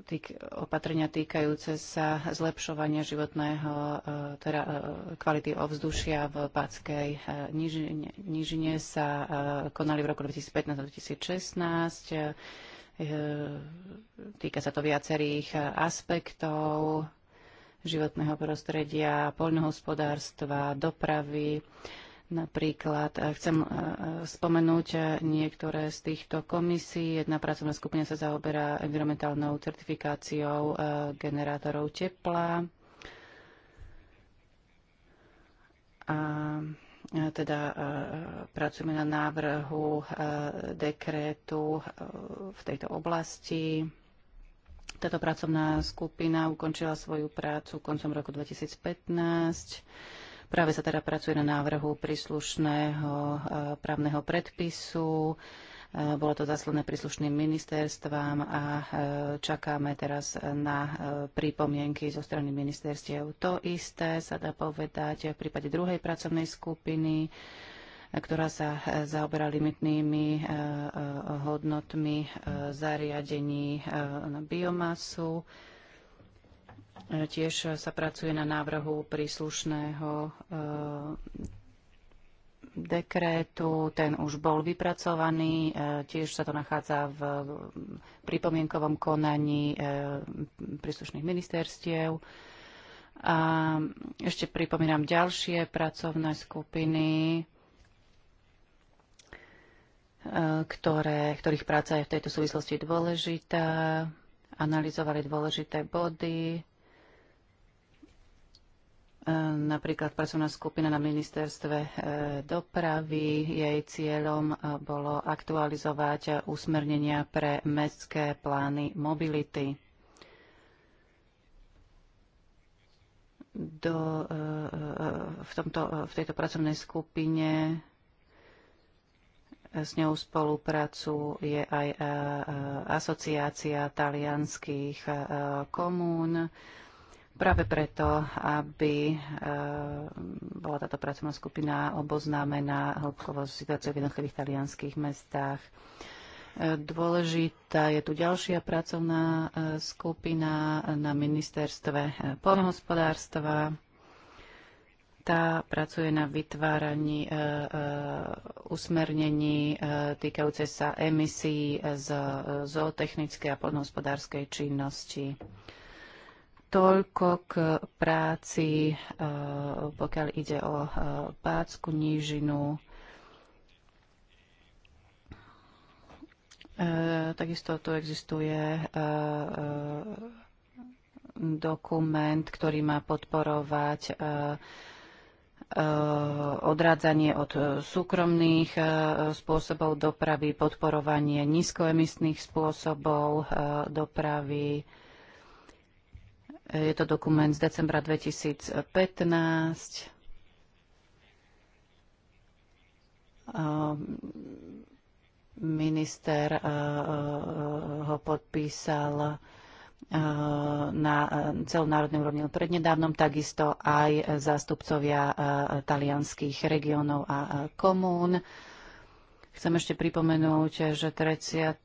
týk, opatrenia týkajúce sa zlepšovania životného, e, teda e, kvality ovzdušia v Páckej e, nižine, nížine sa konali v roku 2015-2016. Týka sa to viacerých aspektov životného prostredia, poľnohospodárstva, dopravy. Napríklad e, chcem e, e, spomenúť niektoré z týchto komisí. Jedna pracovná skupina sa zaoberá environmentálnou certifikáciou generátorov tepla. A teda pracujeme na návrhu dekrétu v tejto oblasti. Táto pracovná skupina ukončila svoju prácu koncom roku 2015 Práve sa teda pracuje na návrhu príslušného eh, právneho predpisu. Eh, bolo to zaslané príslušným ministerstvám a eh, čakáme teraz na prípomienky zo strany ministerstiev. To isté sa dá povedať v prípade druhej pracovnej skupiny, ktorá sa zaoberá limitnými hodnotmi zariadení na biomasu. E, tiež sa pracuje na návrhu príslušného e, dekrétu, ten už bol vypracovaný, e, tiež sa to nachádza v pripomienkovom konaní príslušných ministerstiev. A ešte pripomínam ďalšie pracovné skupiny, ktoré, ktorých práca je v tejto súvislosti dôležitá. Analizovali dôležité body, Ehm, napríklad pracovná skupina na ministerstve ehm, dopravy, jej cieľom eh, bolo aktualizovať eh, usmernenia pre mestské plány mobility. Do, eh, v, tomto, v tejto pracovnej skupine s ňou je aj asociácia talianských komún práve preto, aby e, bola táto pracovná skupina oboznámená hĺbkovo s situáciou v jednotlivých talianských mestách. E, dôležitá je tu ďalšia pracovná e, skupina na ministerstve polnohospodárstva. Tá pracuje na vytváraní usmernení týkajúce sa emisí z zootechnickej a podnohospodárskej činnosti. Toľko k práci, eh, pokiaľ ide o eh, Pácku nížinu. Eh, takisto tu existuje dokument, ktorý má podporovať odrádzanie od súkromných spôsobov dopravy, podporovanie nízkoemisných spôsobov dopravy, je to dokument z decembra 2015. Ehm, minister eh, eh, ho podpísal eh, na celonárodnej úrovni prednedávnom, takisto aj zástupcovia talianských regiónov a komún. Chcem ešte pripomenúť, že 30.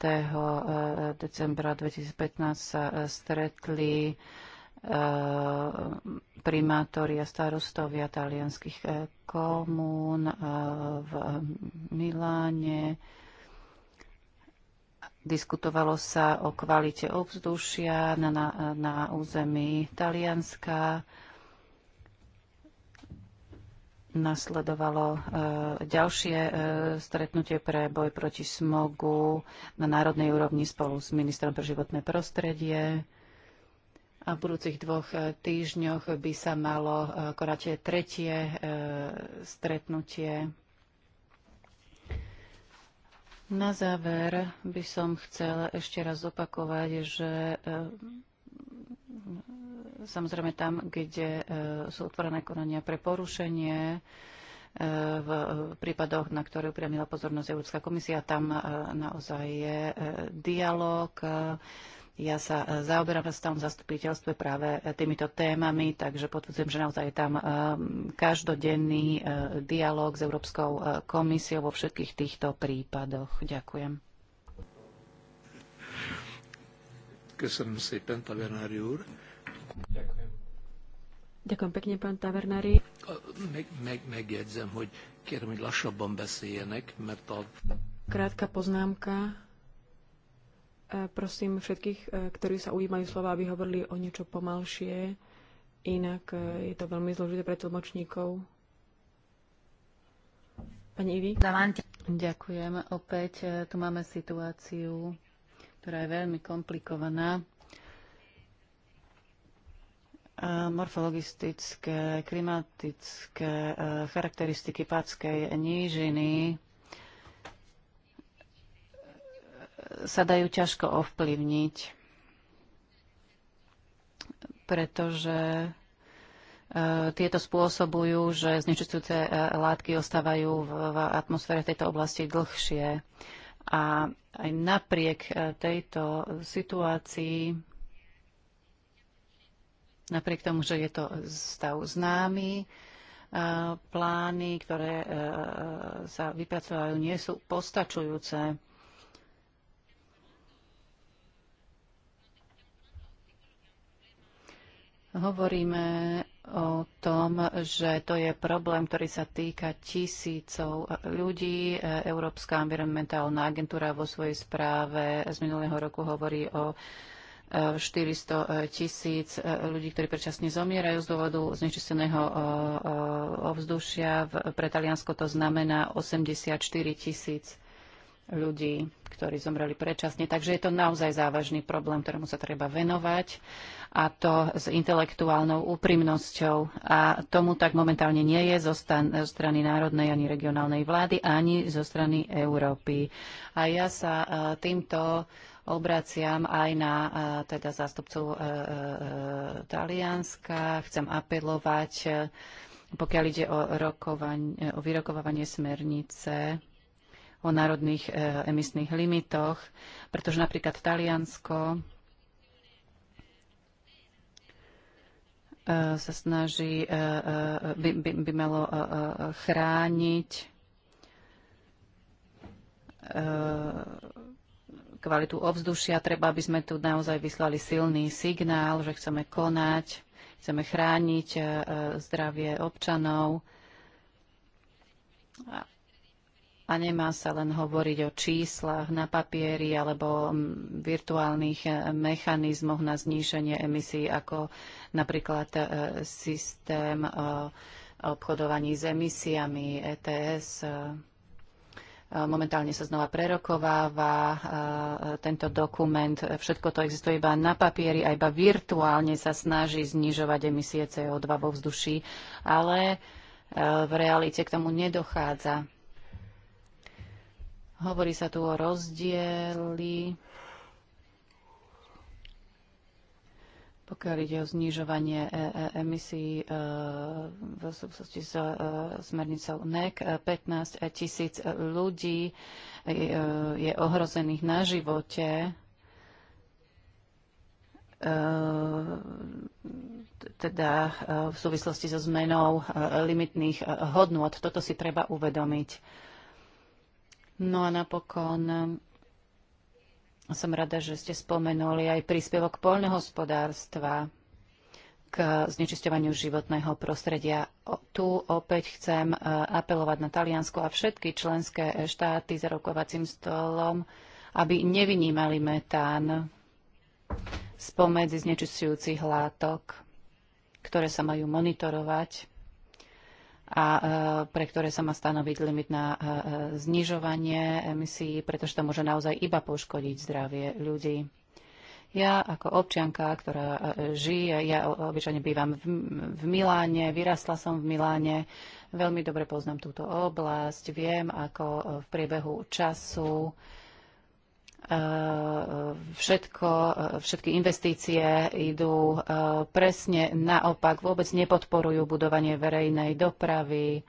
decembra 2015 sa stretli Eh, primátori a starostovia talianských eh, komún eh, v Miláne. Diskutovalo sa o kvalite ovzdušia na, na, na území Talianska. Nasledovalo ďalšie stretnutie pre boj proti smogu na národnej úrovni spolu s ministrom pre životné prostredie a v budúcich dvoch e, týždňoch by sa malo e, konať tretie e, stretnutie. Na záver by som chcela ešte raz opakovať, že samozrejme tam, kde sú otvorené konania pre porušenie, v prípadoch, na ktoré upriamila pozornosť Európska komisia, tam naozaj je dialog ja sa e, zaoberám v stavom zastupiteľstve práve e, týmito témami, takže potvrdzujem, že naozaj je tam e, každodenný dialog s Európskou komisiou vo všetkých týchto prípadoch. Ďakujem. Köszönöm szépen, Tavernári úr. Ďakujem. Ďakujem pekne, pán Tavernári. Meg, meg, megjegyzem, hogy kérem, hogy lassabban beszéljenek, mert a... Krátka poznámka Prosím všetkých, e, ktorí sa ujímajú slova, aby hovorili o niečo pomalšie, inak e, je to veľmi zložité pre tlmočníkov. Pani Ivi? Ďakujem. Opäť e, tu máme situáciu, ktorá je veľmi komplikovaná. Morfologistické, klimatické charakteristiky Páckej nížiny sa dajú ťažko ovplyvniť, pretože e, tieto spôsobujú, že znečistujúce e, látky ostávajú v atmosfére tejto oblasti dlhšie. A aj napriek e, tejto situácii, napriek tomu, že je to stav známy, plány, ktoré sa vypracovajú, nie sú postačujúce. Hovoríme o tom, že to je problém, ktorý sa týka tisícov ľudí. Európska environmentálna agentúra vo svojej správe z minulého roku hovorí o 400 e, e, tisíc e, ľudí, ktorí predčasne zomierajú z dôvodu znečisteného ovzdušia. Pre Taliansko to znamená 84 tisíc ľudí, ktorí zomreli predčasne. Takže je to naozaj závažný problém, ktorému sa treba venovať a to s intelektuálnou úprimnosťou. A tomu tak momentálne nie je zo, stan- zo strany národnej ani regionálnej vlády, ani zo strany Európy. A ja sa e, týmto obraciam aj na e, teda zástupcov e, Talianska. Chcem apelovať pokiaľ ide o, o vyrokovanie smernice o národných e, emisných limitoch, pretože napríklad Taliansko e, sa snaží, e, by, by, by malo chrániť kvalitu ovzdušia. Treba, aby sme tu naozaj vyslali silný signál, že chceme konať, chceme chrániť zdravie občanov a nemá sa len hovoriť o číslach na papieri alebo virtuálnych mechanizmoch na zníženie emisí, ako napríklad e, systém e, obchodovaní s emisiami ETS. E, momentálne sa znova prerokováva tento dokument. Všetko to existuje iba na papieri a iba virtuálne sa snaží znižovať emisie CO2 vo vzduší, ale v realite k tomu nedochádza. Hovorí sa tu o rozdieli, pokiaľ ide o znižovanie e, e, emisí e, v súvislosti s smernicou NEC. 15 tisíc ľudí je ohrozených na živote teda v súvislosti so zmenou limitných hodnôt. Toto si treba uvedomiť. No a napokon eh, som rada, že ste spomenuli aj príspevok poľnohospodárstva k znečisťovaniu životného prostredia. Tu opäť chcem eh, apelovať na Taliansko a všetky členské štáty za rokovacím stolom, aby nevynímali metán spomedzi znečistujúcich látok, ktoré sa majú monitorovať a e, pre ktoré sa má stanoviť limit na e, e, znižovanie emisí, pretože to môže naozaj iba poškodiť zdravie ľudí. Ja ako občianka, ktorá žije, ja obyčajne bývam v, Miláne, vyrastla som v Miláne, veľmi dobre poznám túto oblasť, viem, ako v priebehu času E, všetko, e, všetky investície idú e, presne naopak, vôbec nepodporujú budovanie verejnej dopravy.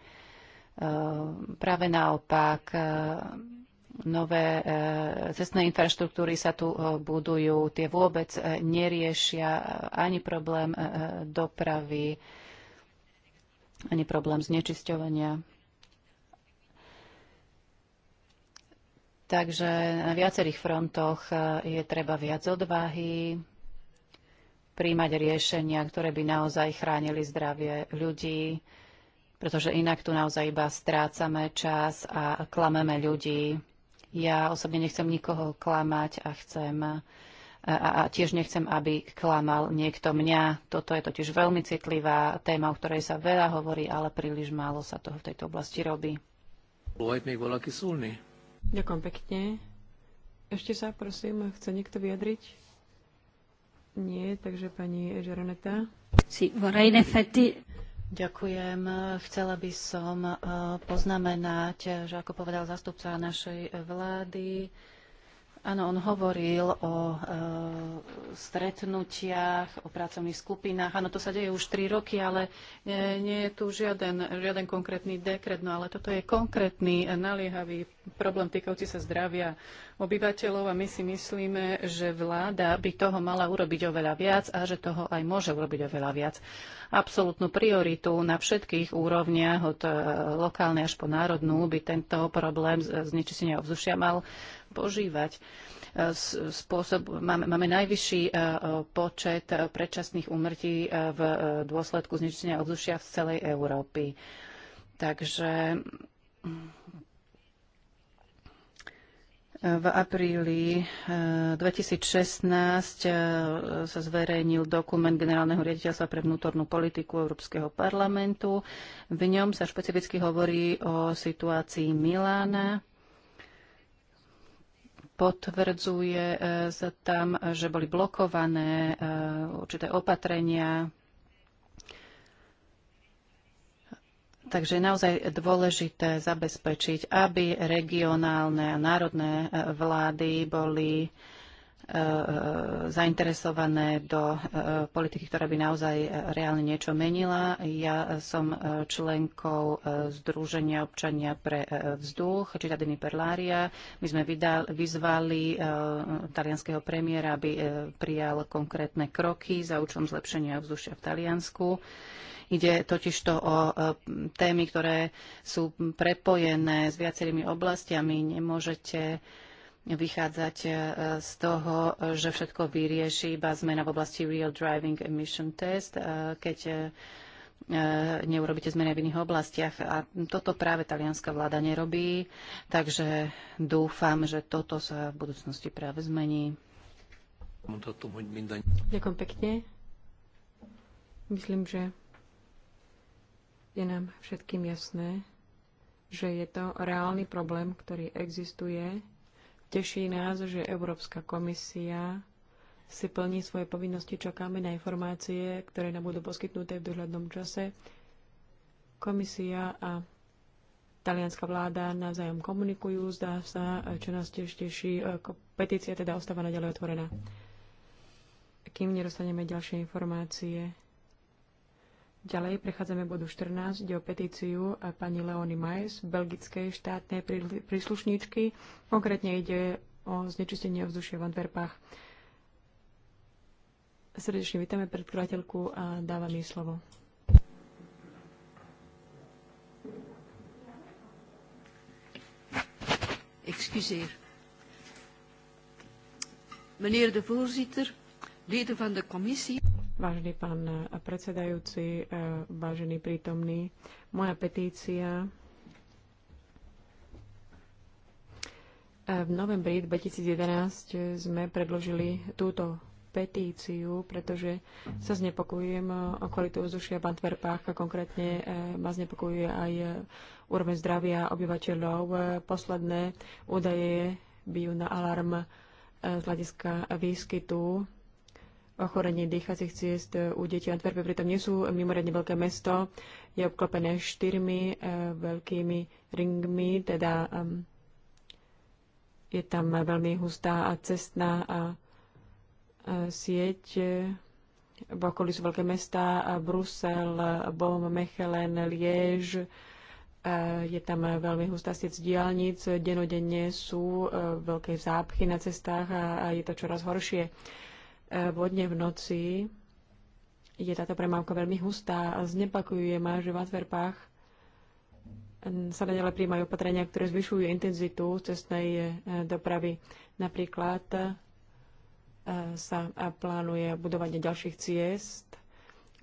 Práve naopak, nové cestné infraštruktúry sa tu budujú, tie vôbec neriešia ani problém dopravy, ani problém znečisťovania. Takže na viacerých frontoch e, je treba viac odvahy, príjmať riešenia, ktoré by naozaj chránili zdravie ľudí, pretože inak tu naozaj iba strácame čas a klameme ľudí. Ja osobne nechcem nikoho klamať a chcem a, a tiež nechcem, aby klamal niekto mňa. Toto je totiž veľmi citlivá téma, o ktorej sa veľa hovorí, ale príliš málo sa toho v tejto oblasti robí. még valaki szólni? Ďakujem pekne. Ešte sa, prosím, chce niekto vyjadriť? Nie, takže pani Žaroneta. Si, Ďakujem. Chcela by som eh, poznamenať, že ako povedal zastupca našej vlády, Áno, on hovoril o e, stretnutiach, o pracovných skupinách. Áno, to sa deje už tri roky, ale nie, nie je tu žiaden, žiaden konkrétny dekret. No ale toto je konkrétny, e, naliehavý problém týkajúci sa zdravia obyvateľov a my si myslíme, že vláda by toho mala urobiť oveľa viac a že toho aj môže urobiť oveľa viac. Absolutnú prioritu na všetkých úrovniach, od e, lokálnej až po národnú, by tento problém znečistenia ovzdušia mal požívať. E, spôsob, máme, máme najvyšší e, počet e, predčasných úmrtí v dôsledku zničenia ovzdušia v celej Európy. Takže v apríli 2016 sa zverejnil dokument Generálneho riaditeľstva pre vnútornú politiku Európskeho parlamentu. V ňom sa špecificky hovorí o situácii Milána potvrdzuje e, sa tam, že boli blokované e, určité opatrenia. Takže je naozaj dôležité zabezpečiť, aby regionálne a národné e, vlády boli E, zainteresované do e, politiky, ktorá by naozaj reálne niečo menila. Ja som e, členkou Združenia občania pre vzduch, Cittadini Perlária. My sme vyzvali talianského premiéra, aby prijal konkrétne kroky za účelom zlepšenia vzdušia v Taliansku. Ide totižto o témy, ktoré sú prepojené s viacerými oblastiami. Nemôžete vychádzať e, z toho, že všetko vyrieši iba zmena v oblasti Real Driving Emission Test, e, keď e, neurobíte zmeny v iných oblastiach. A toto práve talianská vláda nerobí, takže dúfam, že toto sa v budúcnosti práve zmení. Ďakujem pekne. Myslím, že je nám všetkým jasné, že je to reálny problém, ktorý existuje Teší nás, že Európska komisia si plní svoje povinnosti, čakáme na informácie, ktoré nám budú poskytnuté v dohľadnom čase. Komisia a talianská vláda navzájom komunikujú, zdá sa, čo nás tiež teší. Petícia teda ostáva naďalej otvorená. Kým nedostaneme ďalšie informácie, Ďalej prechádzame bodu 14, ide o petíciu eh, pani Leony Majs, belgickej štátnej príslušníčky. Konkrétne ide o znečistenie vzdušia v Antwerpách. Srdečne vítame predkladateľku a dávam jej slovo. Excuseer. Meneer de voorzitter, leden van de commissie. Vážený pán predsedajúci, eh, vážený prítomný, moja petícia eh, v novembri 2011 sme predložili túto petíciu, pretože sa znepokojujem o kvalitu vzdušia v Antwerpách a konkrétne eh, ma znepokojuje aj úroveň zdravia obyvateľov. Posledné údaje bijú na alarm z hľadiska výskytu ochorenie dýchacích ciest eh, u detí. Antwerpy pritom nie sú mimoriadne veľké mesto, je obklopené štyrmi e, veľkými ringmi, teda um, je tam veľmi hustá a cestná a, a eh, sieť. V okolí sú veľké mesta, a Brusel, Bom, Mechelen, Liež. je tam veľmi hustá sieť diálnic, denodenne sú veľké zápchy na cestách a, a je to čoraz horšie vodne v noci je táto premávka veľmi hustá a znepakuje ma, že v Antwerpách sa naďalej príjmajú opatrenia, ktoré zvyšujú intenzitu cestnej e, dopravy. Napríklad e, sa plánuje budovanie ďalších ciest.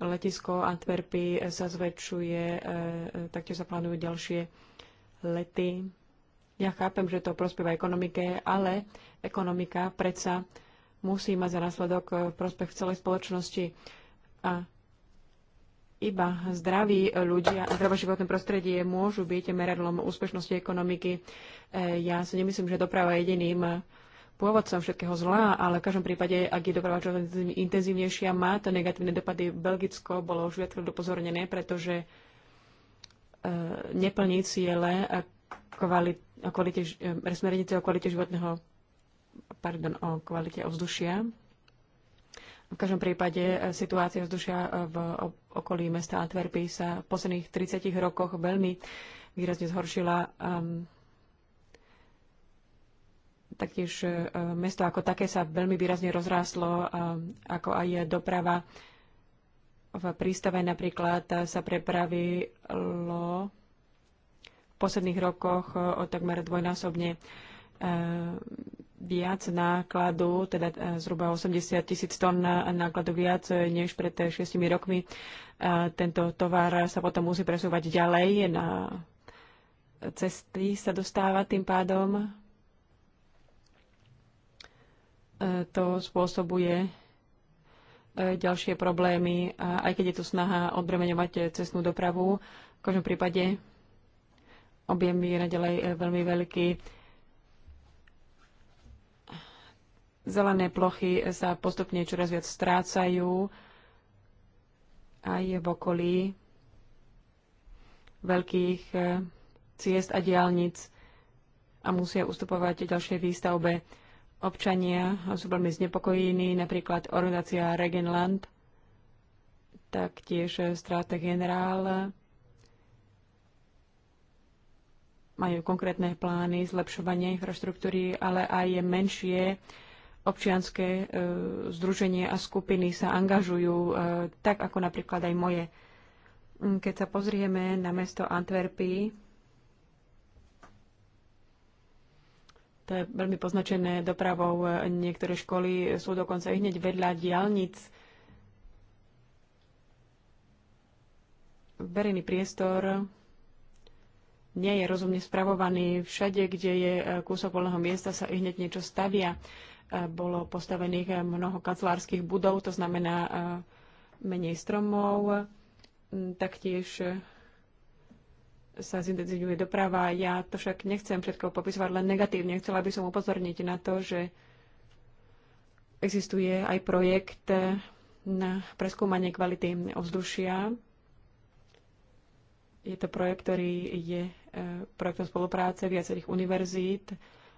Letisko Antwerpy sa zväčšuje, e, taktiež sa plánujú ďalšie lety. Ja chápem, že to prospieva ekonomike, ale ekonomika predsa musí mať za následok v eh, prospech celej spoločnosti. A iba zdraví ľudia a zdravé životné prostredie môžu byť meradlom úspešnosti ekonomiky. Eh, ja si nemyslím, že doprava je jediným eh, pôvodcom všetkého zla, ale v každom prípade, ak je doprava čo intenzívnejšia, má to negatívne dopady. Belgicko bolo už viac dopozornené, pretože neplní ciele a kvalite, kvalite, o kvalite životného pardon, o kvalite ovzdušia. V každom prípade e, situácia vzdušia e, v okolí mesta Antwerpy sa v posledných 30 rokoch veľmi výrazne zhoršila. Ehm, taktiež e, mesto ako také sa veľmi výrazne rozrástlo, ehm, ako aj doprava v prístave napríklad sa prepravilo v posledných rokoch o takmer dvojnásobne ehm, viac nákladu, teda e, zhruba 80 tisíc tón nákladu viac e, než pred 6 e, rokmi. Tento tovar sa potom musí presúvať ďalej, na cesty sa dostáva tým pádom. To spôsobuje ďalšie problémy, aj keď je tu snaha odbremeňovať cestnú dopravu. V každom prípade objem je naďalej veľmi veľký Zelené plochy sa postupne čoraz viac strácajú aj v okolí veľkých eh, ciest a diálnic a musia ustupovať ďalšej výstavbe. Občania sú veľmi znepokojení, napríklad organizácia Regenland, taktiež eh, Strata Generál majú konkrétne plány zlepšovania infraštruktúry, ale aj menšie občianské e, združenie a skupiny sa angažujú, e, tak ako napríklad aj moje. Mm, keď sa pozrieme na mesto Antwerpy, to je veľmi poznačené dopravou. E, niektoré školy sú dokonca hneď vedľa diálnic. Verejný priestor nie je rozumne spravovaný. Všade, kde je e, kúsok voľného miesta, sa hneď niečo stavia bolo postavených eh, mnoho kancelárskych budov, to znamená eh, menej stromov, mm, taktiež eh, sa zintenzívňuje doprava. Ja to však nechcem všetko popisovať len negatívne. Chcela by som upozorniť na to, že existuje aj projekt na preskúmanie kvality ovzdušia. Je to projekt, ktorý je projektom spolupráce viacerých univerzít.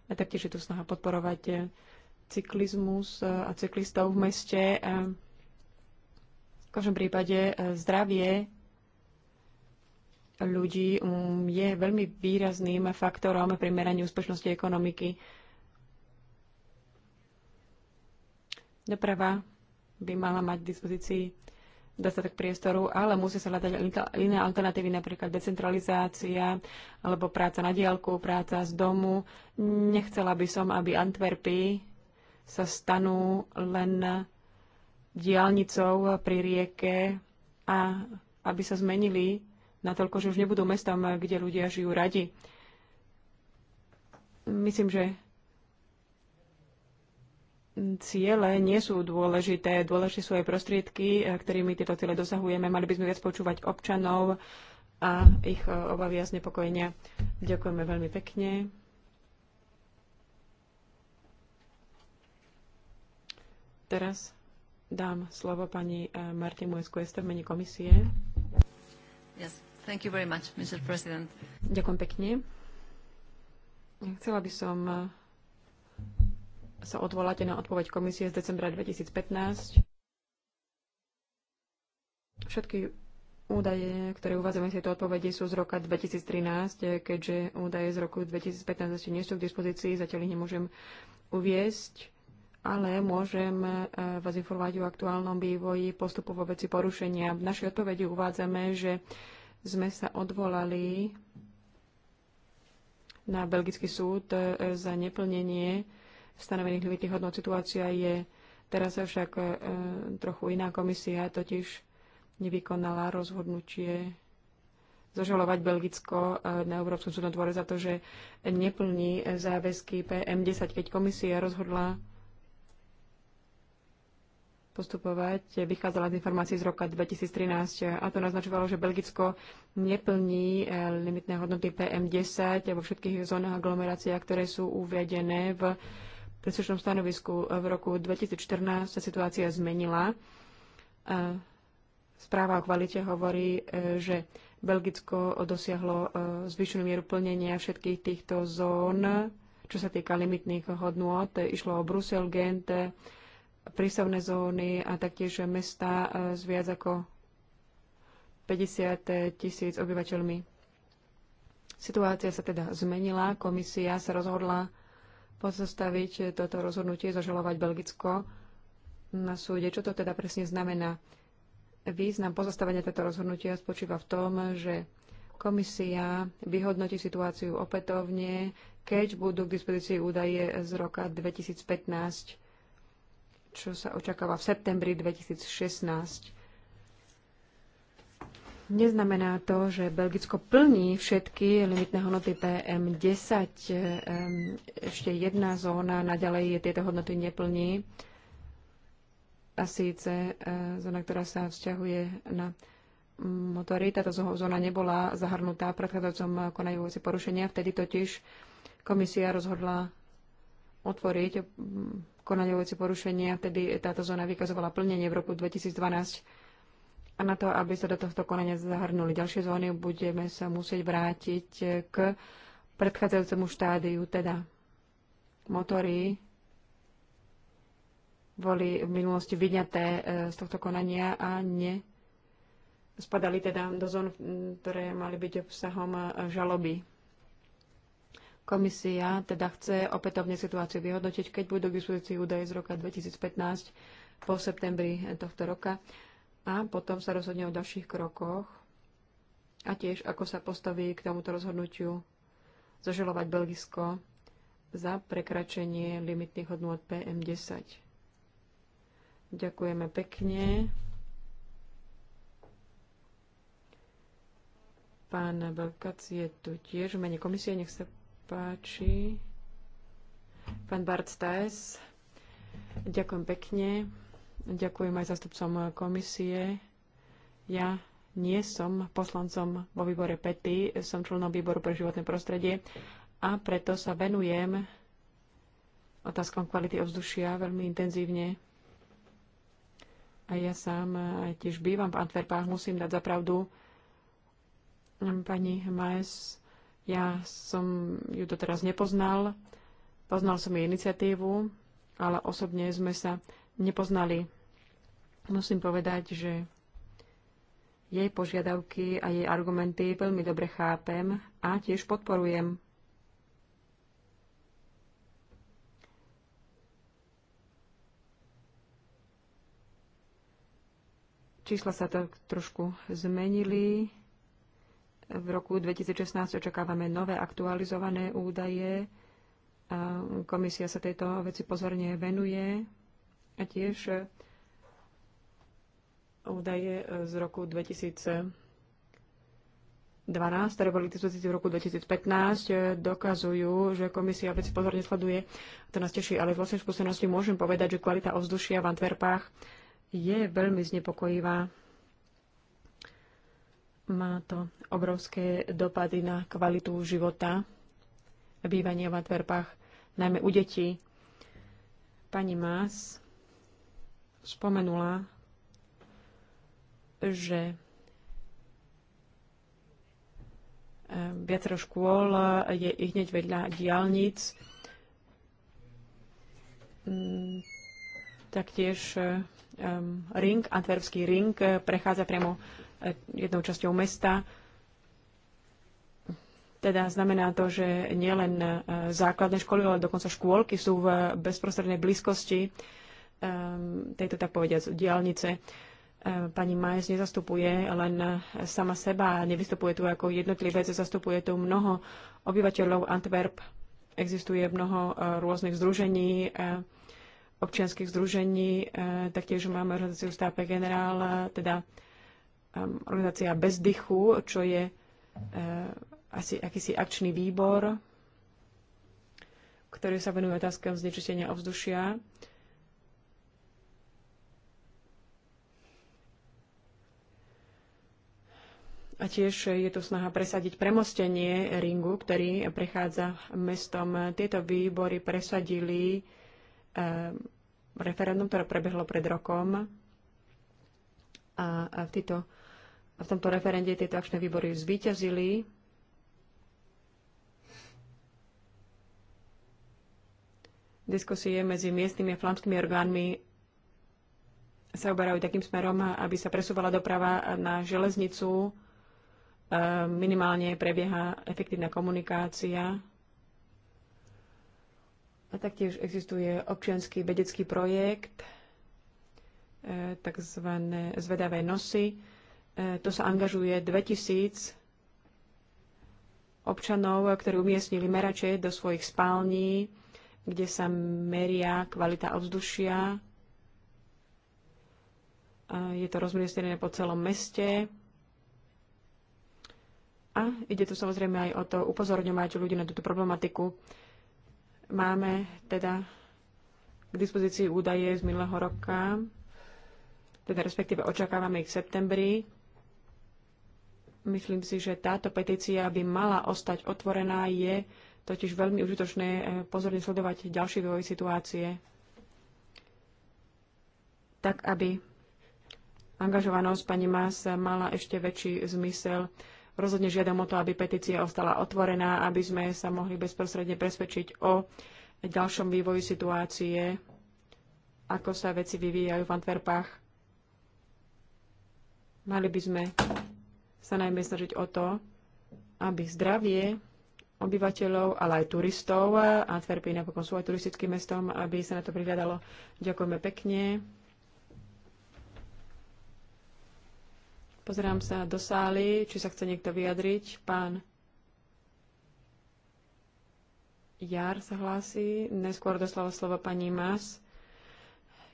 A taktiež je tu snaha podporovať cyklizmus e, a cyklistov v meste. E, v každom prípade e, zdravie ľudí mm, je veľmi výrazným faktorom pri meraní úspešnosti ekonomiky. Doprava by mala mať v dispozícii dostatok priestoru, ale musí sa hľadať iné alternatívy, napríklad decentralizácia alebo práca na diálku, práca z domu. Nechcela by som, aby Antwerpy sa stanú len diálnicou pri rieke a aby sa zmenili na toľko, že už nebudú mestom, kde ľudia žijú radi. Myslím, že ciele nie sú dôležité, dôležité sú aj prostriedky, ktorými tieto ciele dosahujeme. Mali by sme viac počúvať občanov a ich obavy a znepokojenia. Ďakujeme veľmi pekne. Teraz dám slovo pani eh, Marte Muescuesta v mene komisie. Yes. Thank you very much, Mr. President. Ďakujem pekne. Chcela by som eh, sa odvoláte na odpoveď komisie z decembra 2015. Všetky údaje, ktoré uvádzame v tejto odpovedi, sú z roka 2013, eh, keďže údaje z roku 2015 ešte nie sú k dispozícii, zatiaľ ich nemôžem uviesť ale môžem e, vás informovať o aktuálnom vývoji postupu vo veci porušenia. V našej odpovedi uvádzame, že sme sa odvolali na Belgický súd e, za neplnenie stanovených limitných hodnot. Situácia je teraz však e, trochu iná. Komisia totiž nevykonala rozhodnutie zažalovať Belgicko na Európskom súdnom dvore za to, že neplní záväzky PM10, keď komisia rozhodla postupovať, vychádzala z informácií z roka 2013 a to naznačovalo, že Belgicko neplní eh, limitné hodnoty PM10 vo všetkých zónach aglomerácia, ktoré sú uvedené v príslušnom stanovisku. V roku 2014 sa situácia zmenila. Eh, správa o kvalite hovorí, eh, že Belgicko dosiahlo zvýšenú mieru plnenia všetkých týchto zón, čo sa týka limitných hodnôt. Išlo o Brusel, Gente prísovné zóny a taktiež mesta e, s viac ako 50 tisíc obyvateľmi. Situácia sa teda zmenila, komisia sa rozhodla pozostaviť toto rozhodnutie, zažalovať Belgicko na súde. Čo to teda presne znamená? Význam pozastavenia tohto rozhodnutia spočíva v tom, že komisia vyhodnotí situáciu opätovne, keď budú k dispozícii údaje z roka 2015 čo sa očakáva v septembri 2016. Neznamená to, že Belgicko plní všetky limitné hodnoty PM10. Ehm, ešte jedna zóna naďalej je tieto hodnoty neplní. A síce ehm, zóna, ktorá sa vzťahuje na motory. Táto zóna nebola zahrnutá v predchádzajúcom konajúci porušenia. Vtedy totiž komisia rozhodla otvoriť konať porušenia, Tedy táto zóna vykazovala plnenie v roku 2012. A na to, aby sa do tohto konania zahrnuli ďalšie zóny, budeme sa musieť vrátiť k predchádzajúcemu štádiu, teda motory boli v minulosti vyňaté e, z tohto konania a ne spadali teda do zón, ktoré mali byť obsahom e, žaloby. Komisia teda chce opätovne situáciu vyhodnotiť, keď budú k dispozícii údaje z roka 2015 po septembri tohto roka a potom sa rozhodne o ďalších krokoch a tiež ako sa postaví k tomuto rozhodnutiu zažalovať Belgisko za prekračenie limitných hodnôt PM10. Ďakujeme pekne. Pán Belkac je tu tiež v mene komisie, nech sa páči. Pán Bart Stajs, ďakujem pekne. Ďakujem aj zastupcom komisie. Ja nie som poslancom vo výbore PETY, som členom výboru pre životné prostredie a preto sa venujem otázkom kvality ovzdušia veľmi intenzívne. A ja sám tiež bývam v Antwerpách, musím dať za pravdu pani Maes ja som ju doteraz nepoznal. Poznal som jej iniciatívu, ale osobne sme sa nepoznali. Musím povedať, že jej požiadavky a jej argumenty veľmi dobre chápem a tiež podporujem. Čísla sa tak trošku zmenili v roku 2016 očakávame nové aktualizované údaje. A komisia sa tejto veci pozorne venuje a tiež e, údaje e, z roku 2012, ktoré boli k v roku 2015, e, dokazujú, že komisia veci pozorne sleduje. To nás teší, ale v vlastnej skúsenosti môžem povedať, že kvalita ovzdušia v Antwerpách je veľmi znepokojivá. Má to obrovské dopady na kvalitu života, bývanie v Antwerpách, najmä u detí. Pani Más spomenula, že e, viacero škôl je i hneď vedľa diálnic. Mm, taktiež e, ring, antwerpský ring, e, prechádza priamo jednou časťou mesta. Teda znamená to, že nielen e, základné školy, ale dokonca škôlky sú v bezprostrednej blízkosti e, tejto, tak povediať, diálnice. E, pani Majes nezastupuje len sama seba, nevystupuje tu ako jednotlivé, zastupuje tu mnoho obyvateľov Antwerp. Existuje mnoho rôznych združení, občianských združení, taktiež máme organizáciu Stápe Generál, teda organizácia bez dychu, čo je e, asi akýsi akčný výbor, ktorý sa venuje otázkam znečistenia ovzdušia. A tiež je tu snaha presadiť premostenie ringu, ktorý prechádza mestom. Tieto výbory presadili e, referendum, ktoré prebehlo pred rokom. A v a v tomto referende tieto akčné výbory zvíťazili. Diskusie medzi miestnymi a flamskými orgánmi sa oberajú takým smerom, aby sa presúvala doprava na železnicu. Ehm, minimálne prebieha efektívna komunikácia. A taktiež existuje občianský vedecký projekt, e, tzv. zvedavé nosy. E, to sa angažuje 2000 občanov, ktorí umiestnili merače do svojich spální, kde sa meria kvalita ovzdušia. Je to rozmiestnené po celom meste. A ide tu samozrejme aj o to upozorňovať ľudí na túto problematiku. Máme teda k dispozícii údaje z minulého roka, teda respektíve očakávame ich v septembri. Myslím si, že táto petícia by mala ostať otvorená. Je totiž veľmi užitočné eh, pozorne sledovať ďalšie vývoj situácie, tak aby angažovanosť pani Mas mala ešte väčší zmysel. Rozhodne žiadam o to, aby petícia ostala otvorená, aby sme sa mohli bezprostredne presvedčiť o ďalšom vývoji situácie, ako sa veci vyvíjajú v Antwerpách. Mali by sme sa najmä snažiť o to, aby zdravie obyvateľov, ale aj turistov, Antwerpy napokon sú aj turistickým mestom, aby sa na to prihľadalo. Ďakujeme pekne. Pozerám sa do sály, či sa chce niekto vyjadriť. Pán Jar sa hlási, neskôr doslova slovo pani Mas.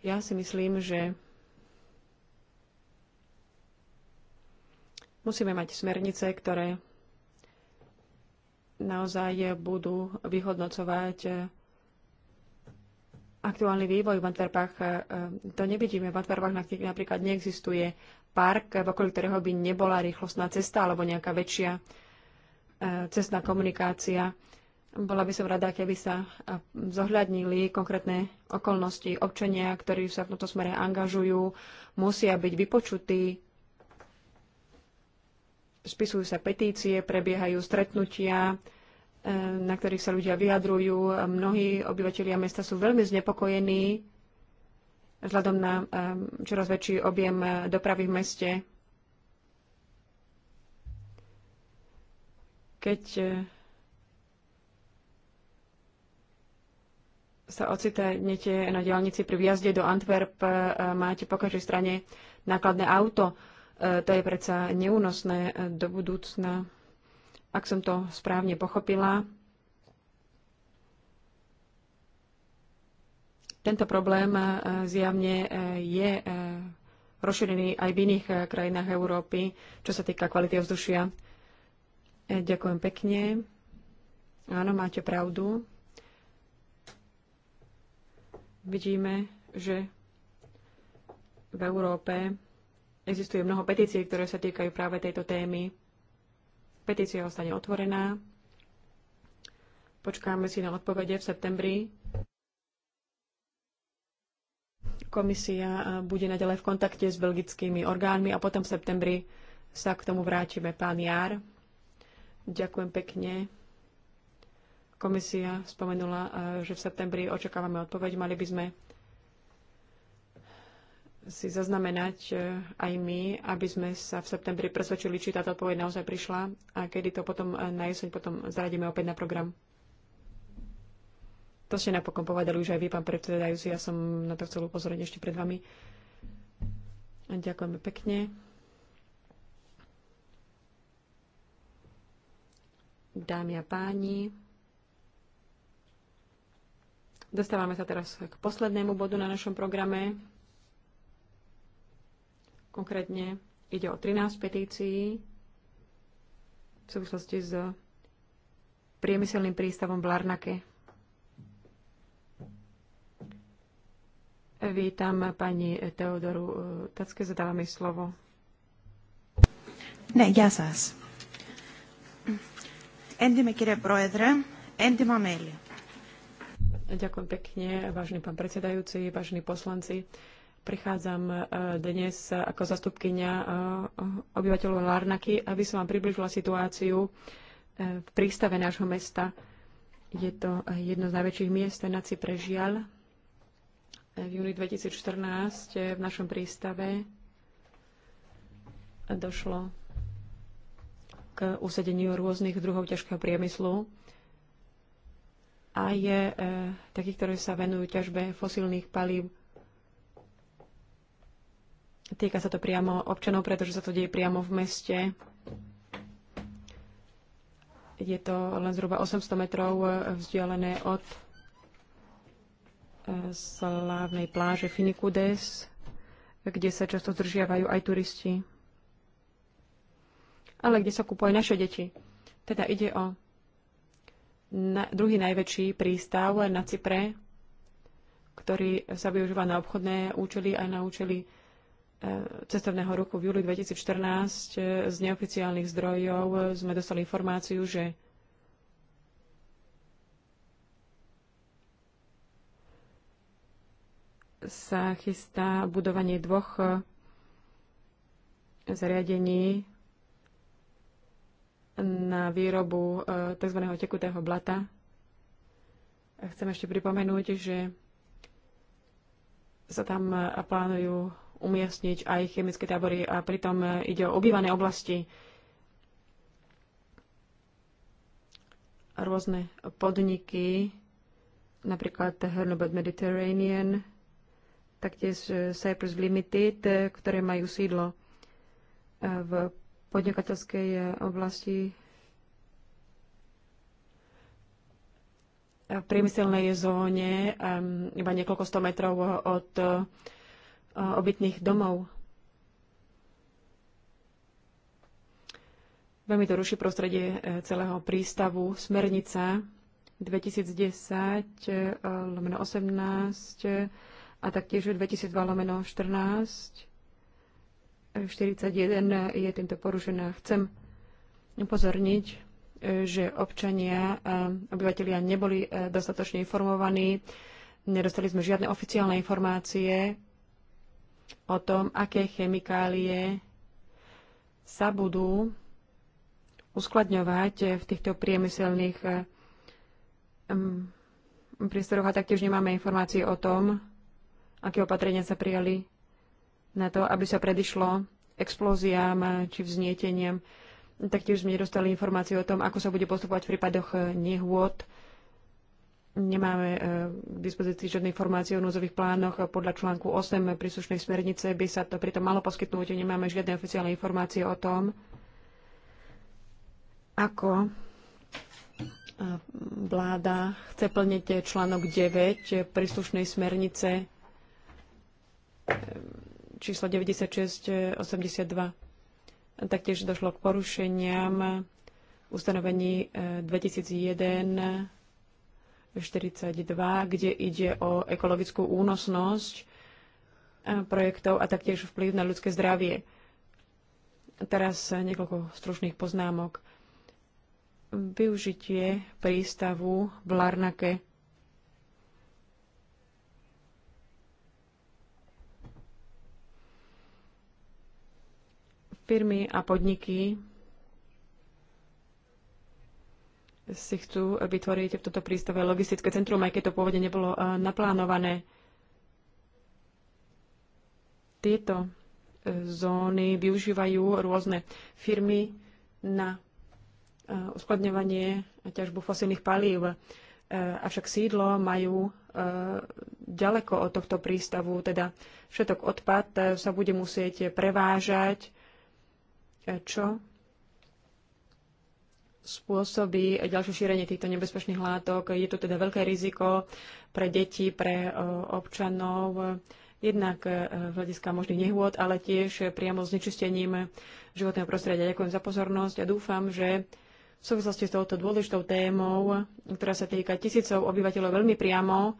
Ja si myslím, že Musíme mať smernice, ktoré naozaj budú vyhodnocovať eh, aktuálny vývoj v Antwerpách. Eh, eh, to nevidíme. V Antwerpách napríklad neexistuje park, v okolí ktorého by nebola rýchlostná cesta alebo nejaká väčšia cestná komunikácia. Bola by som rada, keby sa zohľadnili konkrétne okolnosti. Občania, ktorí sa v tomto smere angažujú, musia byť vypočutí, spisujú sa petície, prebiehajú stretnutia, e, na ktorých sa ľudia vyjadrujú. Mnohí obyvateľia mesta sú veľmi znepokojení vzhľadom na e, čoraz väčší objem e, dopravy v meste. Keď sa ocitnete na diálnici pri vjazde do Antwerp, máte po každej strane nákladné auto E, to je predsa neúnosné e, do budúcna. Ak som to správne pochopila, tento problém e, zjavne je rozšírený aj v iných krajinách Európy, čo sa týka kvality ovzdušia. Ďakujem pekne. Áno, máte pravdu. Vidíme, že v Európe Existuje mnoho petícií, ktoré sa týkajú práve tejto témy. Petícia ostane otvorená. Počkáme si na odpovede v septembri. Komisia e, bude naďalej v kontakte s belgickými orgánmi a potom v septembri sa k tomu vrátime. Pán Jár, ďakujem pekne. Komisia spomenula, e, že v septembri očakávame odpoveď. Mali by sme si zaznamenať e, aj my, aby sme sa v septembri presvedčili, či táto odpoveď naozaj prišla a kedy to potom e, na jeseň potom zaradíme opäť na program. To ste napokon povedali už aj vy, pán predsedajúci, ja som na to chcel upozorniť ešte pred vami. Ďakujeme pekne. Dámy a páni, dostávame sa teraz k poslednému bodu na našom programe. Konkrétne ide o 13 petícií v súvislosti s priemyselným prístavom v Larnake. Vítam pani Teodoru Tacke zadáva mi slovo. Ne, ja sás. Endime, kire proedre, endima meli. Ďakujem pekne, vážny pán predsedajúci, vážení poslanci. Prichádzam e, dnes ako zastupkynia e, obyvateľov Larnaky, aby som vám približila situáciu e, v prístave nášho mesta. Je to jedno z najväčších miest na si prežial. V júni 2014 v našom prístave došlo k usadeniu rôznych druhov ťažkého priemyslu a je e, takých, ktoré sa venujú ťažbe fosílnych palív. Týka sa to priamo občanov, pretože sa to deje priamo v meste. Je to len zhruba 800 metrov vzdialené od eh, slávnej pláže Finikudes, kde sa často zdržiavajú aj turisti, ale kde sa kúpajú naše deti. Teda ide o na, druhý najväčší prístav na Cypre, ktorý sa využíva na obchodné účely aj na účely E, cestovného ruchu v júli 2014 e, z neoficiálnych zdrojov e, sme dostali informáciu, že sa chystá budovanie dvoch zariadení na výrobu tzv. tekutého blata. Chcem ešte pripomenúť, že sa tam plánujú umiestniť aj chemické tábory a pritom e, ide o obývané oblasti. Rôzne podniky, napríklad Hernobad Mediterranean, taktiež e, Cyprus Limited, e, ktoré majú sídlo v podnikateľskej oblasti v priemyselnej zóne iba niekoľko sto metrov od Eh, obytných domov. Veľmi to ruší prostredie eh, celého prístavu. Smernica 2010 eh, lomeno 18 a taktiež 2002 lomeno 14 41 je týmto porušená. Chcem upozorniť, že občania, obyvateľia neboli dostatočne informovaní, nedostali sme žiadne oficiálne informácie o tom, aké chemikálie sa budú uskladňovať v týchto priemyselných priestoroch a taktiež nemáme informácie o tom, aké opatrenia sa prijali na to, aby sa predišlo explóziám či vznieteniam. Taktiež sme nedostali informácie o tom, ako sa bude postupovať v prípadoch nehôd, nemáme e, k dispozícii žiadne informácie o núzových plánoch podľa článku 8 príslušnej smernice, by sa to pritom malo poskytnúť, nemáme žiadne oficiálne informácie o tom, ako e, vláda chce plniť článok 9 príslušnej smernice e, číslo 9682. Taktiež došlo k porušeniam ustanovení 2001 42, kde ide o ekologickú únosnosť e, projektov a taktiež vplyv na ľudské zdravie. Teraz niekoľko stručných poznámok. Využitie prístavu v Larnake firmy a podniky si chcú vytvoriť v toto prístave logistické centrum, aj keď to pôvodne nebolo eh, naplánované. Tieto eh, zóny využívajú rôzne firmy na eh, uskladňovanie a ťažbu fosilných palív. Avšak sídlo majú ďaleko od tohto prístavu, teda všetok odpad sa bude musieť prevážať, čo spôsobí ďalšie šírenie týchto nebezpečných látok. Je to teda veľké riziko pre deti, pre e, občanov, jednak v e, hľadiska možných nehôd, ale tiež priamo s nečistením životného prostredia. Ďakujem za pozornosť a dúfam, že v súvislosti s touto dôležitou témou, ktorá sa týka tisícov obyvateľov veľmi priamo,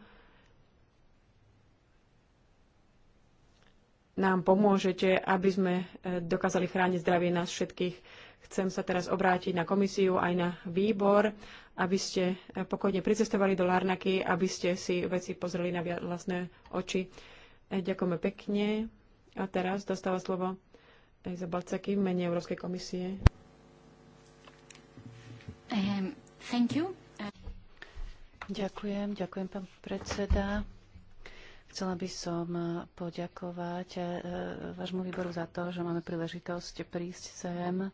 nám pomôžete, aby sme e, dokázali chrániť zdravie nás všetkých. Chcem sa teraz obrátiť na komisiu aj na výbor, aby ste eh, pokojne pricestovali do Larnaky, aby ste si veci pozreli na vlastné oči. Eh, ďakujeme pekne. A teraz dostáva slovo Eiza Balcaky v mene Európskej komisie. Um, thank you. Eh. Ďakujem, ďakujem pán predseda. Chcela by som poďakovať vášmu výboru za to, že máme príležitosť prísť sem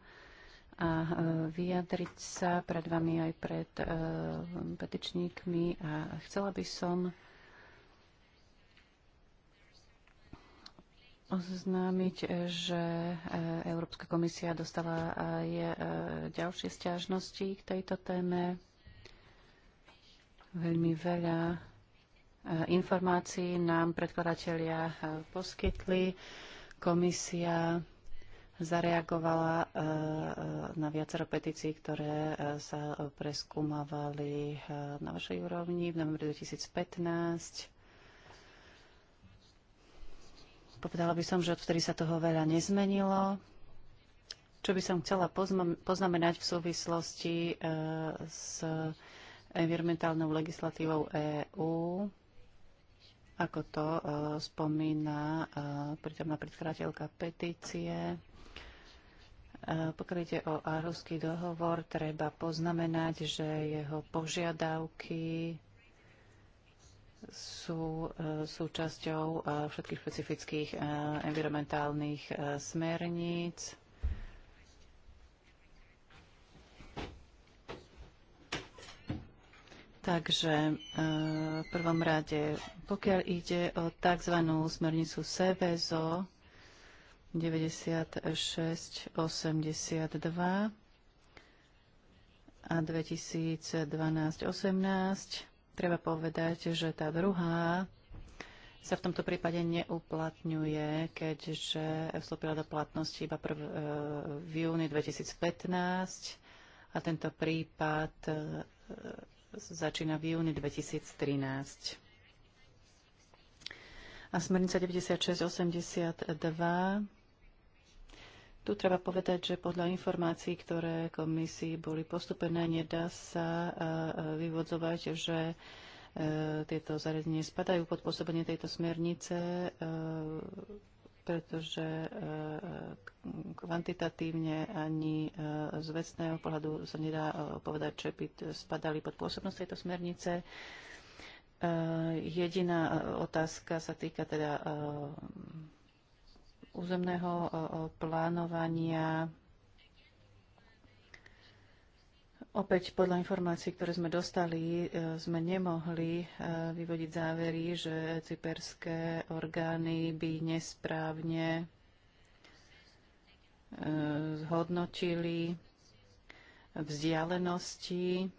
a e, vyjadriť sa pred vami aj pred e, petičníkmi. A chcela by som oznámiť, e, že Európska komisia dostala aj ďalšie stiažnosti k tejto téme. Veľmi veľa informácií nám predkladatelia poskytli. Komisia zareagovala e, e, na viacero petícií, ktoré e, sa preskúmavali na vašej úrovni v novembri 2015. Povedala by som, že odvtedy sa toho veľa nezmenilo. Čo by som chcela poznamenať v súvislosti s environmentálnou legislatívou EÚ, ako to spomína pritom predkladateľka petície, pokiaľ ide o Aarhuský dohovor, treba poznamenať, že jeho požiadavky sú e, súčasťou e, všetkých špecifických e, environmentálnych smerníc. Takže v prvom rade, pokiaľ ide o tzv. smernicu SEVEZO, 96, 82 a 2012, 18. Treba povedať, že tá druhá sa v tomto prípade neuplatňuje, keďže vstúpila do platnosti iba prv, e, v júni 2015 a tento prípad e, začína v júni 2013. A smernica 9682 tu treba povedať, že podľa informácií, ktoré komisii boli postupené, nedá sa eh, eh, vyvodzovať, že eh, tieto zariadenie spadajú pod pôsobenie tejto smernice, pretože kvantitatívne ani z vecného pohľadu sa nedá povedať, že by spadali pod pôsobnosť tejto smernice. Jediná otázka sa týka teda územného plánovania. Opäť podľa informácií, ktoré sme dostali, e, sme nemohli e, vyvodiť závery, že cyperské orgány by nesprávne e, zhodnotili vzdialenosti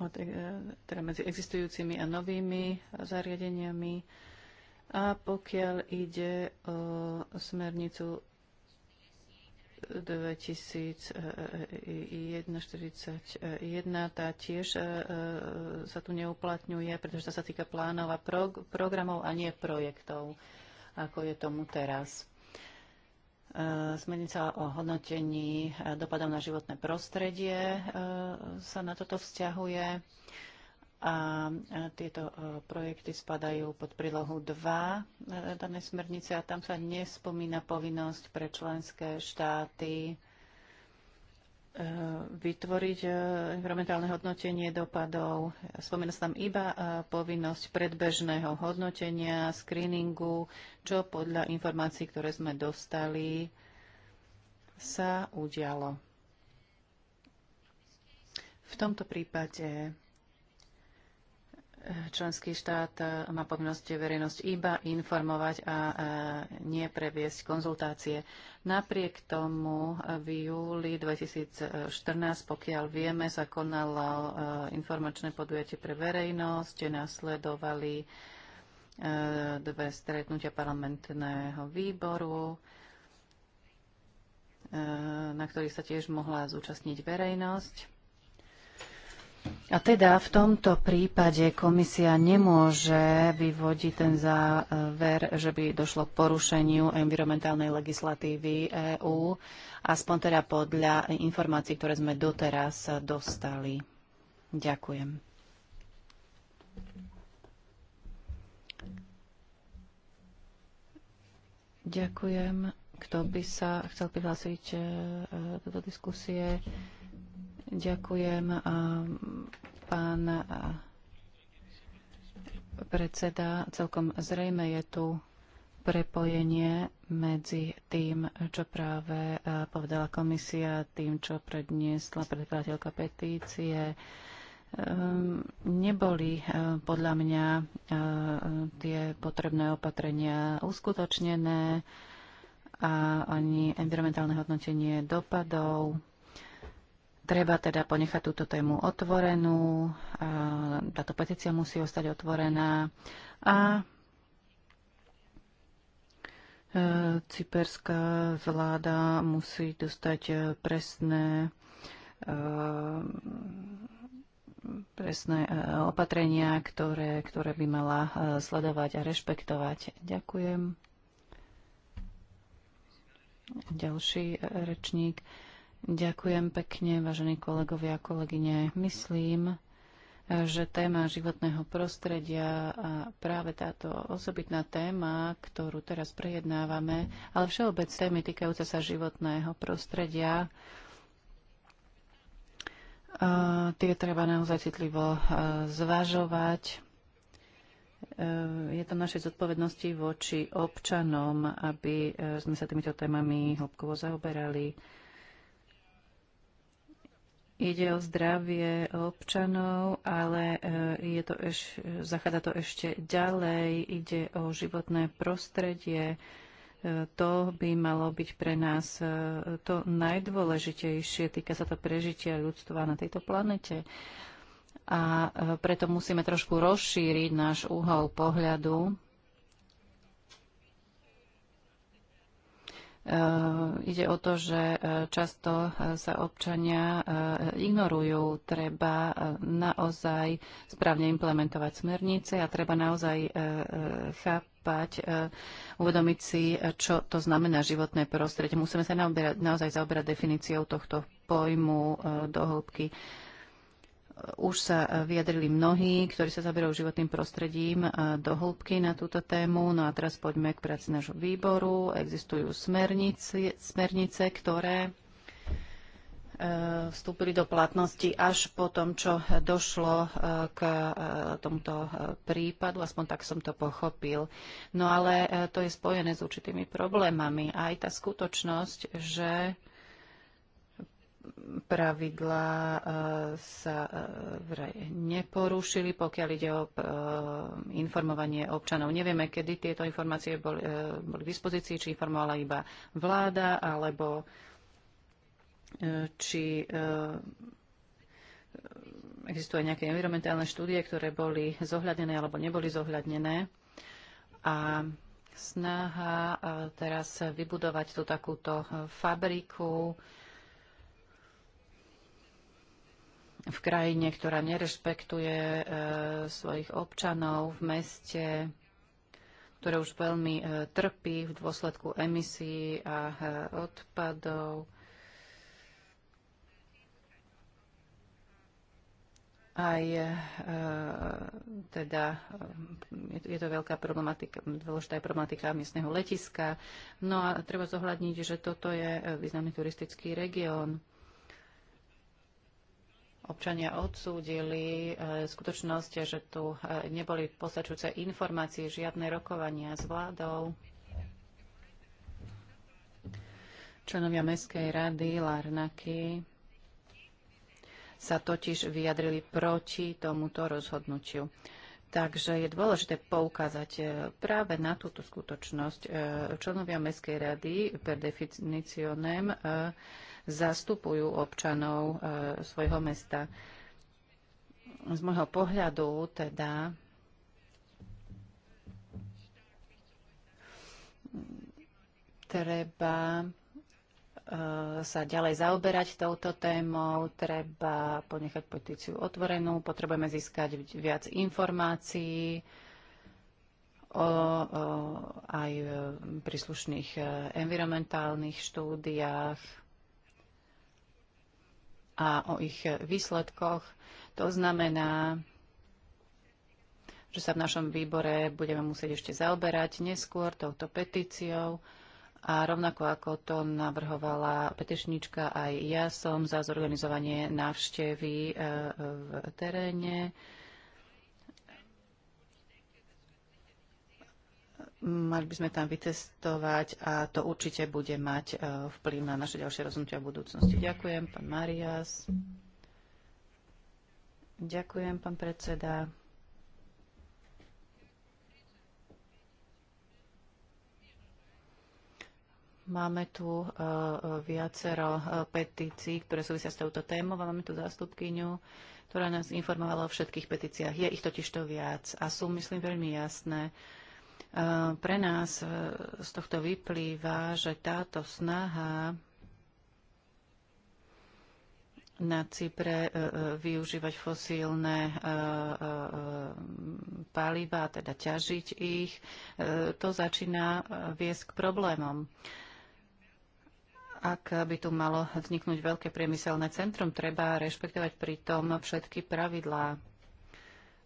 teda medzi existujúcimi a novými zariadeniami a pokiaľ ide o smernicu 2041, tá tiež e, e, sa tu neuplatňuje, pretože sa týka plánov a prog- programov a nie projektov, ako je tomu teraz. E, smernica o hodnotení dopadov na životné prostredie sa na toto vzťahuje a tieto e, projekty spadajú pod prílohu 2 e, danej smernice a tam sa nespomína povinnosť pre členské štáty e, vytvoriť environmentálne hodnotenie dopadov. Spomína sa tam iba povinnosť predbežného hodnotenia, screeningu, čo podľa informácií, ktoré sme dostali, sa udialo. V tomto prípade členský štát e, má povinnosť verejnosť iba informovať a e, nie previesť konzultácie. Napriek tomu e, v júli 2014, pokiaľ vieme, sa konalo informačné podujatie pre verejnosť, nasledovali dve stretnutia parlamentného výboru, na ktorých sa tiež mohla zúčastniť verejnosť. A teda v tomto prípade komisia nemôže vyvodiť ten záver, že by došlo k porušeniu environmentálnej legislatívy EÚ, aspoň teda podľa informácií, ktoré sme doteraz dostali. Ďakujem. Ďakujem. Kto by sa chcel prihlásiť e, e, do diskusie? Ďakujem, pán predseda. Celkom zrejme je tu prepojenie medzi tým, čo práve povedala komisia, tým, čo predniesla predkladateľka petície. Ehm, neboli podľa mňa tie potrebné opatrenia uskutočnené a ani environmentálne hodnotenie dopadov Treba teda ponechať túto tému otvorenú, táto petícia musí ostať otvorená a e, cyperská vláda musí dostať e, presné e, presné opatrenia, ktoré, ktoré by mala sledovať a rešpektovať. Ďakujem. Ďalší rečník. Ďakujem pekne, vážení kolegovia a kolegyne. Myslím, že téma životného prostredia a práve táto osobitná téma, ktorú teraz prejednávame, ale všeobec témy týkajúce sa životného prostredia, tie treba naozaj citlivo zvažovať. E, je to našej zodpovednosti voči občanom, aby e, sme sa týmito témami hlbkovo zaoberali. Ide o zdravie občanov, ale e, je to eš, zachádza to ešte ďalej. Ide o životné prostredie. E, to by malo byť pre nás e, to najdôležitejšie. Týka sa to prežitia ľudstva na tejto planete. A preto musíme trošku rozšíriť náš uhol pohľadu Eh, ide o to, že eh, často eh, sa občania ignorujú. Treba naozaj správne implementovať smernice a treba naozaj chápať, uvedomiť si, čo to znamená životné prostredie. Musíme sa naozaj zaoberať definíciou tohto pojmu do hĺbky už sa vyjadrili mnohí, ktorí sa zaberajú životným prostredím e, do hĺbky na túto tému. No a teraz poďme k práci nášho výboru. Existujú smernice, smernice ktoré e, vstúpili do platnosti až po tom, čo došlo e, k tomuto prípadu, aspoň tak som to pochopil. No ale to je spojené s určitými problémami. Aj tá skutočnosť, že pravidlá e, sa e, vraj neporušili, pokiaľ ide o e, informovanie občanov. Nevieme, kedy tieto informácie boli, boli k dispozícii, či informovala iba vláda, alebo či existuje nejaké environmentálne štúdie, ktoré boli zohľadnené alebo neboli zohľadnené. A snaha teraz vybudovať tú takúto fabriku, v krajine, ktorá nerešpektuje e, svojich občanov, v meste, ktoré už veľmi e, trpí v dôsledku emisí a e, odpadov. Aj teda je to veľká problematika, dôležitá je problematika miestneho letiska. No a treba zohľadniť, že toto je významný turistický región občania odsúdili e, skutočnosť, že tu e, neboli postačujúce informácie, žiadne rokovania s vládou. Členovia Mestskej rady Larnaky sa totiž vyjadrili proti tomuto rozhodnutiu. Takže je dôležité poukázať e, práve na túto skutočnosť. Členovia Mestskej rady per definicionem zastupujú občanov e, svojho mesta. Z môjho pohľadu teda treba e, sa ďalej zaoberať touto témou, treba ponechať petíciu otvorenú, potrebujeme získať viac informácií o, o aj príslušných e, environmentálnych štúdiách, a o ich výsledkoch. To znamená, že sa v našom výbore budeme musieť ešte zaoberať neskôr touto petíciou a rovnako ako to navrhovala petičníčka, aj ja som za zorganizovanie návštevy e, v teréne Mali by sme tam vytestovať a to určite bude mať e, vplyv na naše ďalšie rozhodnutia v budúcnosti. Ďakujem, pán Marias. Ďakujem, pán predseda. Máme tu e, e, viacero petícií, ktoré súvisia s touto témou máme tu zástupkyňu, ktorá nás informovala o všetkých petíciách. Je ich totiž to viac a sú, myslím, veľmi jasné, pre nás e, z tohto vyplýva, že táto snaha na Cypre e, e, využívať fosílne paliva, teda ťažiť ich, to začína viesť k problémom. Ak by tu malo vzniknúť veľké priemyselné centrum, treba rešpektovať pritom všetky pravidlá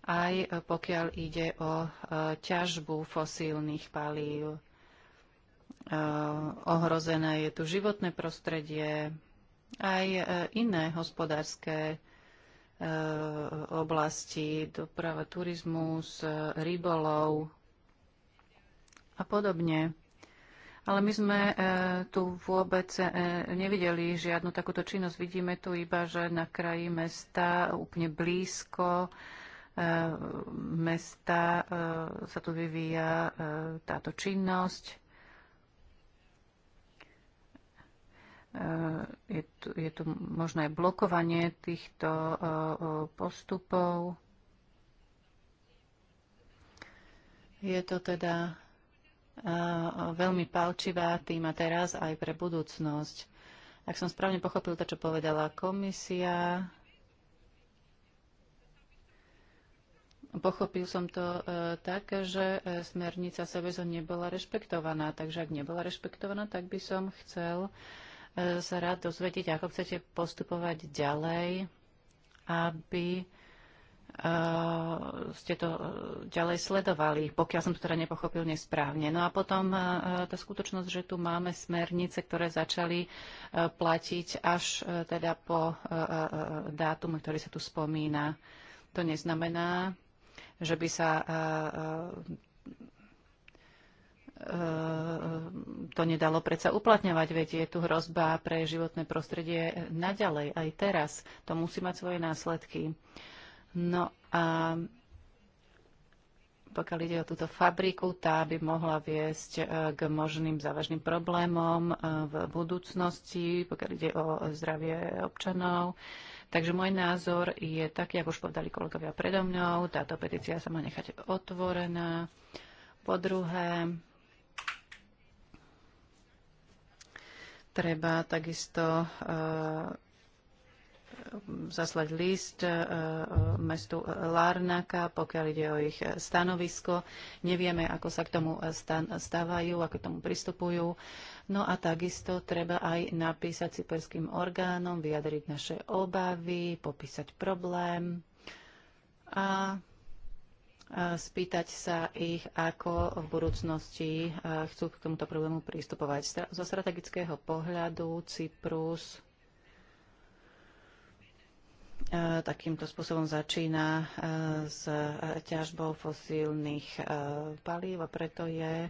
aj pokiaľ ide o e, ťažbu fosílnych palív. E, ohrozené je tu životné prostredie, aj e, iné hospodárske oblasti, doprava, turizmus, rybolov a podobne. Ale my sme tu vôbec nevideli žiadnu takúto činnosť. Vidíme tu iba, že na kraji mesta úplne blízko Eh, mesta eh, sa tu vyvíja eh, táto činnosť. Je tu, je tu možné blokovanie týchto postupov. Je to teda veľmi palčivá téma teraz aj pre budúcnosť. Ak som správne pochopil to, čo povedala komisia, Pochopil som to e, tak, že e, smernica SEVEZO nebola rešpektovaná. Takže ak nebola rešpektovaná, tak by som chcel e, sa rád dozvedieť, ako chcete postupovať ďalej, aby e, ste to ďalej sledovali, pokiaľ som to teda nepochopil nesprávne. No a potom e, tá skutočnosť, že tu máme smernice, ktoré začali e, platiť až e, teda po e, e, dátume, ktorý sa tu spomína. To neznamená, že by sa eh, eh, eh, to nedalo predsa uplatňovať, veď je tu hrozba pre životné prostredie naďalej, aj teraz. To musí mať svoje následky. No a pokiaľ ide o túto fabriku, tá by mohla viesť k možným závažným problémom v budúcnosti, pokiaľ ide o zdravie občanov. Uh, Takže môj názor je taký, ako už povedali kolegovia predo mnou, táto petícia sa má nechať otvorená. Po druhé, treba takisto uh, zaslať list e, e, mestu Larnaka, pokiaľ ide o ich stanovisko. Nevieme, ako sa k tomu stávajú, ako k tomu pristupujú. No a takisto treba aj napísať cyperským orgánom, vyjadriť naše obavy, popísať problém a spýtať sa ich, ako v budúcnosti e, chcú k tomuto problému pristupovať. Zo strategického pohľadu Cyprus E, takýmto spôsobom začína e, s e, ťažbou fosílnych palív a preto je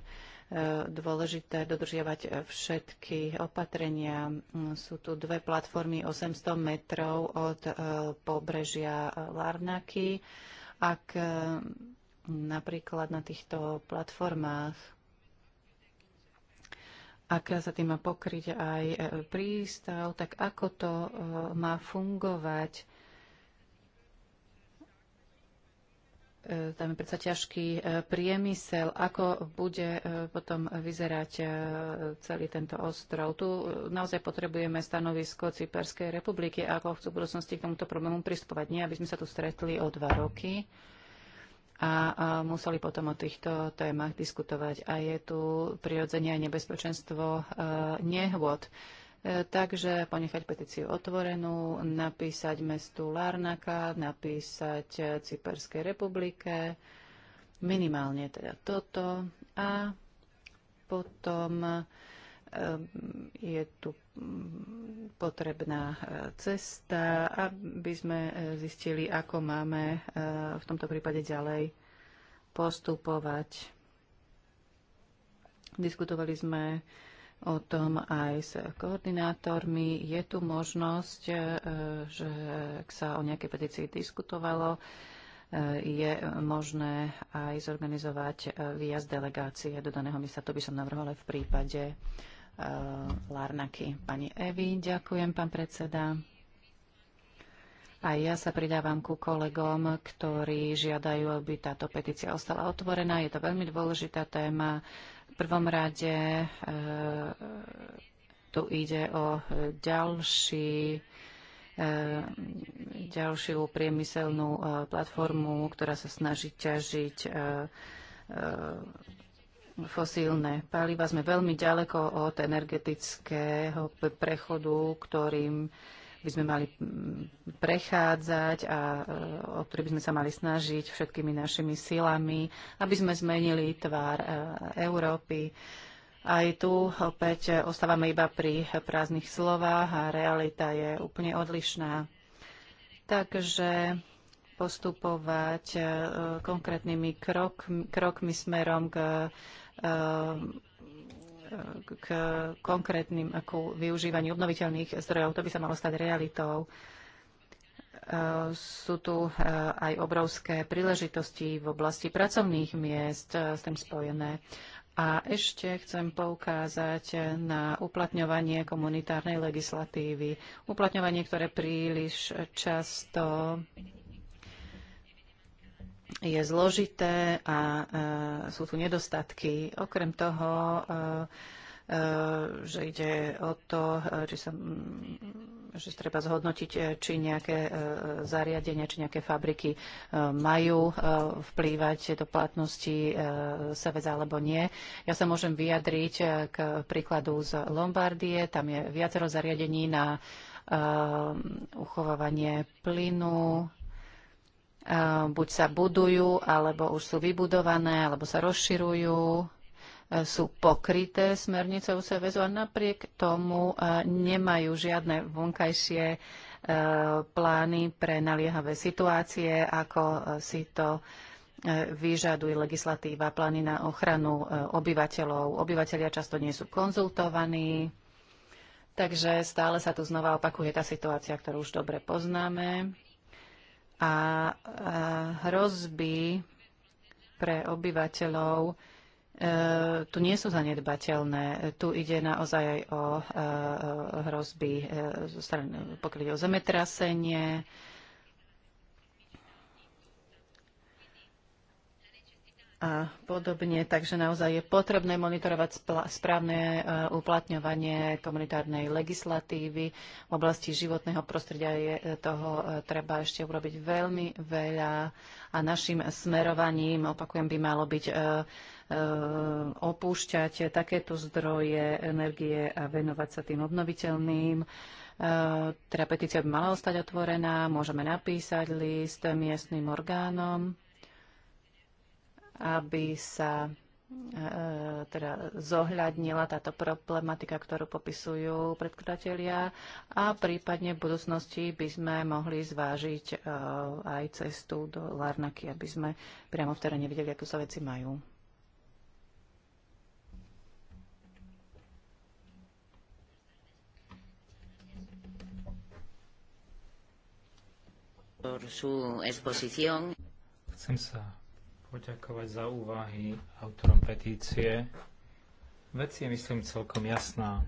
dôležité dodržiavať všetky opatrenia. Sú tu dve platformy 800 metrov od pobrežia Larnaky. Ak napríklad na týchto platformách ak sa tým má pokryť aj prístav, tak ako to má fungovať? tam je predsa ťažký e, priemysel, ako bude e, potom vyzerať e, celý tento ostrov. Tu naozaj potrebujeme stanovisko Cyperskej republiky, ako chcú v budúcnosti k tomuto problému pristupovať. Nie, aby sme sa tu stretli o dva roky a museli potom o týchto témach diskutovať. A je tu prirodzene aj nebezpečenstvo nehôd. E, takže ponechať petíciu otvorenú, napísať mestu Larnaka, napísať e, Cyperskej republike, minimálne teda toto a potom e, je tu mm, potrebná cesta, aby sme zistili, ako máme v tomto prípade ďalej postupovať. Diskutovali sme o tom aj s koordinátormi. Je tu možnosť, e, že ak sa o nejakej petícii diskutovalo, e, je možné aj zorganizovať e, výjazd delegácie do daného miesta. To by som navrhol v prípade Larnaky. Pani Evi, ďakujem, pán predseda. A ja sa pridávam ku kolegom, ktorí žiadajú, aby táto petícia ostala otvorená. Je to veľmi dôležitá téma. V prvom rade e, tu ide o ďalší e, ďalšiu priemyselnú e, platformu, ktorá sa snaží ťažiť fosílne paliva. Sme veľmi ďaleko od energetického prechodu, ktorým by sme mali mm, prechádzať a e, o ktorý by sme sa mali snažiť všetkými našimi silami, aby sme zmenili tvár e, Európy. Aj tu opäť ostávame iba pri prázdnych slovách a realita je úplne odlišná. Takže postupovať e, konkrétnymi krokmi, krokmi smerom k k konkrétnym ku využívaniu obnoviteľných zdrojov. To by sa malo stať realitou. E, sú tu e, aj obrovské príležitosti v oblasti pracovných miest e, s tým spojené. A ešte chcem poukázať na uplatňovanie komunitárnej legislatívy. Uplatňovanie, ktoré príliš často je zložité a e, sú tu nedostatky. Okrem toho, e, e, že ide o to, či sa, mm, že treba zhodnotiť, či nejaké zariadenia, či nejaké fabriky majú vplývať do platnosti SEVEZ alebo nie. Ja sa môžem vyjadriť k príkladu z Lombardie. Tam je viacero zariadení na uchovávanie plynu, Ehm, buď sa budujú, alebo už sú vybudované, alebo sa rozširujú, e, sú pokryté smernicou väzu a napriek tomu e, nemajú žiadne vonkajšie e, plány pre naliehavé situácie, ako si to vyžaduje legislatíva, plány na ochranu obyvateľov. Obyvateľia často nie sú konzultovaní, takže stále sa tu znova opakuje tá situácia, ktorú už dobre poznáme a hrozby pre obyvateľov e, tu nie sú zanedbateľné. Tu ide naozaj aj o e, hrozby, e, pokiaľ ide o zemetrasenie, a podobne. Takže naozaj je potrebné monitorovať správne e, uplatňovanie komunitárnej legislatívy. V oblasti životného prostredia je e, toho e, treba ešte urobiť veľmi veľa a našim smerovaním, opakujem, by malo byť opúšťať takéto zdroje energie a venovať sa tým obnoviteľným teda petícia by mala ostať otvorená, môžeme napísať list miestnym orgánom aby sa e, teda zohľadnila táto problematika, ktorú popisujú predkladatelia a prípadne v budúcnosti by sme mohli zvážiť e, aj cestu do Larnaky, aby sme priamo v teréne videli, ako sa veci majú. Chcem sa poďakovať za úvahy autorom petície. Vec je, myslím, celkom jasná.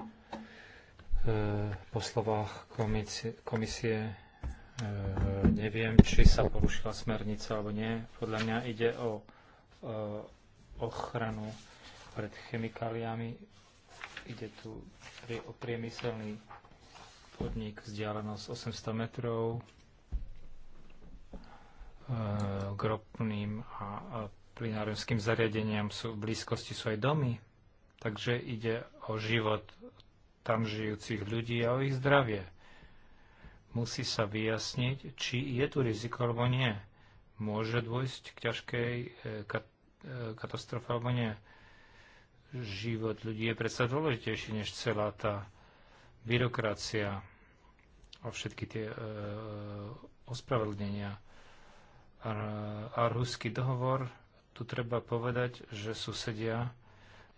E, po slovách komisie, komisie e, neviem, či sa porušila smernica alebo nie. Podľa mňa ide o, ochranu pred chemikáliami. Ide tu o priemyselný podnik vzdialenosť 800 metrov. Eh, k ropným a plinárenským zariadeniam sú, v blízkosti sú aj domy. Takže ide o život tam žijúcich ľudí a o ich zdravie. Musí sa vyjasniť, či je tu riziko alebo nie. Môže dôjsť k ťažkej eh, eh, katastrofe alebo nie. Život ľudí je predsa dôležitejší než celá tá byrokracia a všetky tie e, ospravedlnenia a ruský dohovor, tu treba povedať, že susedia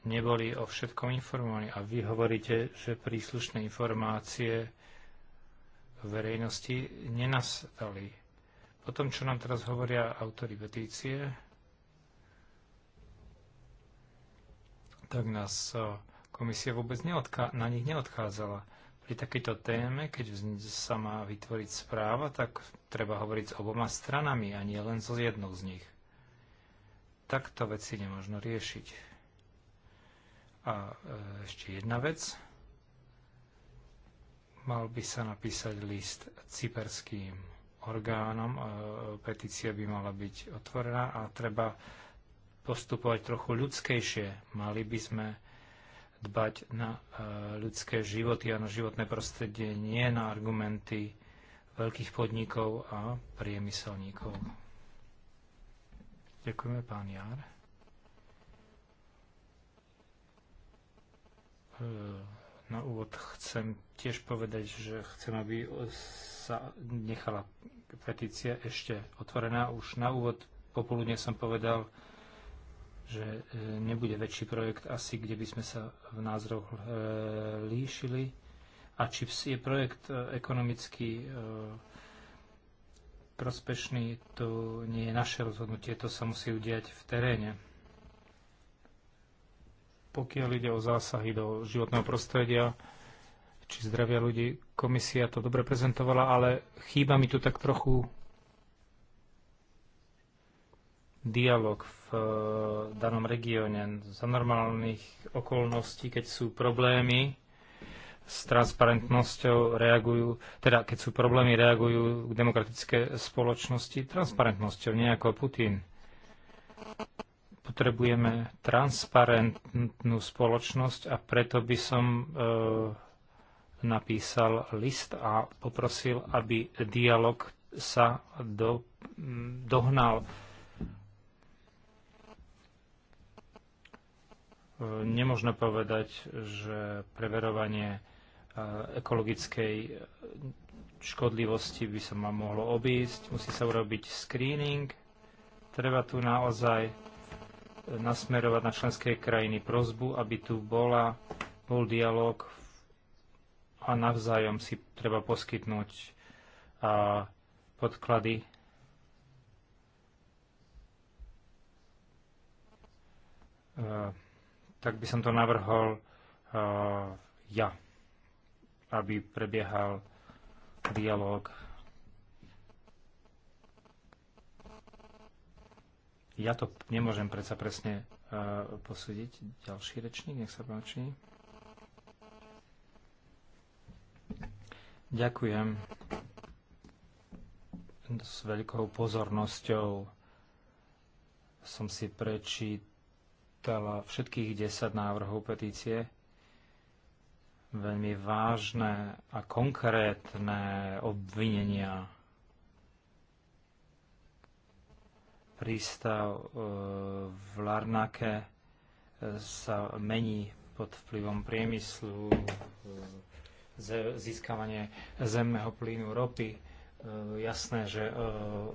neboli o všetkom informovaní. A vy hovoríte, že príslušné informácie verejnosti nenastali. Po tom, čo nám teraz hovoria autory petície, tak nás eh, komisia vôbec neodká- na nich neodchádzala pri takejto téme, keď sa má vytvoriť správa, tak treba hovoriť s oboma stranami a nie len so jednou z nich. Takto veci nemôžno riešiť. A e, ešte jedna vec. Mal by sa napísať list cyperským orgánom. E, petícia by mala byť otvorená a treba postupovať trochu ľudskejšie. Mali by sme dbať na e, ľudské životy a na životné prostredie, nie na argumenty veľkých podnikov a priemyselníkov. Ďakujeme, pán Jár. E, na úvod chcem tiež povedať, že chcem, aby sa nechala petícia ešte otvorená. Už na úvod popoludne som povedal, že e, nebude väčší projekt asi, kde by sme sa v názoroch e, líšili. A či je projekt e, ekonomicky prospešný, to nie je naše rozhodnutie, to sa musí udiať v teréne. Pokiaľ ide o zásahy do životného prostredia, či zdravia ľudí, komisia to dobre prezentovala, ale chýba mi tu tak trochu dialog v eh, danom regióne. Za normálnych okolností, keď sú problémy s transparentnosťou, reagujú, teda keď sú problémy, reagujú demokratické spoločnosti transparentnosťou, nie ako Putin. Potrebujeme transparentnú spoločnosť a preto by som e, napísal list a poprosil, aby dialog sa do, dohnal nemožno povedať, že preverovanie e, ekologickej škodlivosti by sa ma mohlo obísť. Musí sa urobiť screening. Treba tu naozaj nasmerovať na členské krajiny prozbu, aby tu bola, bol dialog a navzájom si treba poskytnúť podklady Uh, tak by som to navrhol uh, ja, aby prebiehal dialog. Ja to nemôžem predsa presne uh, posúdiť. Ďalší rečník, nech sa páči. Ďakujem s veľkou pozornosťou som si prečít prečítala všetkých 10 návrhov petície. Veľmi vážne a konkrétne obvinenia. Prístav e, v Larnake e, sa mení pod vplyvom priemyslu, e, získavanie zemného plynu, ropy. Jasné, že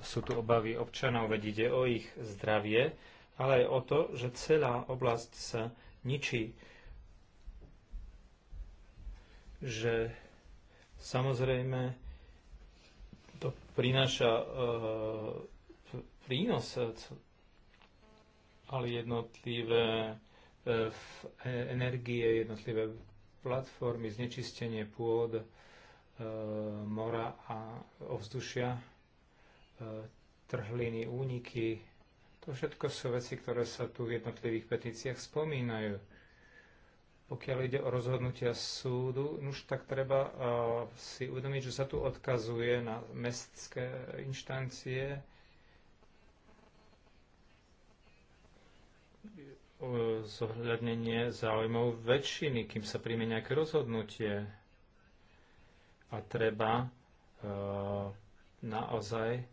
sú tu obavy občanov, veď ide o ich zdravie ale aj o to, že celá oblasť sa ničí. Že samozrejme to prináša e, prínos, ale jednotlivé e, e energie, jednotlivé platformy, znečistenie pôd, e, mora a ovzdušia, e, trhliny, úniky, to všetko sú veci, ktoré sa tu v jednotlivých petíciách spomínajú. Pokiaľ ide o rozhodnutia súdu, už tak treba si uvedomiť, že sa tu odkazuje na mestské inštancie, zohľadnenie záujmov väčšiny, kým sa príjme nejaké rozhodnutie. A treba e, naozaj e,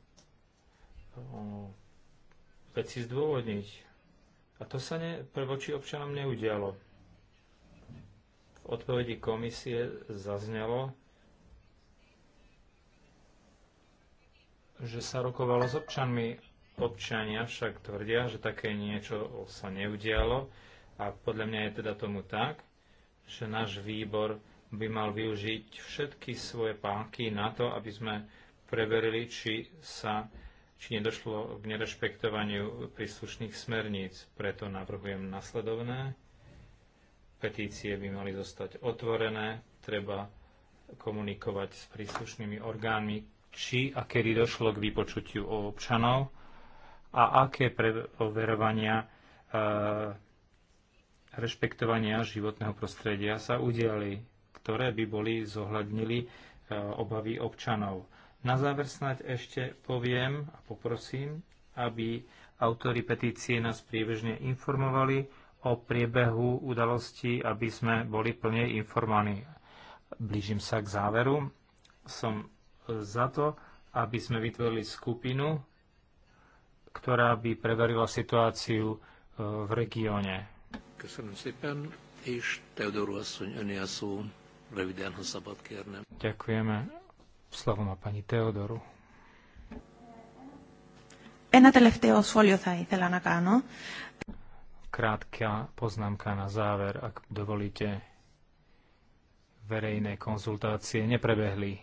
veci zdôvodniť. A to sa ne, voči občanom neudialo. V odpovedi komisie zaznelo, že sa rokovalo s občanmi. Občania však tvrdia, že také niečo sa neudialo a podľa mňa je teda tomu tak, že náš výbor by mal využiť všetky svoje pánky na to, aby sme preverili, či sa či nedošlo k nerešpektovaniu príslušných smerníc. Preto navrhujem nasledovné. Petície by mali zostať otvorené, treba komunikovať s príslušnými orgánmi, či a kedy došlo k vypočutiu o občanov a aké preverovania e, rešpektovania životného prostredia sa udiali, ktoré by boli zohľadnili e, obavy občanov. Na záver snáď ešte poviem a poprosím, aby autory petície nás priebežne informovali o priebehu udalostí, aby sme boli plne informovaní. Blížim sa k záveru. Som za to, aby sme vytvorili skupinu, ktorá by preverila situáciu e, v regióne. Ďakujeme. Slovo má pani Teodoru. Ένα τελευταίο σχόλιο θα ήθελα να κάνω. Krátka poznámka na záver, ak dovolíte. Verejné konzultácie neprebehli.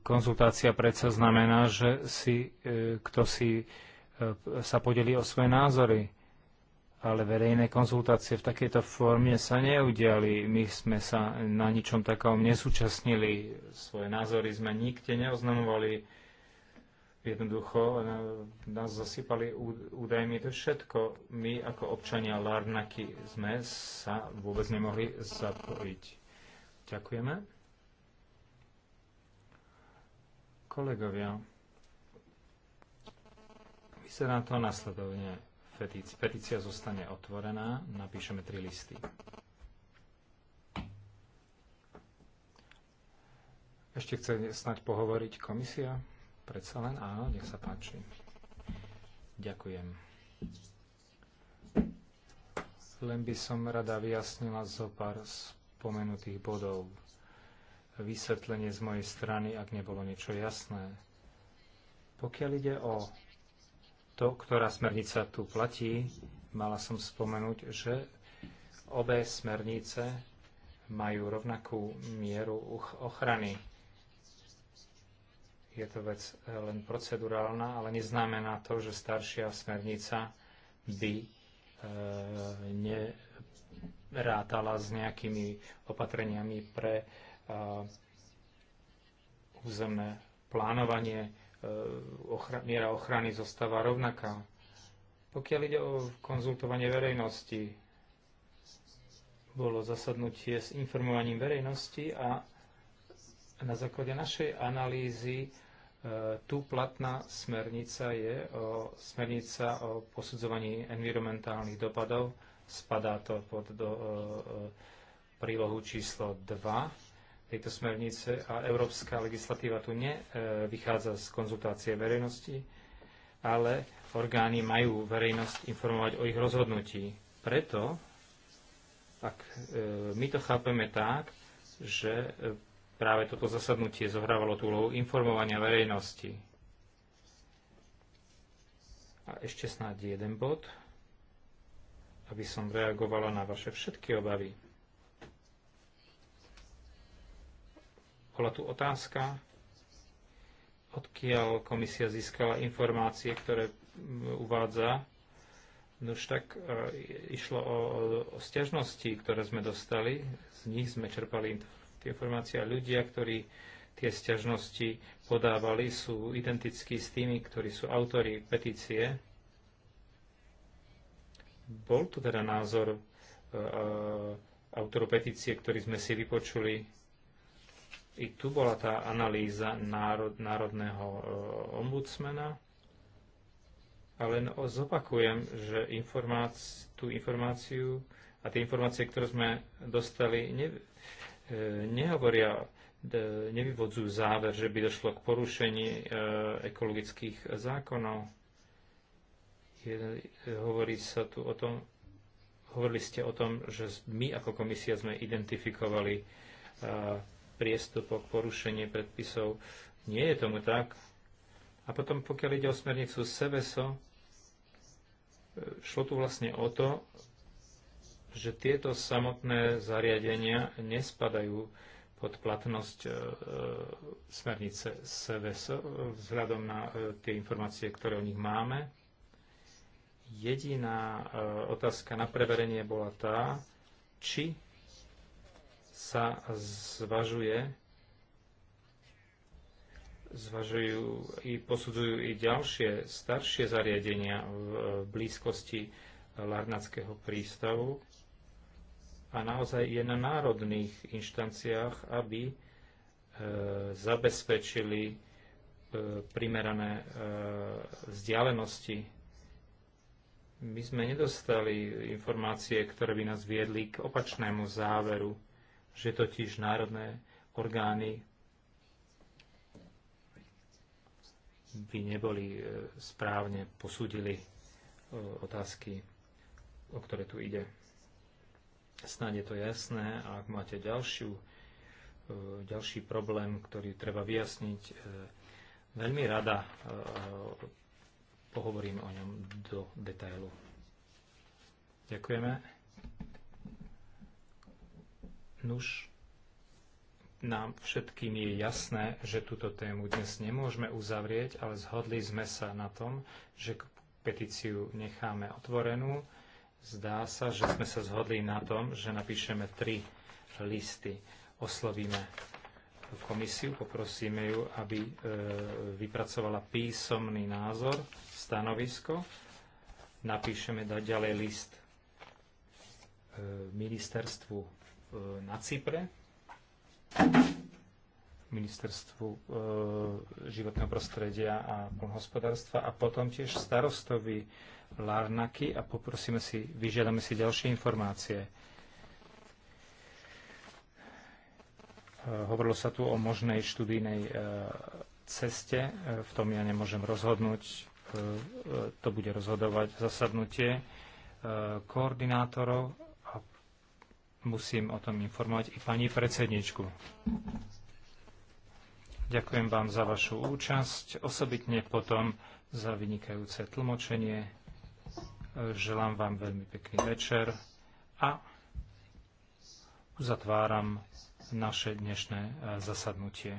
Konzultácia predsa znamená, že si, e, kto si e, sa podelí o svoje názory ale verejné konzultácie v takejto forme sa neudiali. My sme sa na ničom takom nesúčastnili. Svoje názory sme nikde neoznamovali. Jednoducho nás zasypali údajmi to všetko. My ako občania Larnaky sme sa vôbec nemohli zapojiť. Ďakujeme. Kolegovia, vyzerá to nasledovne Petícia zostane otvorená. Napíšeme tri listy. Ešte chce snať pohovoriť komisia? Predsa len áno, nech sa páči. Ďakujem. Len by som rada vyjasnila zo pár spomenutých bodov. Vysvetlenie z mojej strany, ak nebolo niečo jasné. Pokiaľ ide o to, ktorá smernica tu platí, mala som spomenúť, že obe smernice majú rovnakú mieru ochrany. Je to vec e, len procedurálna, ale neznamená to, že staršia smernica by e, nerátala s nejakými opatreniami pre e, územné plánovanie E, ochra- miera ochrany zostáva rovnaká. Pokiaľ ide o konzultovanie verejnosti, bolo zasadnutie s informovaním verejnosti a na základe našej analýzy e, tu platná smernica je o, smernica o posudzovaní environmentálnych dopadov. Spadá to pod do, e, e prílohu číslo 2 tejto smernice a európska legislatíva tu nevychádza e, z konzultácie verejnosti, ale orgány majú verejnosť informovať o ich rozhodnutí. Preto, ak e, my to chápeme tak, že e, práve toto zasadnutie zohrávalo tú úlohu informovania verejnosti. A ešte snáď jeden bod, aby som reagovala na vaše všetky obavy. Bola tu otázka, odkiaľ komisia získala informácie, ktoré uvádza. No už tak e, išlo o, o, o stiažnosti, ktoré sme dostali. Z nich sme čerpali tie informácie a ľudia, ktorí tie stiažnosti podávali, sú identickí s tými, ktorí sú autori petície. Bol tu teda názor e, e autorov petície, ktorý sme si vypočuli i tu bola tá analýza národ, národného e, ombudsmana. Ale no, zopakujem, že informác, tú informáciu a tie informácie, ktoré sme dostali, ne, e, nehovoria, e, nevyvodzujú záver, že by došlo k porušení ekologických zákonov. Je, hovorí sa tu o tom, hovorili ste o tom, že my ako komisia sme identifikovali priestupok, porušenie predpisov. Nie je tomu tak. A potom, pokiaľ ide o smernicu SEVESO, e, šlo tu vlastne o to, že tieto samotné zariadenia nespadajú pod platnosť e, e smernice Seveso e, vzhľadom na e, tie informácie, ktoré o nich máme. Jediná e, otázka na preverenie bola tá, či sa zvažuje, zvažujú i posudzujú i ďalšie staršie zariadenia v blízkosti Larnackého prístavu a naozaj je na národných inštanciách, aby e, zabezpečili e, primerané e, vzdialenosti. My sme nedostali informácie, ktoré by nás viedli k opačnému záveru že totiž národné orgány by neboli e, správne posúdili e, otázky, o ktoré tu ide. Snáď je to jasné a ak máte ďalšiu, e, ďalší problém, ktorý treba vyjasniť, veľmi rada pohovorím o ňom do detailu. Ďakujeme. Nuž, nám všetkým je jasné, že túto tému dnes nemôžeme uzavrieť, ale zhodli sme sa na tom, že petíciu necháme otvorenú. Zdá sa, že sme sa zhodli na tom, že napíšeme tri listy. Oslovíme komisiu, poprosíme ju, aby e, vypracovala písomný názor, stanovisko. Napíšeme ďalej list e, ministerstvu E, na Cypre ministerstvu e, životného prostredia a hospodárstva a potom tiež starostovi Larnaky a poprosíme si, vyžiadame si ďalšie informácie. E, hovorilo sa tu o možnej študijnej e, ceste, e, v tom ja nemôžem rozhodnúť, e, e, to bude rozhodovať zasadnutie e, koordinátorov musím o tom informovať i pani predsedničku. Ďakujem vám za vašu účasť, osobitne potom za vynikajúce tlmočenie. Želám vám veľmi pekný večer a uzatváram naše dnešné eh, zasadnutie.